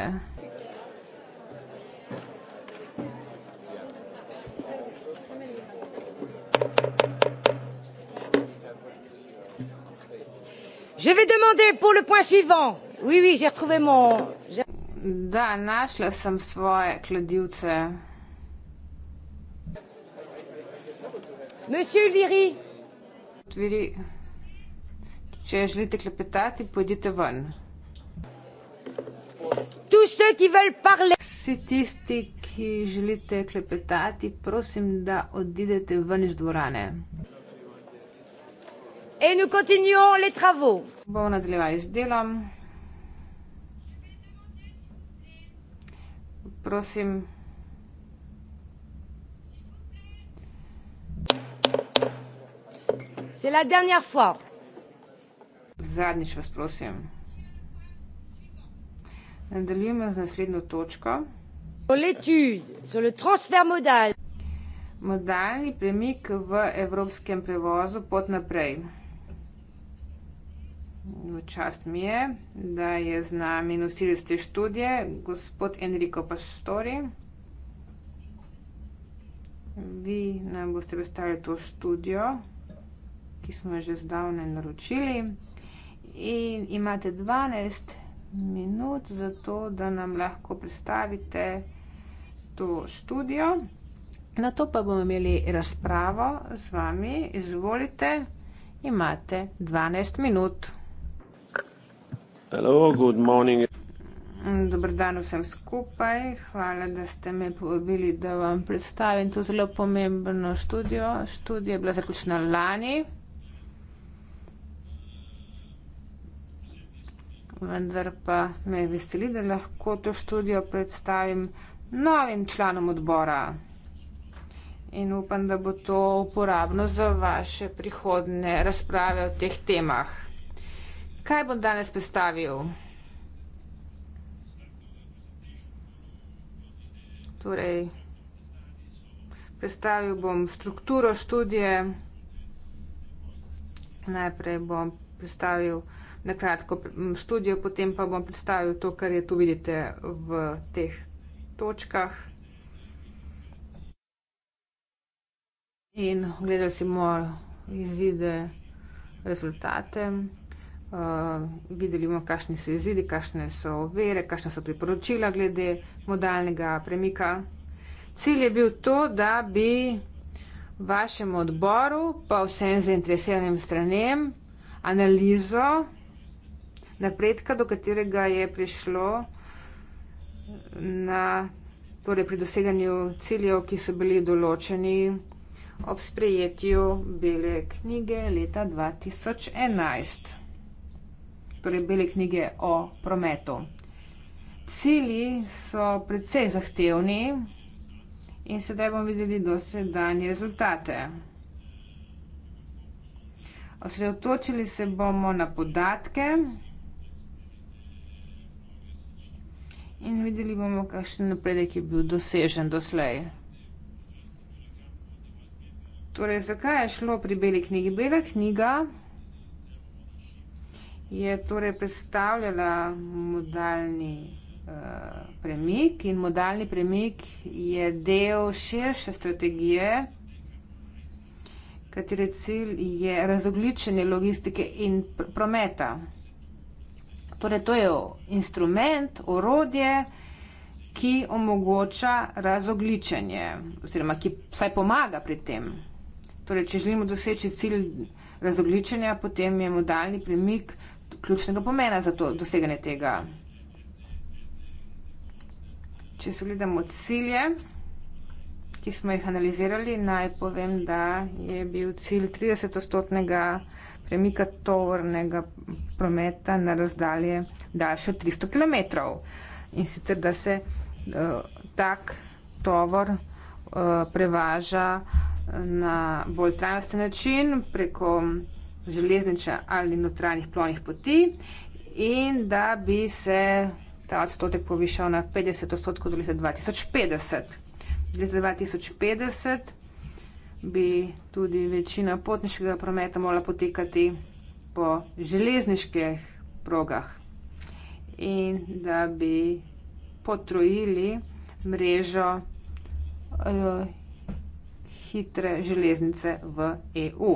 Je vais demander pour le point suivant. Oui, oui, j'ai retrouvé mon. Da, našla sem svoje kladivce. Monsieur Viry. Viry. Če želite klepetati, pojdite ven. Vsi tisti, ki želite klepetati, prosim, da odidete ven iz dvorane. Bomo nadaljevali z delom. Prosim. C'est la dernière fois. Zadnjič vas prosim. Nadaljujemo z naslednjo točko. Sur le transfert modal. Modalni premik v evropskem prevozu pot naprej. Čast mi je, da je z nami nosilec te študije, gospod Enrico Pastori. Vi nam boste predstavili to študijo ki smo jo že zdavnaj naročili. In imate 12 minut za to, da nam lahko predstavite to študijo. Na to pa bomo imeli razpravo z vami. Izvolite, imate 12 minut. Hello, good morning. Dobar dan vsem skupaj. Hvala, da ste me povabili, da vam predstavim to zelo pomembno študijo. Študija je bila zaključena lani. vendar pa me veseli, da lahko to študijo predstavim novim članom odbora. In upam, da bo to uporabno za vaše prihodne razprave o teh temah. Kaj bom danes predstavil? Torej, predstavil bom strukturo študije. Najprej bom predstavil na kratko študijo, potem pa bom predstavil to, kar je tu vidite v teh točkah. In ogledali si bomo izide, rezultate. Ehm, videli bomo, kakšni so izidi, kakšne so ovire, kakšna so priporočila glede modalnega premika. Cilj je bil to, da bi vašemu odboru pa vsem zainteresiranim stranem analizo napredka, do katerega je prišlo na, torej pri doseganju ciljev, ki so bili določeni ob sprejetju bele knjige leta 2011. Torej bele knjige o prometu. Cilji so precej zahtevni in sedaj bomo videli dosedanje rezultate. Osredotočili se bomo na podatke, in videli bomo, kakšen napredek je bil dosežen doslej. Torej, zakaj je šlo pri Beli knjigi? Bela knjiga je torej predstavljala modalni eh, premik in modalni premik je del širše strategije, katere cilj je razogličenje logistike in prometa. Torej, to je instrument, orodje, ki omogoča razogličenje, oziroma ki vsaj pomaga pri tem. Torej, če želimo doseči cilj razogličenja, potem je modalni premik ključnega pomena za to doseganje tega. Če se gledamo cilje, ki smo jih analizirali, naj povem, da je bil cilj 30-stotnega premika tovornega prometa na razdalje daljše od 300 km. In sicer, da se uh, tak tovor uh, prevaža eh, na bolj trajnosten način preko železniča ali notranjih plovnih poti in da bi se ta odstotek povišal na 50 odstotkov do leta 2050. Leta 2050 bi tudi večina potniškega prometa morala potekati po železniških progah in da bi potrojili mrežo eh, hitre železnice v EU.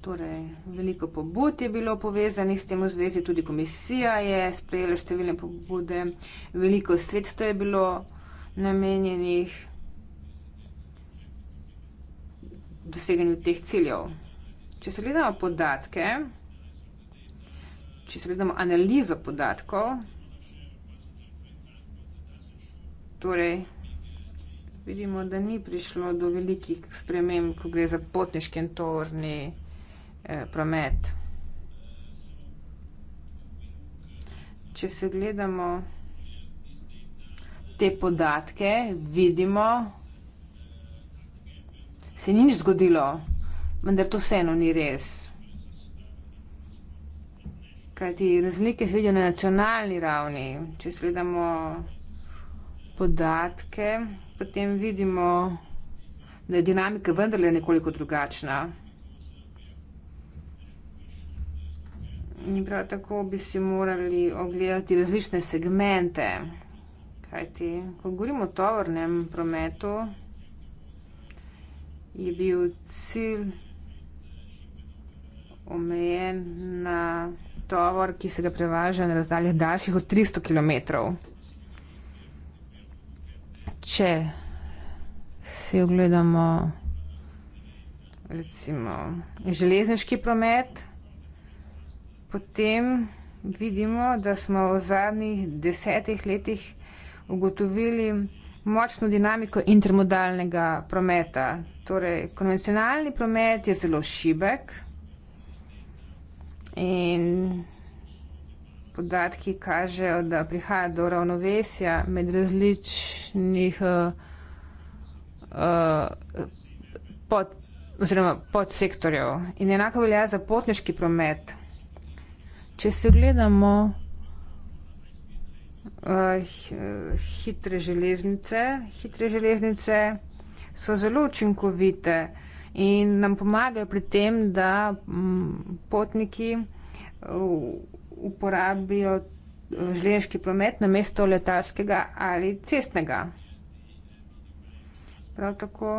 Torej, veliko pobud je bilo povezanih s tem v zvezi, tudi komisija je sprejela številne pobude, veliko sredstev je bilo namenjenih doseganju teh ciljev. Če se gledamo podatke, če se gledamo analizo podatkov, torej vidimo, da ni prišlo do velikih sprememb, ko gre za potniški in tovorni eh, promet. Če se gledamo te podatke, vidimo, se ni nič zgodilo, vendar to vseeno ni res. Kajti razlike se vidijo na nacionalni ravni. Če sledamo podatke, potem vidimo, da je dinamika vendarle nekoliko drugačna. In prav tako bi si morali ogledati različne segmente kajti ko govorimo o tovornem prometu, je bil cilj omejen na tovor, ki se ga prevaža na razdaljah daljših od tristo kilometrov. Če si ogledamo recimo železniški promet, potem vidimo, da smo v zadnjih desetih letih ugotovili močno dinamiko intermodalnega prometa. Torej, konvencionalni promet je zelo šibek in podatki kažejo, da prihaja do ravnovesja med različnih eh, eh, pod, oziroma podsektorjev. In enako velja za potniški promet. Če se gledamo uh, hitre železnice. Hitre železnice so zelo učinkovite in nam pomagajo pri tem, da m, mm, potniki uh, uporabijo železniški promet na mesto letalskega ali cestnega. Prav tako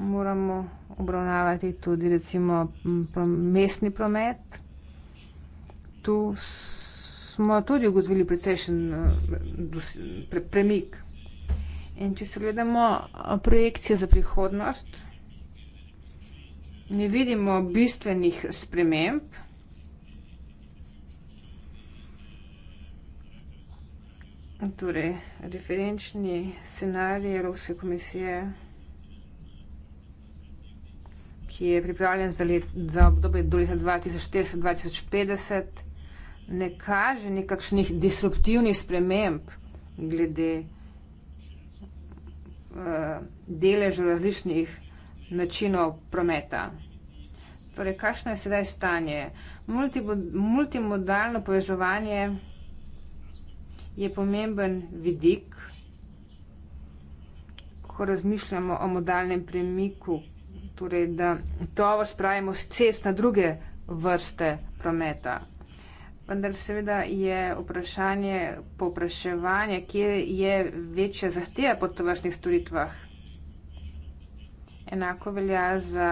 moramo obravnavati tudi recimo mm, mestni promet. Tu smo tudi ugotovili precejšen eh, pre, premik. In če se gledamo eh, projekcije za prihodnost, ne vidimo bistvenih sprememb. Torej, referenčni scenarij Evropske komisije, ki je pripravljen za za obdobje do leta dva tisoč trideset, dva tisoč petdeset, ne kaže nekakšnih disruptivnih sprememb glede eh, deležu različnih načinov prometa. Torej, kakšno je sedaj stanje? Multimodalno povezovanje je pomemben vidik, ko razmišljamo o modalnem premiku, torej, da tovor spravimo s cest na druge vrste prometa vendar seveda je vprašanje popraševanja, kje je večja zahteva po tovrstnih storitvah. Enako velja za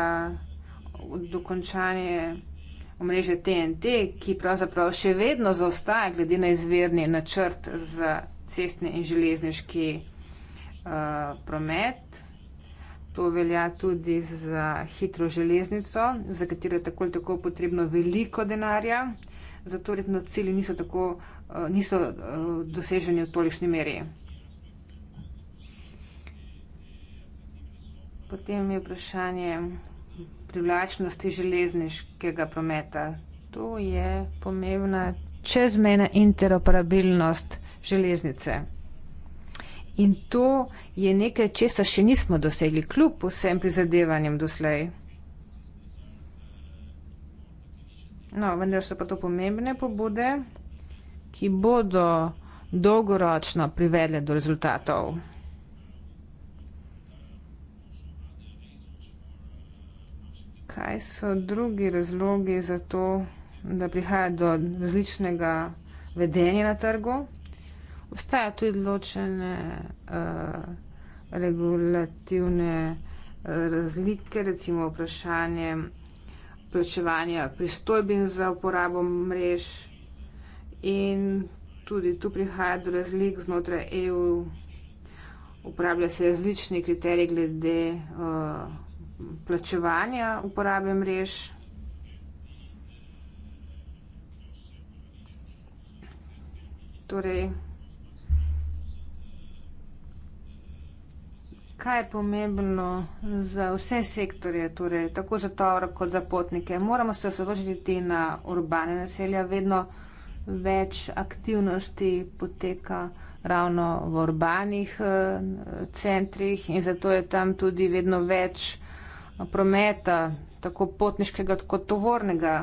dokončanje omrežja TNT, ki pravzaprav še vedno zaostaja glede na izvirni načrt za cestni in železniški eh, promet. To velja tudi za hitro železnico, za katero je tako ali tako potrebno veliko denarja zato letno cilji niso tako, eh, niso, eh, doseženi v tolikšni meri. Potem je vprašanje privlačnosti železniškega prometa. To je pomembna čezmejna interoperabilnost železnice. In to je nekaj, česar še nismo dosegli, kljub vsem prizadevanjem doslej. No, vendar so pa to pomembne pobude, ki bodo dolgoročno privedle do rezultatov. Kaj so drugi razlogi za to, da prihaja do različnega vedenja na trgu? Obstajajo tudi ločene uh, eh, regulativne uh, razlike, recimo vprašanje plačevanja pristojbin za uporabo mrež in tudi tu prihaja do razlik znotraj EU. Uporabljajo se različni kriteriji glede uh, plačevanja uporabe mrež. Torej, kaj je pomembno za vse sektorje, torej tako za tovor kot za potnike. Moramo se osredotočiti na urbane naselja, vedno več aktivnosti poteka ravno v urbanih eh, centrih in zato je tam tudi vedno več eh, prometa, tako potniškega kot tovornega.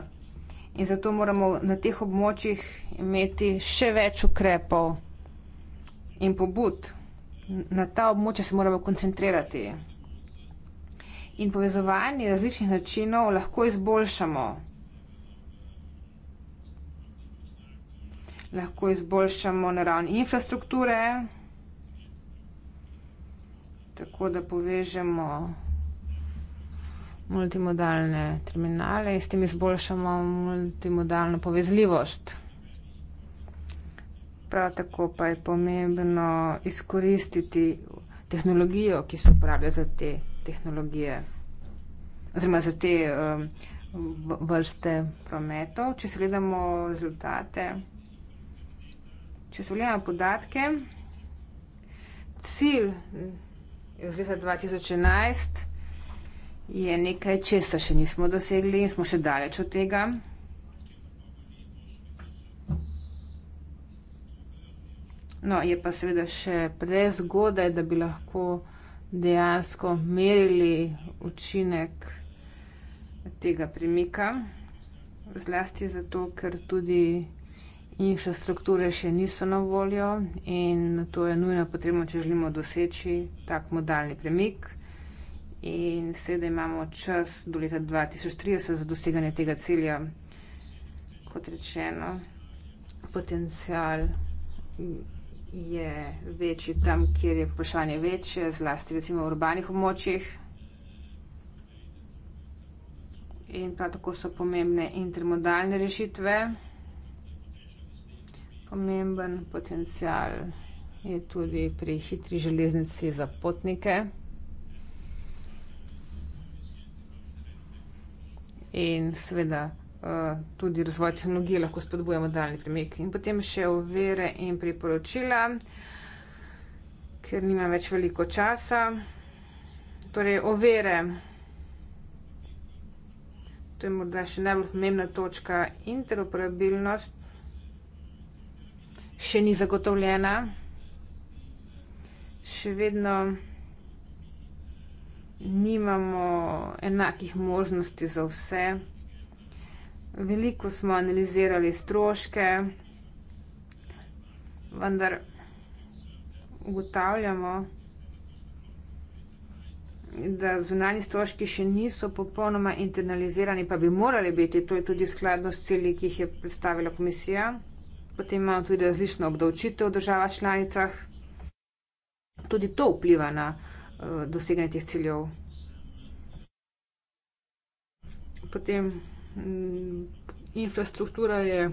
In zato moramo na teh območjih imeti še več ukrepov in pobud na ta območja se moramo koncentrirati. In povezovanje različnih načinov lahko izboljšamo. Lahko izboljšamo na ravni infrastrukture, tako da povežemo multimodalne terminale in s tem izboljšamo multimodalno povezljivost prav tako pa je pomembno izkoristiti tehnologijo, ki se uporablja za te tehnologije oziroma za te um, vrste prometov. Če se gledamo rezultate, če se gledamo podatke, cilj iz leta 2011 je nekaj, česa še nismo dosegli in smo še daleč od tega. No, je pa seveda še prezgodaj, da bi lahko dejansko merili učinek tega premika. Zlasti zato, ker tudi infrastrukture še niso na voljo in to je nujno potrebno, če želimo doseči tak modalni premik. In sedaj imamo čas do leta 2030 za doseganje tega cilja. Kot rečeno, potencial je večji tam, kjer je povpraševanje večje, zlasti recimo v urbanih območjih. In prav tako so pomembne intermodalne rešitve. Pomemben potencial je tudi pri hitri železnici za potnike. In seveda Eh, tudi razvoj tehnologije lahko spodbujamo daljni premik. In potem še uvere in priporočila, ker nimam več veliko časa. Torej, overe. To je morda še najbolj pomembna točka. Interoperabilnost še ni zagotovljena. Še vedno nimamo enakih možnosti za vse. Veliko smo analizirali stroške, vendar ugotavljamo, da zunanji stroški še niso popolnoma internalizirani, pa bi morali biti. To je tudi skladno s cilji, ki jih je predstavila komisija. Potem imamo tudi različno obdavčitev v državah članicah. Tudi to vpliva na uh, doseganje teh ciljev. Potem Mm, infrastruktura je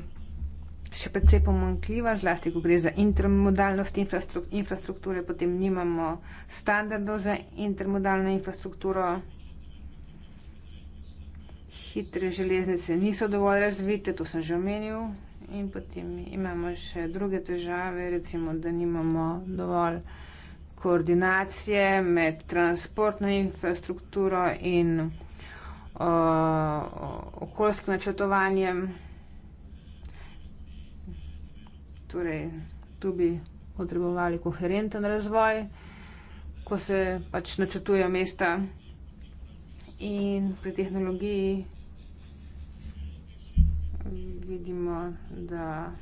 še precej pomankljiva, zlasti, ko gre za intermodalnost infrastrukture, potem nimamo standardov za intermodalno infrastrukturo. Hitre železnice niso dovolj razvite, to sem že omenil, in potem imamo še druge težave, recimo, da nimamo dovolj koordinacije med transportno infrastrukturo in uh, okoljskim načrtovanjem. Torej, tu bi potrebovali koherenten razvoj, ko se pač načrtujejo mesta in pri tehnologiji. Vidimo, da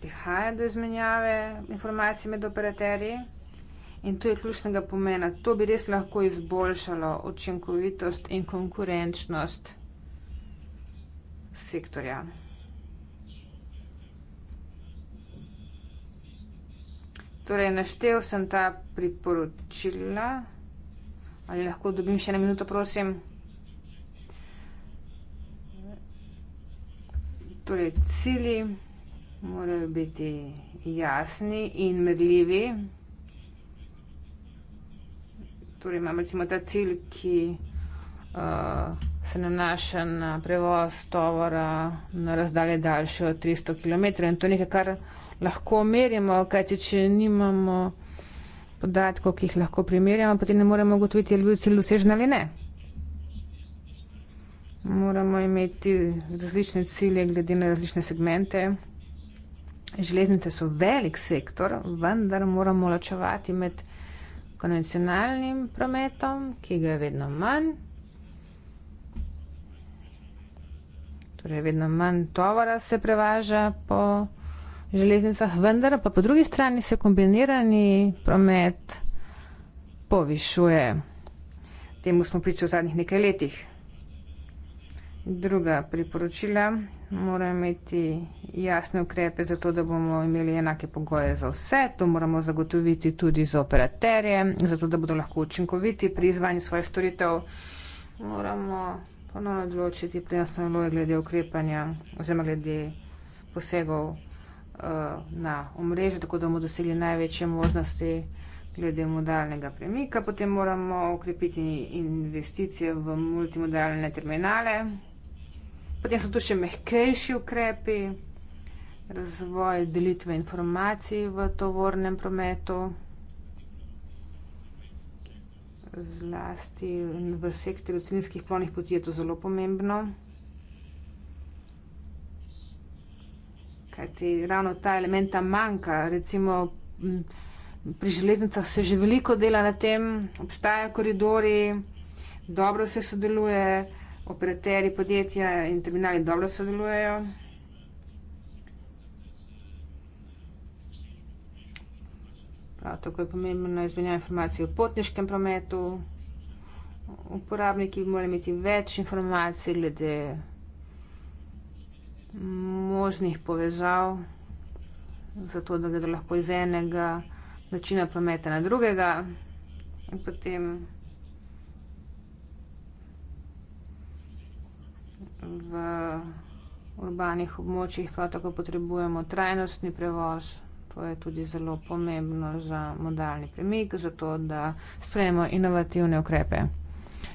prihaja do izmenjave informacij med operaterji. In to je ključnega pomena. To bi res lahko izboljšalo učinkovitost in konkurenčnost sektorja. Torej, naštel sem ta priporočila. Ali lahko dobim še eno minuto, prosim? Torej, cilji morajo biti jasni in merljivi torej imam recimo ta cilj, ki uh, se nanaša na prevoz tovora na razdalje daljše od 300 km. In to je nekaj, kar lahko merimo, kajti če nimamo podatkov, ki jih lahko primerjamo, potem ne moremo ugotoviti, ali je bil cilj dosežen ali ne. Moramo imeti različne cilje glede na različne segmente. Železnice so velik sektor, vendar moramo ločevati med konvencionalnim prometom, ki ga je vedno manj. Torej vedno manj tovora se prevaža po železnicah, vendar pa po drugi strani se kombinirani promet povišuje. Temu smo priča v zadnjih nekaj letih. Druga priporočila mora imeti jasne ukrepe za to, da bomo imeli enake pogoje za vse. To moramo zagotoviti tudi za operaterje, zato da bodo lahko učinkoviti pri izvanju svojih storitev. Moramo ponovno odločiti pri nas naloje glede ukrepanja oziroma glede posegov uh, na omrežje, tako da bomo dosegli največje možnosti glede modalnega premika. Potem moramo ukrepiti investicije v multimodalne terminale. Potem so tu še mehkejši ukrepi, razvoj delitve informacij v tovornem prometu, zlasti v sektorju celinskih plovnih poti je to zelo pomembno. Kajti ravno ta elementa manjka, recimo pri železnicah se že veliko dela na tem, obstajajo koridori, dobro se sodeluje operaterji podjetja in terminali dobro sodelujejo. Prav tako je pomembna izmenjava informacij o potniškem prometu. Uporabniki bi morali imeti več informacij glede možnih povezav, zato da gredo lahko iz enega načina prometa na drugega in potem v urbanih območjih prav tako potrebujemo trajnostni prevoz. To je tudi zelo pomembno za modalni premik, zato da sprejemo inovativne ukrepe.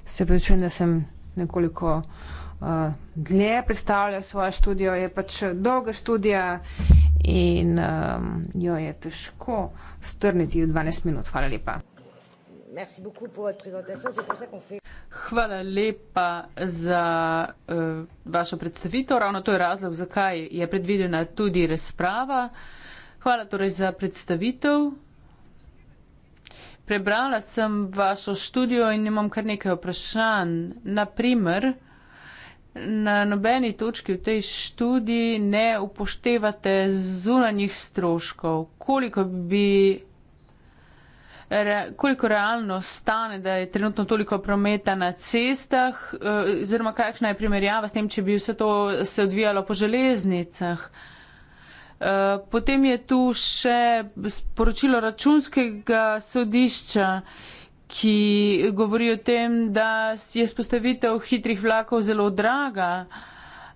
Se pričujem, da sem nekoliko uh, dlje predstavljal svojo študijo, je pač dolga študija in um, jo je težko strniti v 12 minut. Hvala lepa. Merci beaucoup pour votre présentation. C'est pour ça qu'on fait. Hvala lepa za uh, vašo predstavitev. Ravno to je razlog, zakaj je predvidena tudi razprava. Hvala torej za predstavitev. Prebrala sem vašo študijo in imam kar nekaj vprašanj. Naprimer, na nobeni točki v tej študiji ne upoštevate zunanjih stroškov. Koliko bi re, koliko realno stane, da je trenutno toliko prometa na cestah, eh, oziroma uh, kakšna je primerjava s tem, če bi vse to se odvijalo po železnicah. Eh, potem je tu še sporočilo računskega sodišča, ki govori o tem, da je spostavitev hitrih vlakov zelo draga. Uh,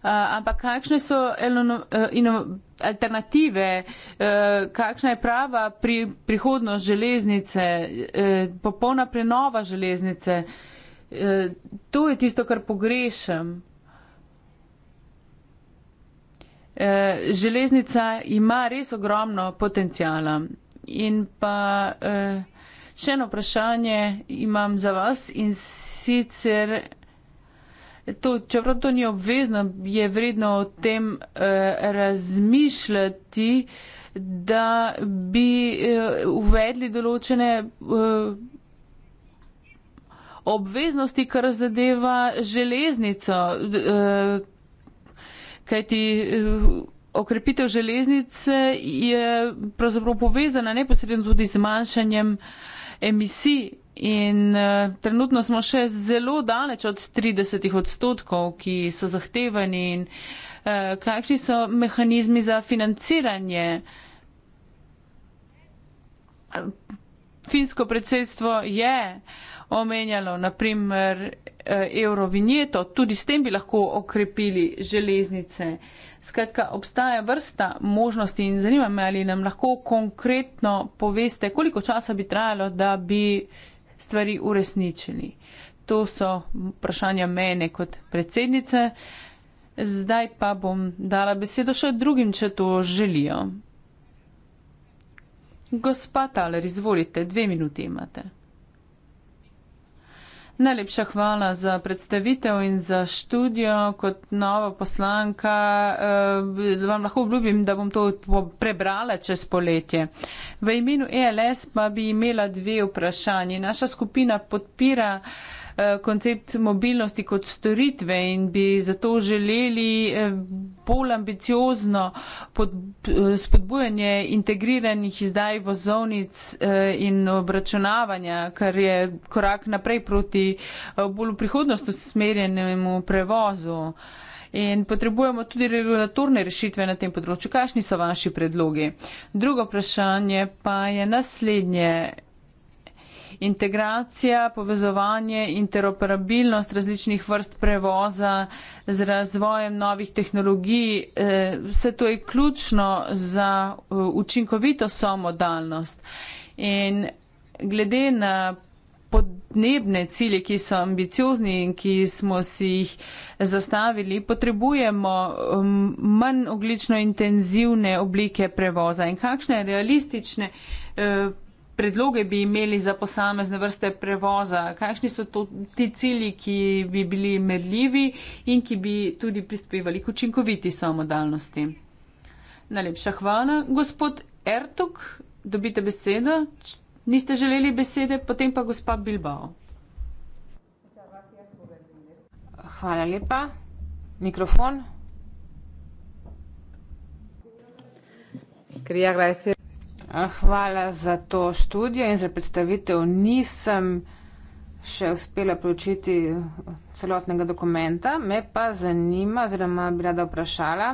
Eh, ampak kakšne so elono, uh, ino, alternative, uh, kakšna je prava pri, prihodnost železnice, uh, popolna prenova železnice. To je tisto, kar pogrešam. Železnica ima res ogromno potencijala. In pa še eno vprašanje imam za vas in sicer. To, čeprav to ni obvezno, je vredno o tem eh, razmišljati, da bi eh, uvedli določene eh, obveznosti, kar zadeva železnico. Kaj ti okrepitev železnice je pravzaprav povezana neposredno tudi z manjšanjem emisij In uh, trenutno smo še zelo daleč od 30 odstotkov, ki so zahtevani in uh, kakšni so mehanizmi za financiranje. Finsko predsedstvo je omenjalo naprimer eh, eurovinjeto, tudi s tem bi lahko okrepili železnice. Skratka, obstaja vrsta možnosti in zanima me, ali nam lahko konkretno poveste, koliko časa bi trajalo, da bi stvari uresničili. To so vprašanja mene kot predsednice. Zdaj pa bom dala besedo še drugim, če to želijo. Gospa Taler, izvolite, dve minuti imate. Najlepša hvala za predstavitev in za študijo kot nova poslanka. Eh, vam lahko obljubim, da bom to prebrala čez poletje. V imenu ELS pa bi imela dve vprašanje. Naša skupina podpira. Eh, koncept mobilnosti kot storitve in bi zato želeli eh, bolj ambiciozno eh, spodbujanje integriranih izdaj vozovnic in obračunavanja, kar je korak naprej proti bolj v prihodnost usmerjenemu prevozu. In potrebujemo tudi regulatorne rešitve na tem področju. Kakšni so vaši predlogi? Drugo vprašanje pa je naslednje integracija, povezovanje, interoperabilnost različnih vrst prevoza z razvojem novih tehnologij, eh, vse to je ključno za eh, učinkovito samodalnost. In glede na podnebne cilje, ki so ambiciozni in ki smo si jih zastavili, potrebujemo eh, manj oglično intenzivne oblike prevoza in kakšne realistične eh, predloge bi imeli za posamezne vrste prevoza? Kakšni so to, ti cilji, ki bi bili merljivi in ki bi tudi prispevali k učinkoviti samodalnosti? Najlepša hvala. Gospod Ertuk, dobite besedo. Niste želeli besede, potem pa gospa Bilbao. Hvala lepa. Mikrofon. Quería agradecer. Ah, hvala za to študijo in za predstavitev. Nisem še uspela preučiti celotnega dokumenta. Me pa zanima, oziroma bi rada vprašala,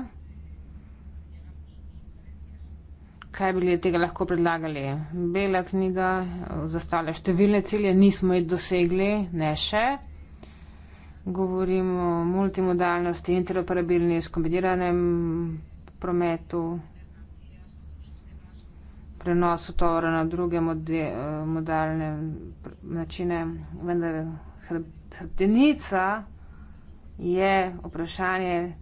kaj bi li tega lahko predlagali. Bela knjiga zastavlja številne cilje, nismo jih dosegli, ne še. Govorimo o multimodalnosti, interoperabilnosti, kombiniranem prometu prenosu tovora na druge mode, modalne načine, vendar hrbtenica je vprašanje eh,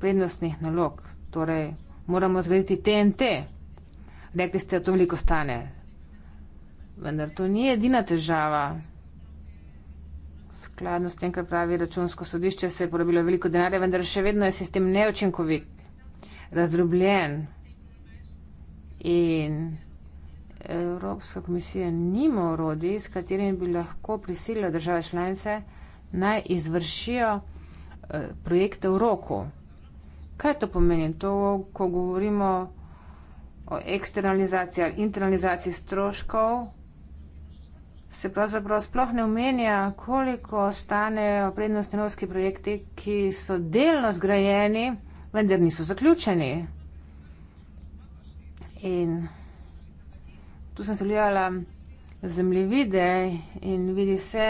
prednostnih nalog. Torej, moramo zgraditi TNT. Rekli ste, da to veliko stane. Vendar to ni edina težava. Skladno s tem, kar pravi računsko sodišče, se je porabilo veliko denarja, vendar še vedno je sistem neočinkovit, razdrobljen, In Evropska komisija nima orodij, s katerimi bi lahko prisilila države članice, naj izvršijo eh, projekte v roku. Kaj to pomeni? To, ko govorimo o eksternalizaciji ali internalizaciji stroškov, se pravzaprav sploh ne omenja, koliko stanejo prednostnevski projekti, ki so delno zgrajeni, vendar niso zaključeni. In tu sem se ljubila zemljevide in vidi se,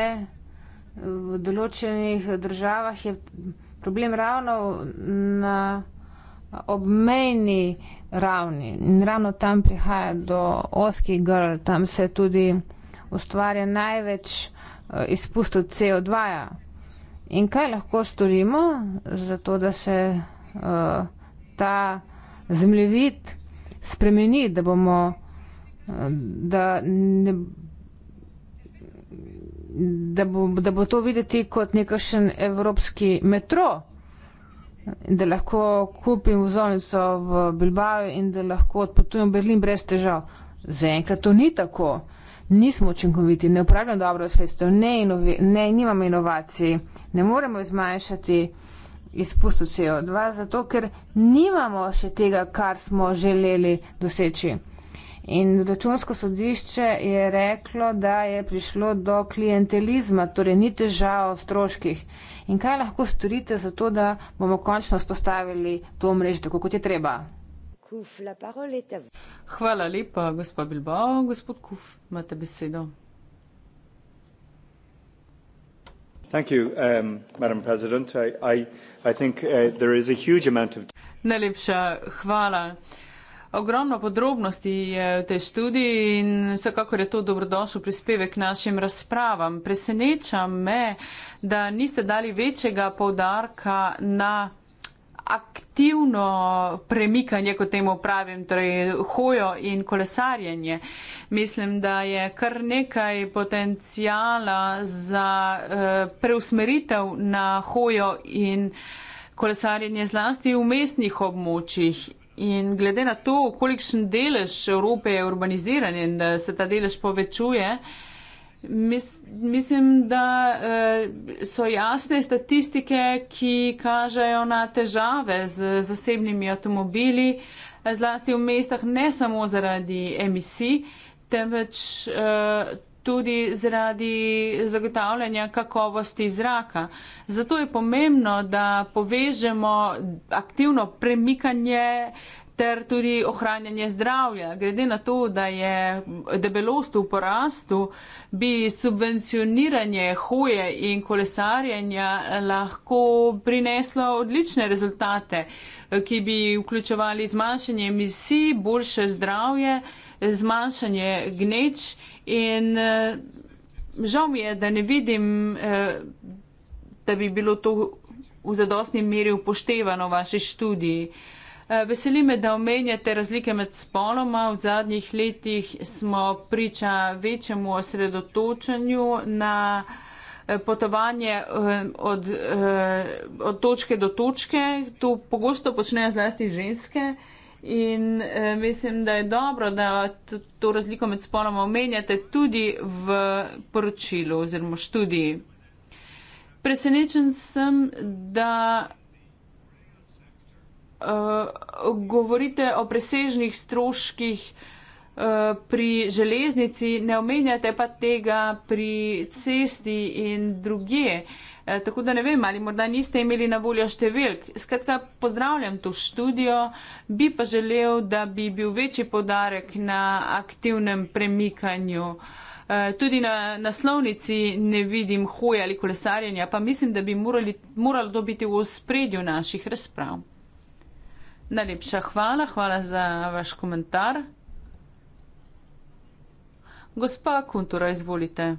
v določenih državah je problem ravno na obmejni ravni in ravno tam prihaja do oskih grl, tam se tudi ustvarja največ eh, izpustov CO2. -ja. In kaj lahko storimo za to, da se uh, ta zemljevid spremeni, da bomo, da ne, da bo, da bo to videti kot nekakšen evropski metro, da lahko kupim vzornico v Bilbao in da lahko odpotujem v Berlin brez težav. Zaenkrat to ni tako. Nismo učinkoviti, ne upravljamo dobro sredstev, ne, inovi, ne, nimamo inovacij, ne moremo zmanjšati izpustov CO2, zato ker nimamo še tega, kar smo želeli doseči. In računsko sodišče je reklo, da je prišlo do klientelizma, torej ni težava v stroških. In kaj lahko storite za to, da bomo končno spostavili to mrež, tako kot je treba? Hvala lepa, gospa Bilbao. Gospod Kuf, imate besedo. Thank you, um, Madam President. I, I think, uh, Najlepša hvala. Ogromno podrobnosti je v tej študiji in vsekakor je to dobrodošel prispevek našim razpravam. Preseneča me, da niste dali večjega povdarka na aktivno premikanje, kot temu pravim, torej hojo in kolesarjenje. Mislim, da je kar nekaj potencijala za uh, preusmeritev na hojo in kolesarjenje zlasti v mestnih območjih. In glede na to, kolikšen delež Evrope je urbaniziran in da se ta delež povečuje, uh, Mis, mislim, da uh, so jasne statistike, ki kažejo na težave z zasebnimi avtomobili, eh, zlasti v mestah, ne samo zaradi emisij, temveč uh, tudi zaradi zagotavljanja kakovosti zraka. Zato je pomembno, da povežemo aktivno premikanje uh, ter tudi ohranjanje zdravja. Glede na to, da je debelost v porastu, bi subvencioniranje hoje in kolesarjenja lahko prineslo odlične rezultate, ki bi vključevali zmanjšanje emisij, boljše zdravje, zmanjšanje gneč in eh, žal mi je, da ne vidim, eh, da bi bilo to v zadostni meri upoštevano v vaši študiji. Eh, veseli me, da omenjate razlike med spoloma. V zadnjih letih smo priča večjemu osredotočanju na eh, potovanje eh, od, od točke do točke. To pogosto počnejo zlasti ženske. In eh, mislim, da je dobro, da to razliko med spoloma omenjate tudi v poročilu oziroma študiji. Presenečen sem, da Eh, govorite o presežnih stroških uh, pri železnici, ne omenjate pa tega pri cesti in druge. E, eh, tako da ne vem, ali morda niste imeli na voljo številk. Skratka, pozdravljam to študijo, bi pa želel, da bi bil večji podarek na aktivnem premikanju. E, tudi na naslovnici ne vidim hoje ali kolesarjenja, pa mislim, da bi morali, moralo to biti v ospredju naših razprav. Najlepša hvala, hvala za vaš komentar. Gospa Kuntura, izvolite.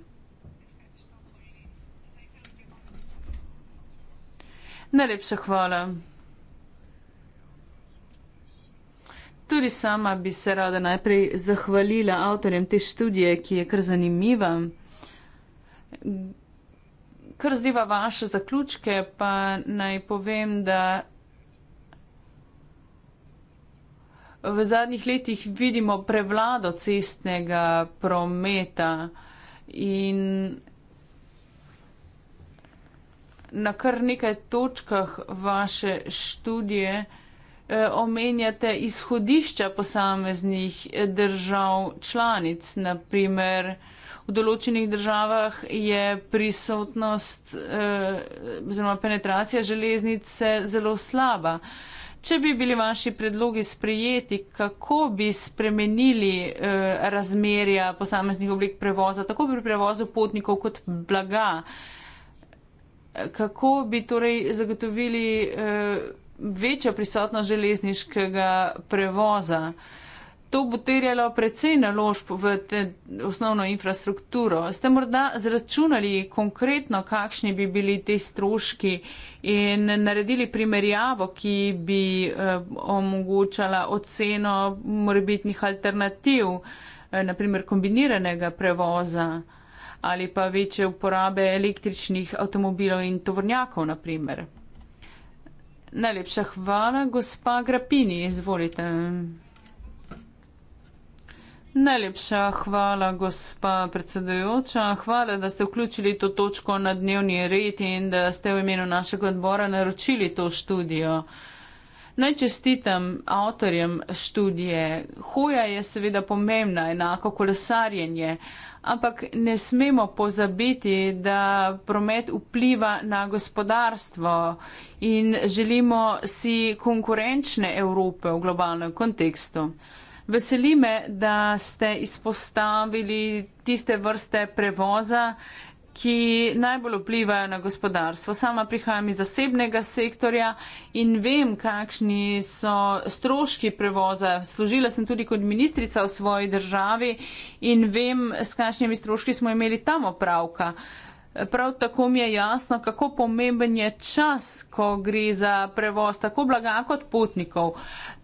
Najlepša hvala. Tudi sama bi se rada najprej zahvalila avtorjem te študije, ki je kar zanimiva. Kar zdiva vaše zaključke, pa naj povem, da v zadnjih letih vidimo prevlado cestnega prometa in na kar nekaj točkah vaše študije eh, omenjate izhodišča posameznih držav članic. Naprimer, v določenih državah je prisotnost eh, oziroma penetracija železnice zelo slaba. Če bi bili vaši predlogi sprejeti, kako bi spremenili eh, razmerja posameznih oblik prevoza, tako pri prevozu potnikov kot blaga, kako bi torej zagotovili eh, večjo prisotnost železniškega prevoza? Eh, to bo terjalo precej naložb v osnovno infrastrukturo. Ste morda zračunali konkretno, kakšni bi bili te stroški in naredili primerjavo, ki bi eh, omogočala oceno morebitnih alternativ, eh, naprimer kombiniranega prevoza ali pa večje uporabe električnih avtomobilov in tovornjakov, naprimer. Najlepša hvala, gospa Grapini, izvolite. Najlepša hvala, gospa predsedujoča. Hvala, da ste vključili to točko na dnevni red in da ste v imenu našega odbora naročili to študijo. Naj čestitam avtorjem študije. Hoja je seveda pomembna, enako kolesarjenje, ampak ne smemo pozabiti, da promet vpliva na gospodarstvo in želimo si konkurenčne Evrope v globalnem kontekstu. Veseli me, da ste izpostavili tiste vrste prevoza, ki najbolj vplivajo na gospodarstvo. Sama prihajam iz zasebnega sektorja in vem, kakšni so stroški prevoza. Služila sem tudi kot ministrica v svoji državi in vem, s kakšnimi stroški smo imeli tam opravka. Prav tako mi je jasno, kako pomemben je čas, ko gre za prevoz tako blaga kot potnikov.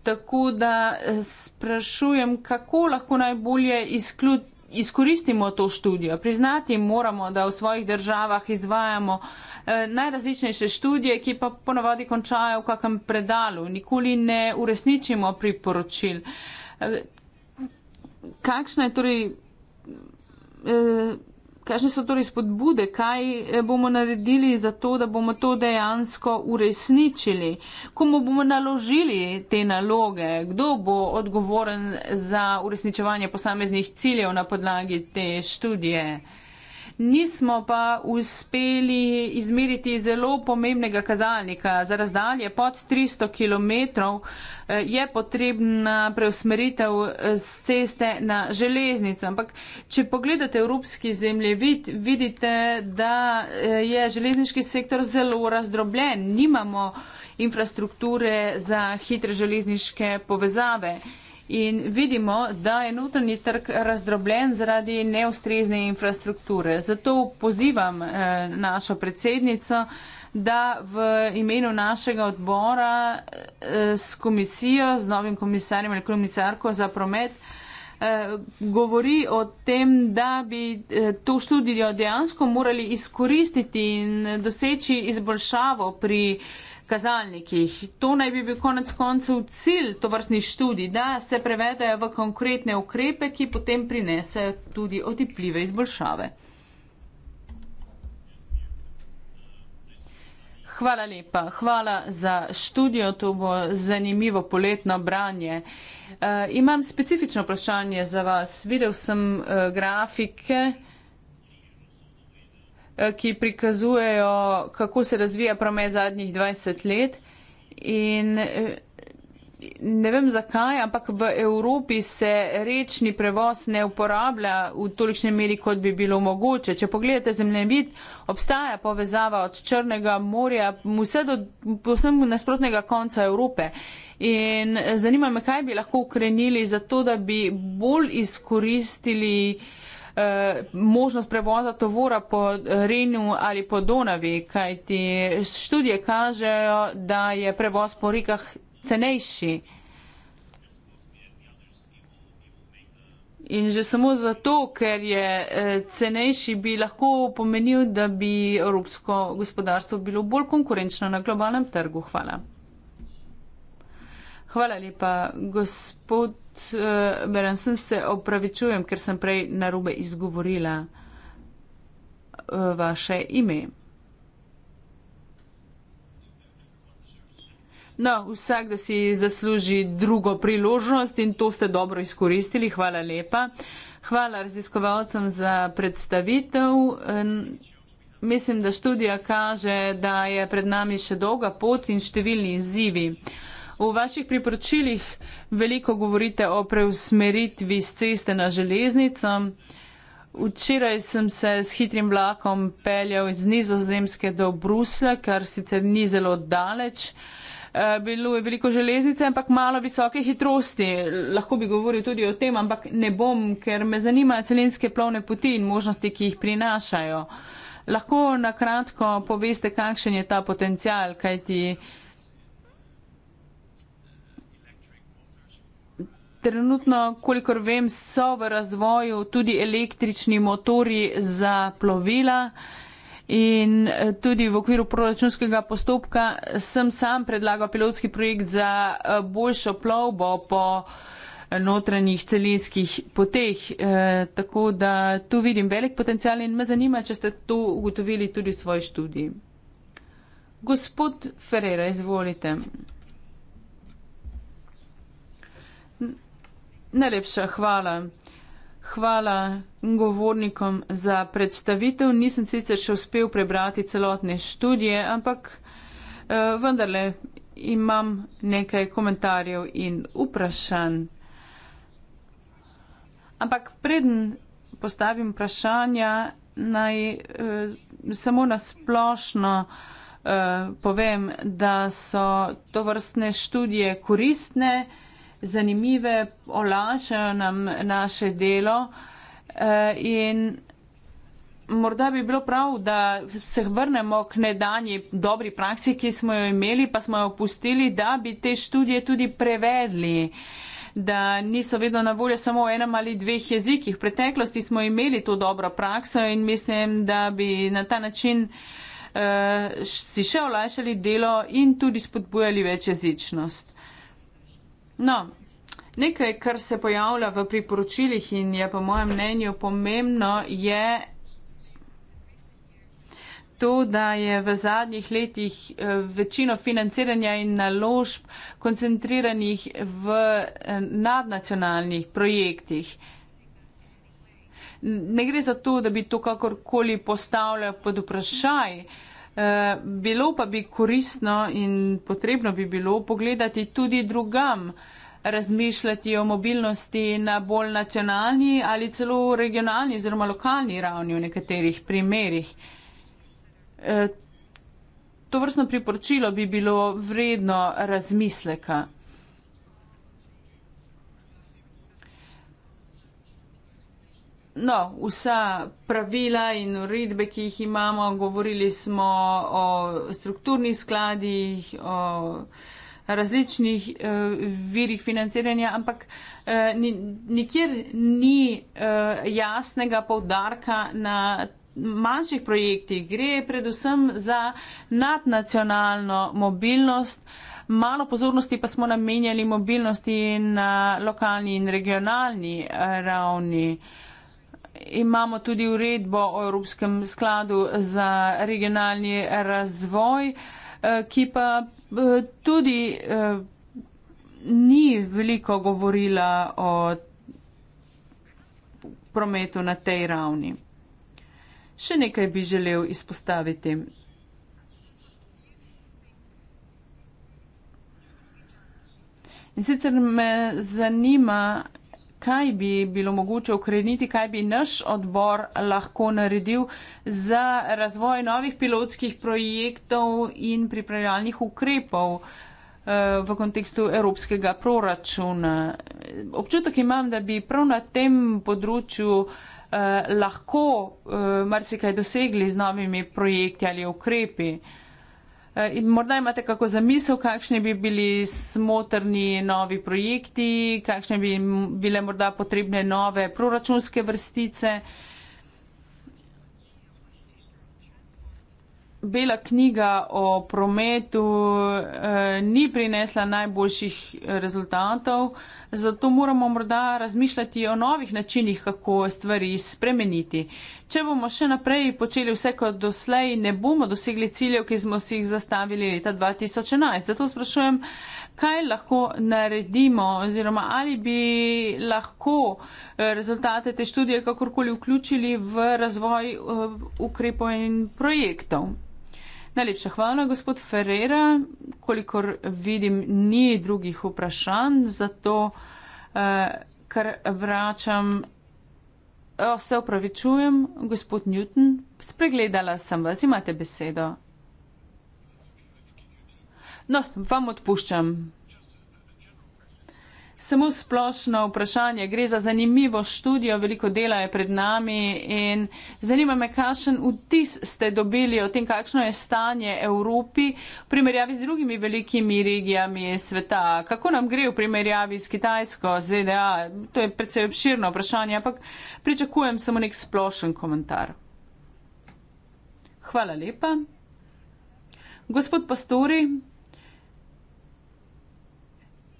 Tako da eh, sprašujem, kako lahko najbolje izklud, izkoristimo to študijo. Priznati moramo, da v svojih državah izvajamo eh, najrazličnejše študije, ki pa ponavadi končajo v kakem predalu. Nikoli ne uresničimo priporočil. Eh, kakšna je torej. Eh, kakšne so torej spodbude, kaj eh, bomo naredili za to, da bomo to dejansko uresničili, komu bomo naložili te naloge, kdo bo odgovoren za uresničevanje posameznih ciljev na podlagi te študije nismo pa uspeli izmeriti zelo pomembnega kazalnika. Za razdalje pod 300 km eh, je potrebna preusmeritev z eh, ceste na železnico. Ampak, če pogledate evropski zemljevid, vidite, da eh, je železniški sektor zelo razdrobljen. Nimamo infrastrukture za hitre železniške povezave in vidimo, da je notranji trg razdrobljen zaradi neustrezne infrastrukture. Zato pozivam eh, našo predsednico, da v imenu našega odbora eh, s komisijo, z novim komisarjem ali komisarko za promet eh, govori o tem, da bi to študijo dejansko morali izkoristiti in doseči izboljšavo pri kazalnikih. To naj bi bil konec koncev cilj to vrstni študij, da se prevedajo v konkretne ukrepe, ki potem prinesejo tudi otipljive izboljšave. Hvala lepa, hvala za študijo, to bo zanimivo poletno branje. E, imam specifično vprašanje za vas. Videl sem e, grafike. Eh, ki prikazujejo, kako se razvija promet zadnjih 20 let. In eh, ne vem zakaj, ampak v Evropi se rečni prevoz ne uporablja v tolikšni meri, kot bi bilo mogoče. Če pogledate zemljevid, obstaja povezava od Črnega morja vse do posebno nasprotnega konca Evrope. In eh, zanima me, kaj bi lahko ukrenili za to, da bi bolj izkoristili uh, Eh, možnost prevoza tovora po Renu ali po Donavi, kajti študije kažejo, da je prevoz po rikah cenejši. In že samo zato, ker je eh, cenejši, bi lahko pomenil, da bi evropsko gospodarstvo bilo bolj konkurenčno na globalnem trgu. Hvala. Hvala lepa, gospod uh, eh, Berensen, se opravičujem, ker sem prej narobe izgovorila uh, vaše ime. No, vsak, da si zasluži drugo priložnost in to ste dobro izkoristili. Hvala lepa. Hvala raziskovalcem za predstavitev. Mislim, da študija kaže, da je pred nami še dolga pot in številni izzivi. V vaših priporočilih veliko govorite o preusmeritvi z ceste na železnico. Včeraj sem se s hitrim vlakom peljal iz nizozemske do Bruslja, kar sicer ni zelo daleč. Eh, bilo je veliko železnice, ampak malo visoke hitrosti. Lahko bi govoril tudi o tem, ampak ne bom, ker me zanimajo celinske plovne poti in možnosti, ki jih prinašajo. Lahko na kratko poveste, kakšen je ta potencial, kajti trenutno, kolikor vem, so v razvoju tudi električni motori za plovila. In eh, tudi v okviru proračunskega postopka sem sam predlagal pilotski projekt za eh, boljšo plovbo po eh, notranjih celinskih poteh. E, tako da tu vidim velik potencial in me zanima, če ste to ugotovili tudi v svoji študiji. Gospod Ferreira, izvolite. Najlepša hvala. Hvala govornikom za predstavitev. Nisem sicer še uspel prebrati celotne študije, ampak eh, vendarle imam nekaj komentarjev in vprašanj. Ampak preden postavim vprašanja, naj eh, samo nasplošno eh, povem, da so to vrstne študije koristne. Eh, zanimive, olajšajo nam naše delo eh, in morda bi bilo prav, da se vrnemo k nedanji dobri praksi, ki smo jo imeli, pa smo jo opustili, da bi te študije tudi prevedli da niso vedno na voljo samo v enem ali dveh jezikih. V preteklosti smo imeli to dobro prakso in mislim, da bi na ta način uh, si še olajšali delo in tudi spodbujali večjezičnost. No, nekaj, kar se pojavlja v priporočilih in je po mojem mnenju pomembno, je to, da je v zadnjih letih eh, večino financiranja in naložb koncentriranih v eh, nadnacionalnih projektih. Ne gre za to, da bi to kakorkoli postavljal pod vprašaj. Uh, Eh, bilo pa bi koristno in potrebno bi bilo pogledati tudi drugam, razmišljati o mobilnosti na bolj nacionalni ali celo regionalni oziroma lokalni ravni v nekaterih primerjih. Eh, to vrstno priporočilo bi bilo vredno razmisleka. No, vsa pravila in uredbe, ki jih imamo, govorili smo o strukturnih skladih, o različnih eh, virih financiranja, ampak eh, nikjer ni eh, jasnega povdarka na manjših projektih. Gre predvsem za nadnacionalno mobilnost. Malo pozornosti pa smo namenjali mobilnosti na lokalni in regionalni eh, ravni. Eh, imamo tudi uredbo o Evropskem skladu za regionalni razvoj, eh, ki pa eh, tudi eh, ni veliko govorila o prometu na tej ravni. Še nekaj bi želel izpostaviti. In sicer me zanima, kaj bi bilo mogoče ukreniti, kaj bi naš odbor lahko naredil za razvoj novih pilotskih projektov in pripravljalnih ukrepov eh, v kontekstu evropskega proračuna. Občutek imam, da bi prav na tem področju eh, lahko eh, marsikaj dosegli z novimi projekti ali ukrepi. Eh, Eh, in morda imate kako zamisel, kakšni bi bili smotrni novi projekti, kakšne bi bile morda potrebne nove proračunske vrstice. Bela knjiga o prometu eh, ni prinesla najboljših rezultatov, eh, zato moramo morda razmišljati o novih načinih, kako stvari spremeniti. Če bomo še naprej počeli vse kot doslej, ne bomo dosegli ciljev, ki smo si jih zastavili leta 2011. Zato sprašujem, kaj lahko naredimo oziroma ali bi lahko eh, rezultate te študije kakorkoli vključili v razvoj eh, ukrepov in projektov. Najlepša hvala, gospod Ferreira. Kolikor vidim, ni drugih vprašanj, zato eh, kar vračam, o, eh, se opravičujem, gospod Newton, spregledala sem vas, imate besedo. No, vam odpuščam samo splošno vprašanje. Gre za zanimivo študijo, veliko dela je pred nami in zanima me, kakšen vtis ste dobili o tem, kakšno je stanje Evropi v primerjavi z drugimi velikimi regijami sveta. Kako nam gre v primerjavi s Kitajsko, ZDA? To je predvsej obširno vprašanje, ampak pričakujem samo nek splošen komentar. Hvala lepa. Gospod Pastori,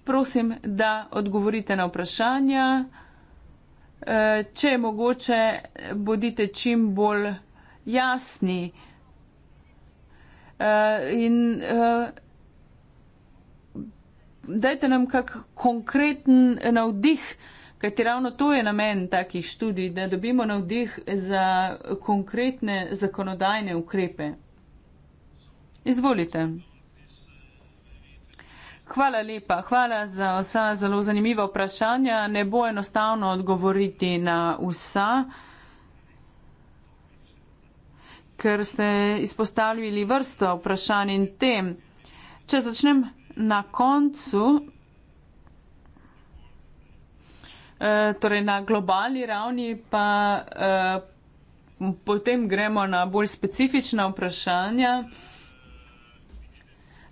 prosim, da odgovorite na vprašanja. E, če je mogoče, bodite čim bolj jasni. E, in e, dajte nam kak konkreten navdih, kajti ravno to je namen takih študij, da dobimo navdih za konkretne zakonodajne ukrepe. Izvolite. Hvala lepa, hvala za vsa zelo zanimiva vprašanja. Ne bo enostavno odgovoriti na vsa, ker ste izpostavili vrsto vprašanj in tem. Če začnem na koncu, eh, torej na globalni ravni, pa eh, potem gremo na bolj specifična vprašanja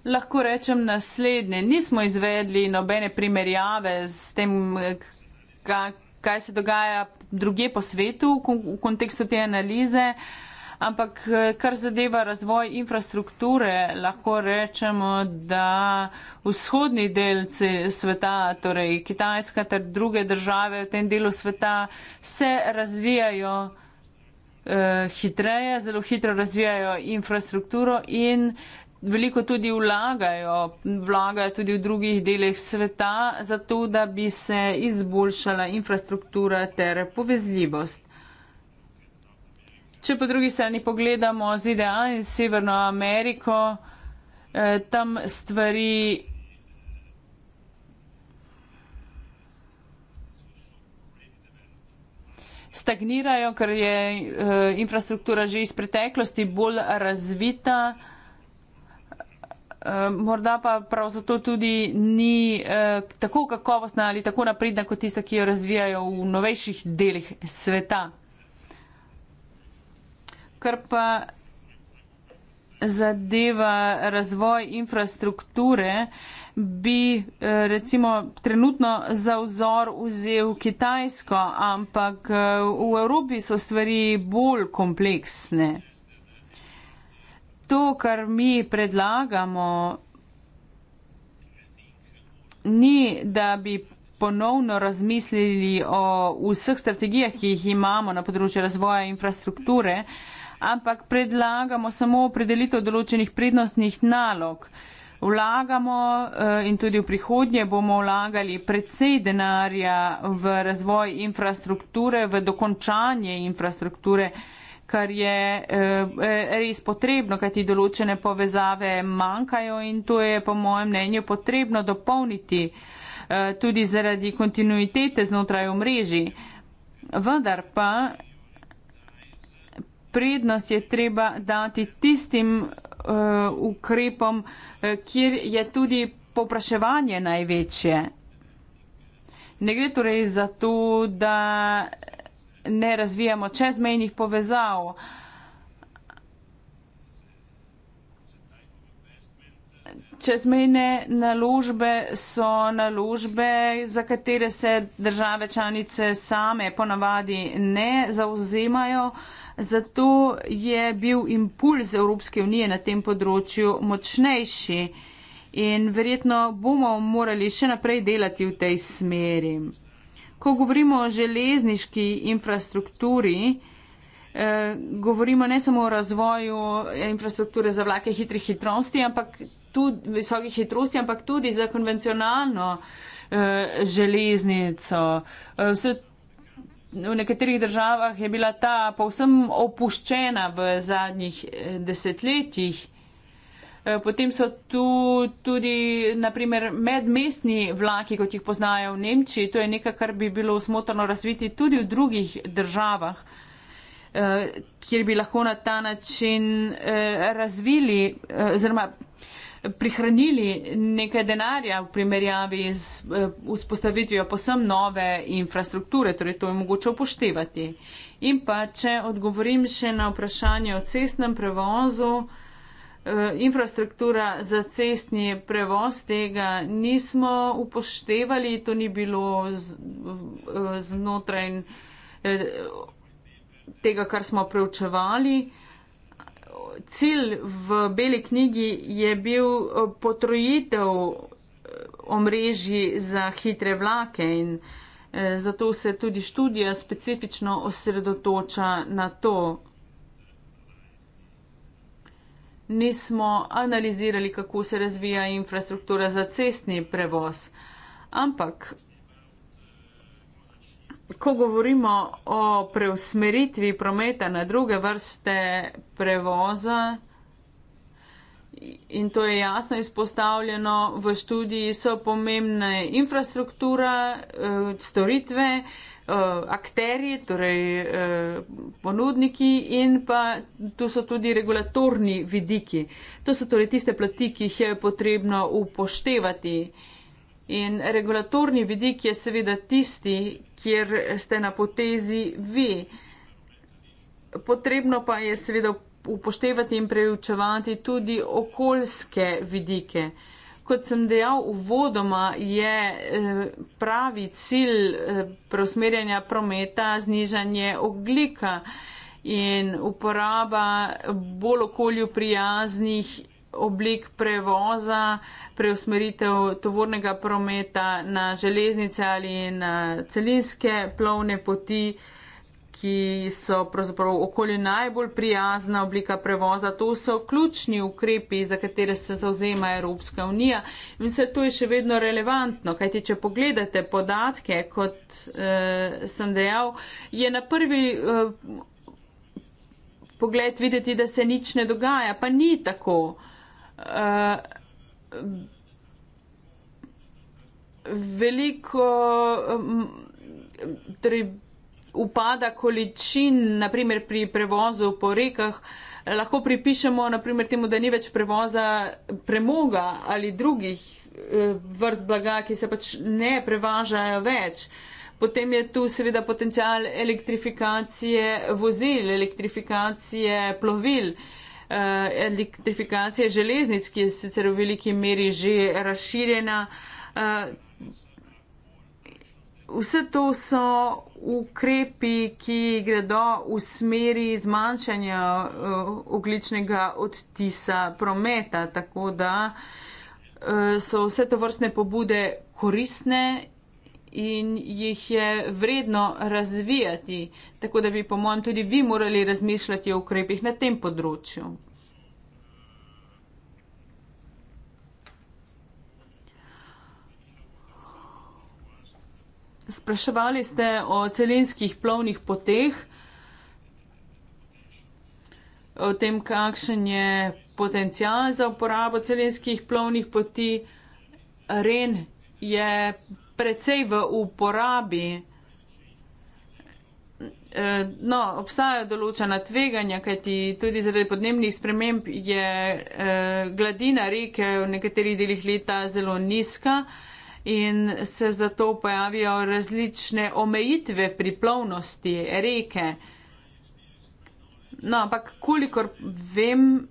lahko rečem naslednje. Nismo izvedli nobene primerjave s tem, kaj se dogaja druge po svetu v kontekstu te analize, ampak kar zadeva razvoj infrastrukture, lahko rečemo, da vzhodni del sveta, torej Kitajska ter druge države v tem delu sveta, se razvijajo eh, hitreje, zelo hitro razvijajo infrastrukturo in eh, veliko tudi vlagajo, vlagajo tudi v drugih delih sveta, zato da bi se izboljšala infrastruktura ter povezljivost. Če po drugi strani pogledamo ZDA in Severno Ameriko, eh, tam stvari stagnirajo, ker je eh, infrastruktura že iz preteklosti bolj razvita. Eh, Ehm, morda pa prav zato tudi ni eh, tako kakovostna ali tako napredna kot tista, ki jo razvijajo v novejših delih sveta. Kar pa zadeva razvoj infrastrukture, bi eh, recimo trenutno za vzor vzel Kitajsko, ampak eh, v Evropi so stvari bolj kompleksne to, kar mi predlagamo, ni, da bi ponovno razmislili o vseh strategijah, ki jih imamo na področju razvoja infrastrukture, ampak predlagamo samo opredelitev določenih prednostnih nalog. Vlagamo eh, in tudi v prihodnje bomo vlagali predvsej denarja v razvoj infrastrukture, v dokončanje infrastrukture kar je eh, res potrebno, kajti določene povezave manjkajo in to je po mojem mnenju potrebno dopolniti eh, tudi zaradi kontinuitete znotraj omreži. Vendar pa prednost je treba dati tistim eh, ukrepom, kjer je tudi popraševanje največje. Ne gre torej za to, da ne razvijamo čezmejnih povezav. Čezmejne naložbe so naložbe, za katere se države članice same ponavadi ne zauzemajo, zato je bil impuls Evropske unije na tem področju močnejši in verjetno bomo morali še naprej delati v tej smeri ko govorimo o železniški infrastrukturi, eh, govorimo ne samo o razvoju eh, infrastrukture za vlake hitrih hitrosti, ampak tudi visokih hitrosti, ampak tudi za konvencionalno eh, železnico. Vse V nekaterih državah je bila ta povsem opuščena v zadnjih desetletjih. Eh, potem so tu tudi naprimer medmestni vlaki, kot jih poznajo v Nemčiji. To je nekaj, kar bi bilo smotrno razviti tudi v drugih državah, eh, kjer bi lahko na ta način eh, razvili oziroma prihranili nekaj denarja v primerjavi z vzpostavitvijo posem nove infrastrukture. Torej, to je mogoče upoštevati. In pa, če odgovorim še na vprašanje o cestnem prevozu. Eh, infrastruktura za cestni prevoz tega nismo upoštevali, to ni bilo eh, znotraj eh, tega, kar smo preučevali. Cilj v Beli knjigi je bil potrojitev omrežji za hitre vlake in zato se tudi študija specifično osredotoča na to nismo analizirali, kako se razvija infrastruktura za cestni prevoz. Ampak, ko govorimo o preusmeritvi prometa na druge vrste prevoza, in to je jasno izpostavljeno v študiji, so pomembne infrastruktura, eh, storitve, Eh, akterji, torej eh, ponudniki in pa tu so tudi regulatorni vidiki. To so torej tiste plati, ki jih je potrebno upoštevati. In regulatorni vidik je seveda tisti, kjer ste na potezi vi. Potrebno pa je seveda upoštevati in preučevati tudi okoljske vidike. Kot sem dejal uvodoma, je eh, pravi cilj eh, preusmerjanja prometa znižanje oglika in uporaba bolj okolju prijaznih oblik prevoza, preusmeritev tovornega prometa na železnice ali na celinske plovne poti ki so pravzaprav okolje najbolj prijazna oblika prevoza. To so ključni ukrepi, za katere se zauzema Evropska unija in vse to je še vedno relevantno, kajti če pogledate podatke, kot eh, sem dejal, je na prvi. Eh, Pogled videti, da se nič ne dogaja, pa ni tako. Uh, veliko, um, torej upada količin, naprimer pri prevozu po rekah, lahko pripišemo naprimer, temu, da ni več prevoza premoga ali drugih eh, vrst blaga, ki se pač ne prevažajo več. Potem je tu seveda potencial elektrifikacije vozil, elektrifikacije plovil, eh, elektrifikacije železnic, ki je sicer v veliki meri že razširjena. Eh, vse to so ukrepi, ki gredo v smeri zmanjšanja eh, ogličnega odtisa prometa, tako da eh, so vse to vrstne pobude koristne in jih je vredno razvijati, tako da bi, po mojem, tudi vi morali razmišljati o ukrepih na tem področju. Spraševali ste o celinskih plovnih poteh, o tem, kakšen je potencial za uporabo celinskih plovnih poti. Ren je precej v uporabi. E, no, obstajajo določena tveganja, kajti tudi zaradi podnebnih sprememb je e, gladina reke v nekaterih delih leta zelo nizka in se zato pojavijo različne omejitve pri plovnosti reke. No, ampak kolikor vem,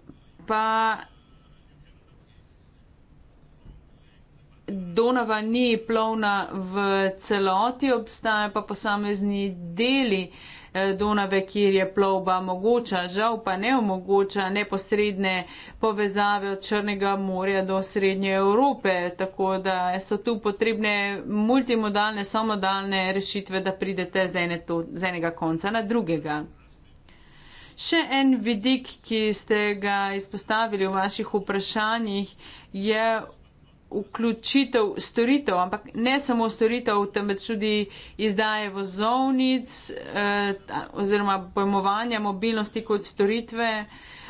pa Donava ni plovna v celoti, obstajajo pa posamezni deli. Uh, Donave, kjer je plovba mogoča, žal pa ne omogoča neposredne povezave od Črnega morja do Srednje Evrope, tako da so tu potrebne multimodalne, samodalne rešitve, da pridete z, ene to, z enega konca na drugega. Še en vidik, ki ste ga izpostavili v vaših vprašanjih, je vključitev storitev, ampak ne samo storitev, temveč tudi izdaje vozovnic eh, oziroma pojmovanja mobilnosti kot storitve.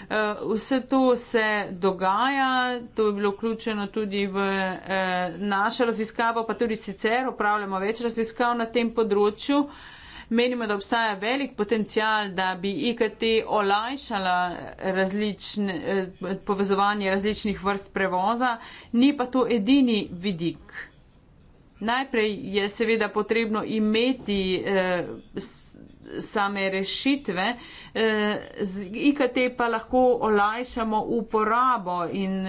Eh, vse to se dogaja, to je bilo vključeno tudi v eh, našo raziskavo, pa tudi sicer upravljamo več raziskav na tem področju. Eh, Menimo, da obstaja velik potencial, da bi IKT olajšala različne, eh, povezovanje različnih vrst prevoza, ni pa to edini vidik. Najprej je seveda potrebno imeti eh, same rešitve, eh, z IKT pa lahko olajšamo uporabo in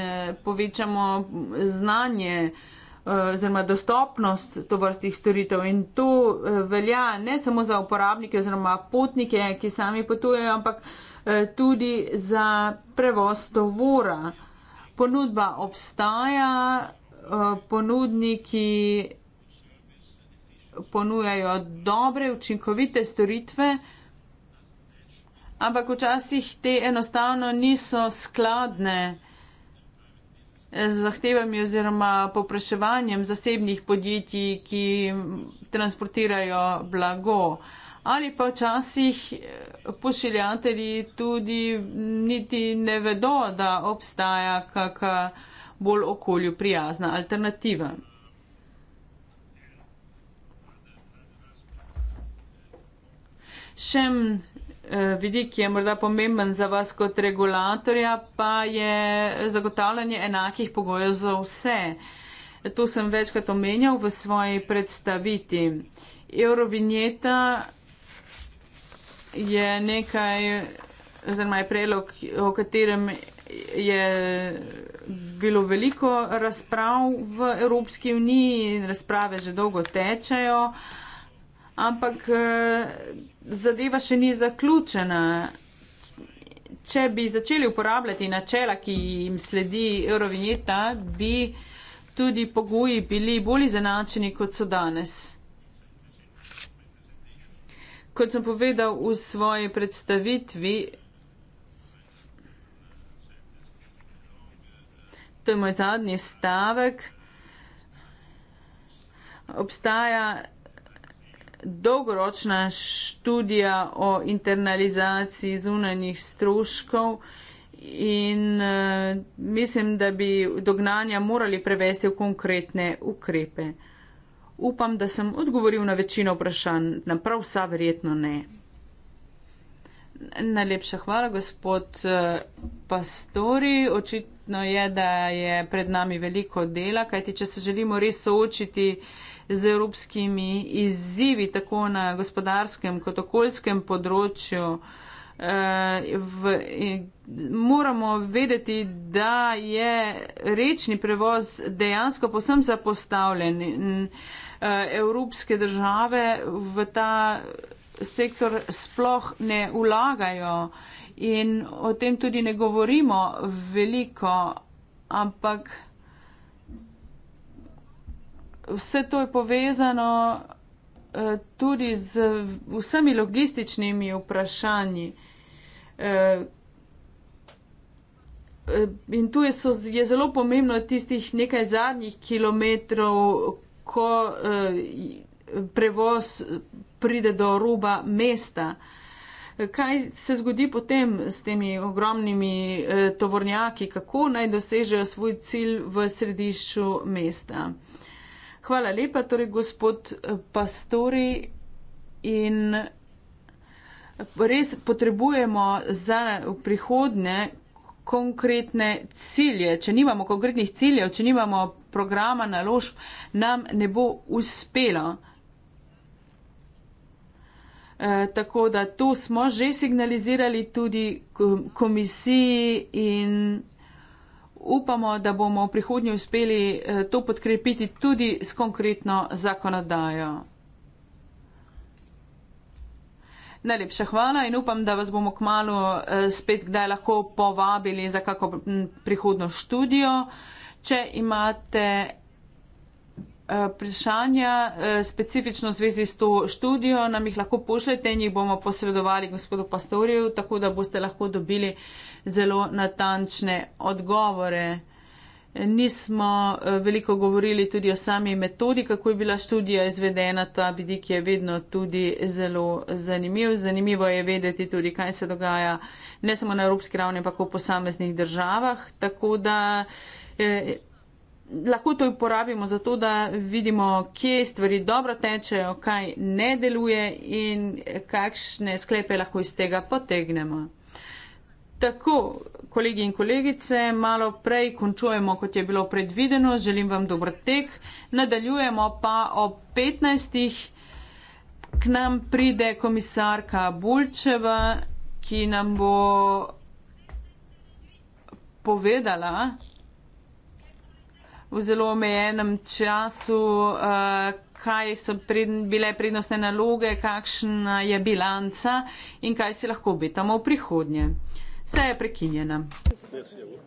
povečamo znanje. Eh, oziroma dostopnost to vrstih storitev in to eh, velja ne samo za uporabnike oziroma potnike, ki sami potujejo, ampak eh, tudi za prevoz tovora. Ponudba obstaja, ponudniki ponujajo dobre, učinkovite storitve, ampak včasih te enostavno niso skladne z zahtevami oziroma popraševanjem zasebnih podjetij, ki transportirajo blago. Ali pa včasih eh, pošiljateli tudi niti ne vedo, da obstaja kakšna bolj okolju prijazna alternativa. Shem Eh, vidik, ki je morda pomemben za vas kot regulatorja, pa je zagotavljanje enakih pogojev za vse. To sem večkrat omenjal v svoji predstaviti. Eurovinjeta je nekaj, oziroma je prelog, o katerem je bilo veliko razprav v Evropski uniji in razprave že dolgo tečajo. Uh, ampak eh, zadeva še ni zaključena. Če bi začeli uporabljati načela, ki jim sledi Eurovinjeta, bi tudi pogoji bili bolj zanačeni, kot so danes. Kot sem povedal v svoji predstavitvi, to je moj zadnji stavek, obstaja dolgoročna študija o internalizaciji zunanjih stroškov in uh, mislim, da bi dognanja morali prevesti v konkretne ukrepe. Upam, da sem odgovoril na večino vprašanj, na prav vsa verjetno ne. Najlepša hvala, gospod eh, Pastori. Očitno je, da je pred nami veliko dela, kajti če se želimo res soočiti, z evropskimi izzivi, tako na gospodarskem kot okoljskem področju. Eh, v, moramo vedeti, da je rečni prevoz dejansko posem zapostavljen. Eh, evropske države v ta sektor sploh ne vlagajo in o tem tudi ne govorimo veliko, ampak vse to je povezano eh, tudi z vsemi logističnimi vprašanji. Eh, eh, in tu je, so, je zelo pomembno tistih nekaj zadnjih kilometrov, ko prevoz pride do ruba mesta. Kaj se zgodi potem s temi ogromnimi tovornjaki, kako naj dosežejo svoj cilj v središču mesta? Hvala lepa, torej gospod eh, Pastori in res potrebujemo za prihodne konkretne cilje. Če nimamo konkretnih ciljev, če nimamo programa naložb, nam ne bo uspelo. E, tako da to smo že signalizirali tudi komisiji in upamo, da bomo v prihodnje uspeli eh, to podkrepiti tudi s konkretno zakonodajo. Najlepša hvala in upam, da vas bomo k malu eh, spet kdaj lahko povabili za kako prihodno študijo. Če imate Eh, vprašanja, eh, specifično v zvezi s to študijo, nam jih lahko pošljete in jih bomo posredovali gospodu Pastorju, tako da boste lahko dobili zelo natančne odgovore. Nismo eh, veliko govorili tudi o sami metodi, kako je bila študija izvedena. Ta vidik je vedno tudi zelo zanimiv. Zanimivo je vedeti tudi, kaj se dogaja ne samo na evropski ravni, ampak v posameznih državah. Tako da. Eh, lahko to uporabimo za to, da vidimo, kje stvari dobro tečejo, kaj ne deluje in kakšne sklepe lahko iz tega potegnemo. Tako, kolegi in kolegice, malo prej končujemo, kot je bilo predvideno. Želim vam dober tek. Nadaljujemo pa ob 15. K nam pride komisarka Bulčeva, ki nam bo povedala, v zelo omejenem času, eh, kaj so pred, bile prednostne naloge, kakšna je bilanca in kaj si lahko obetamo v prihodnje. Vse je prekinjeno.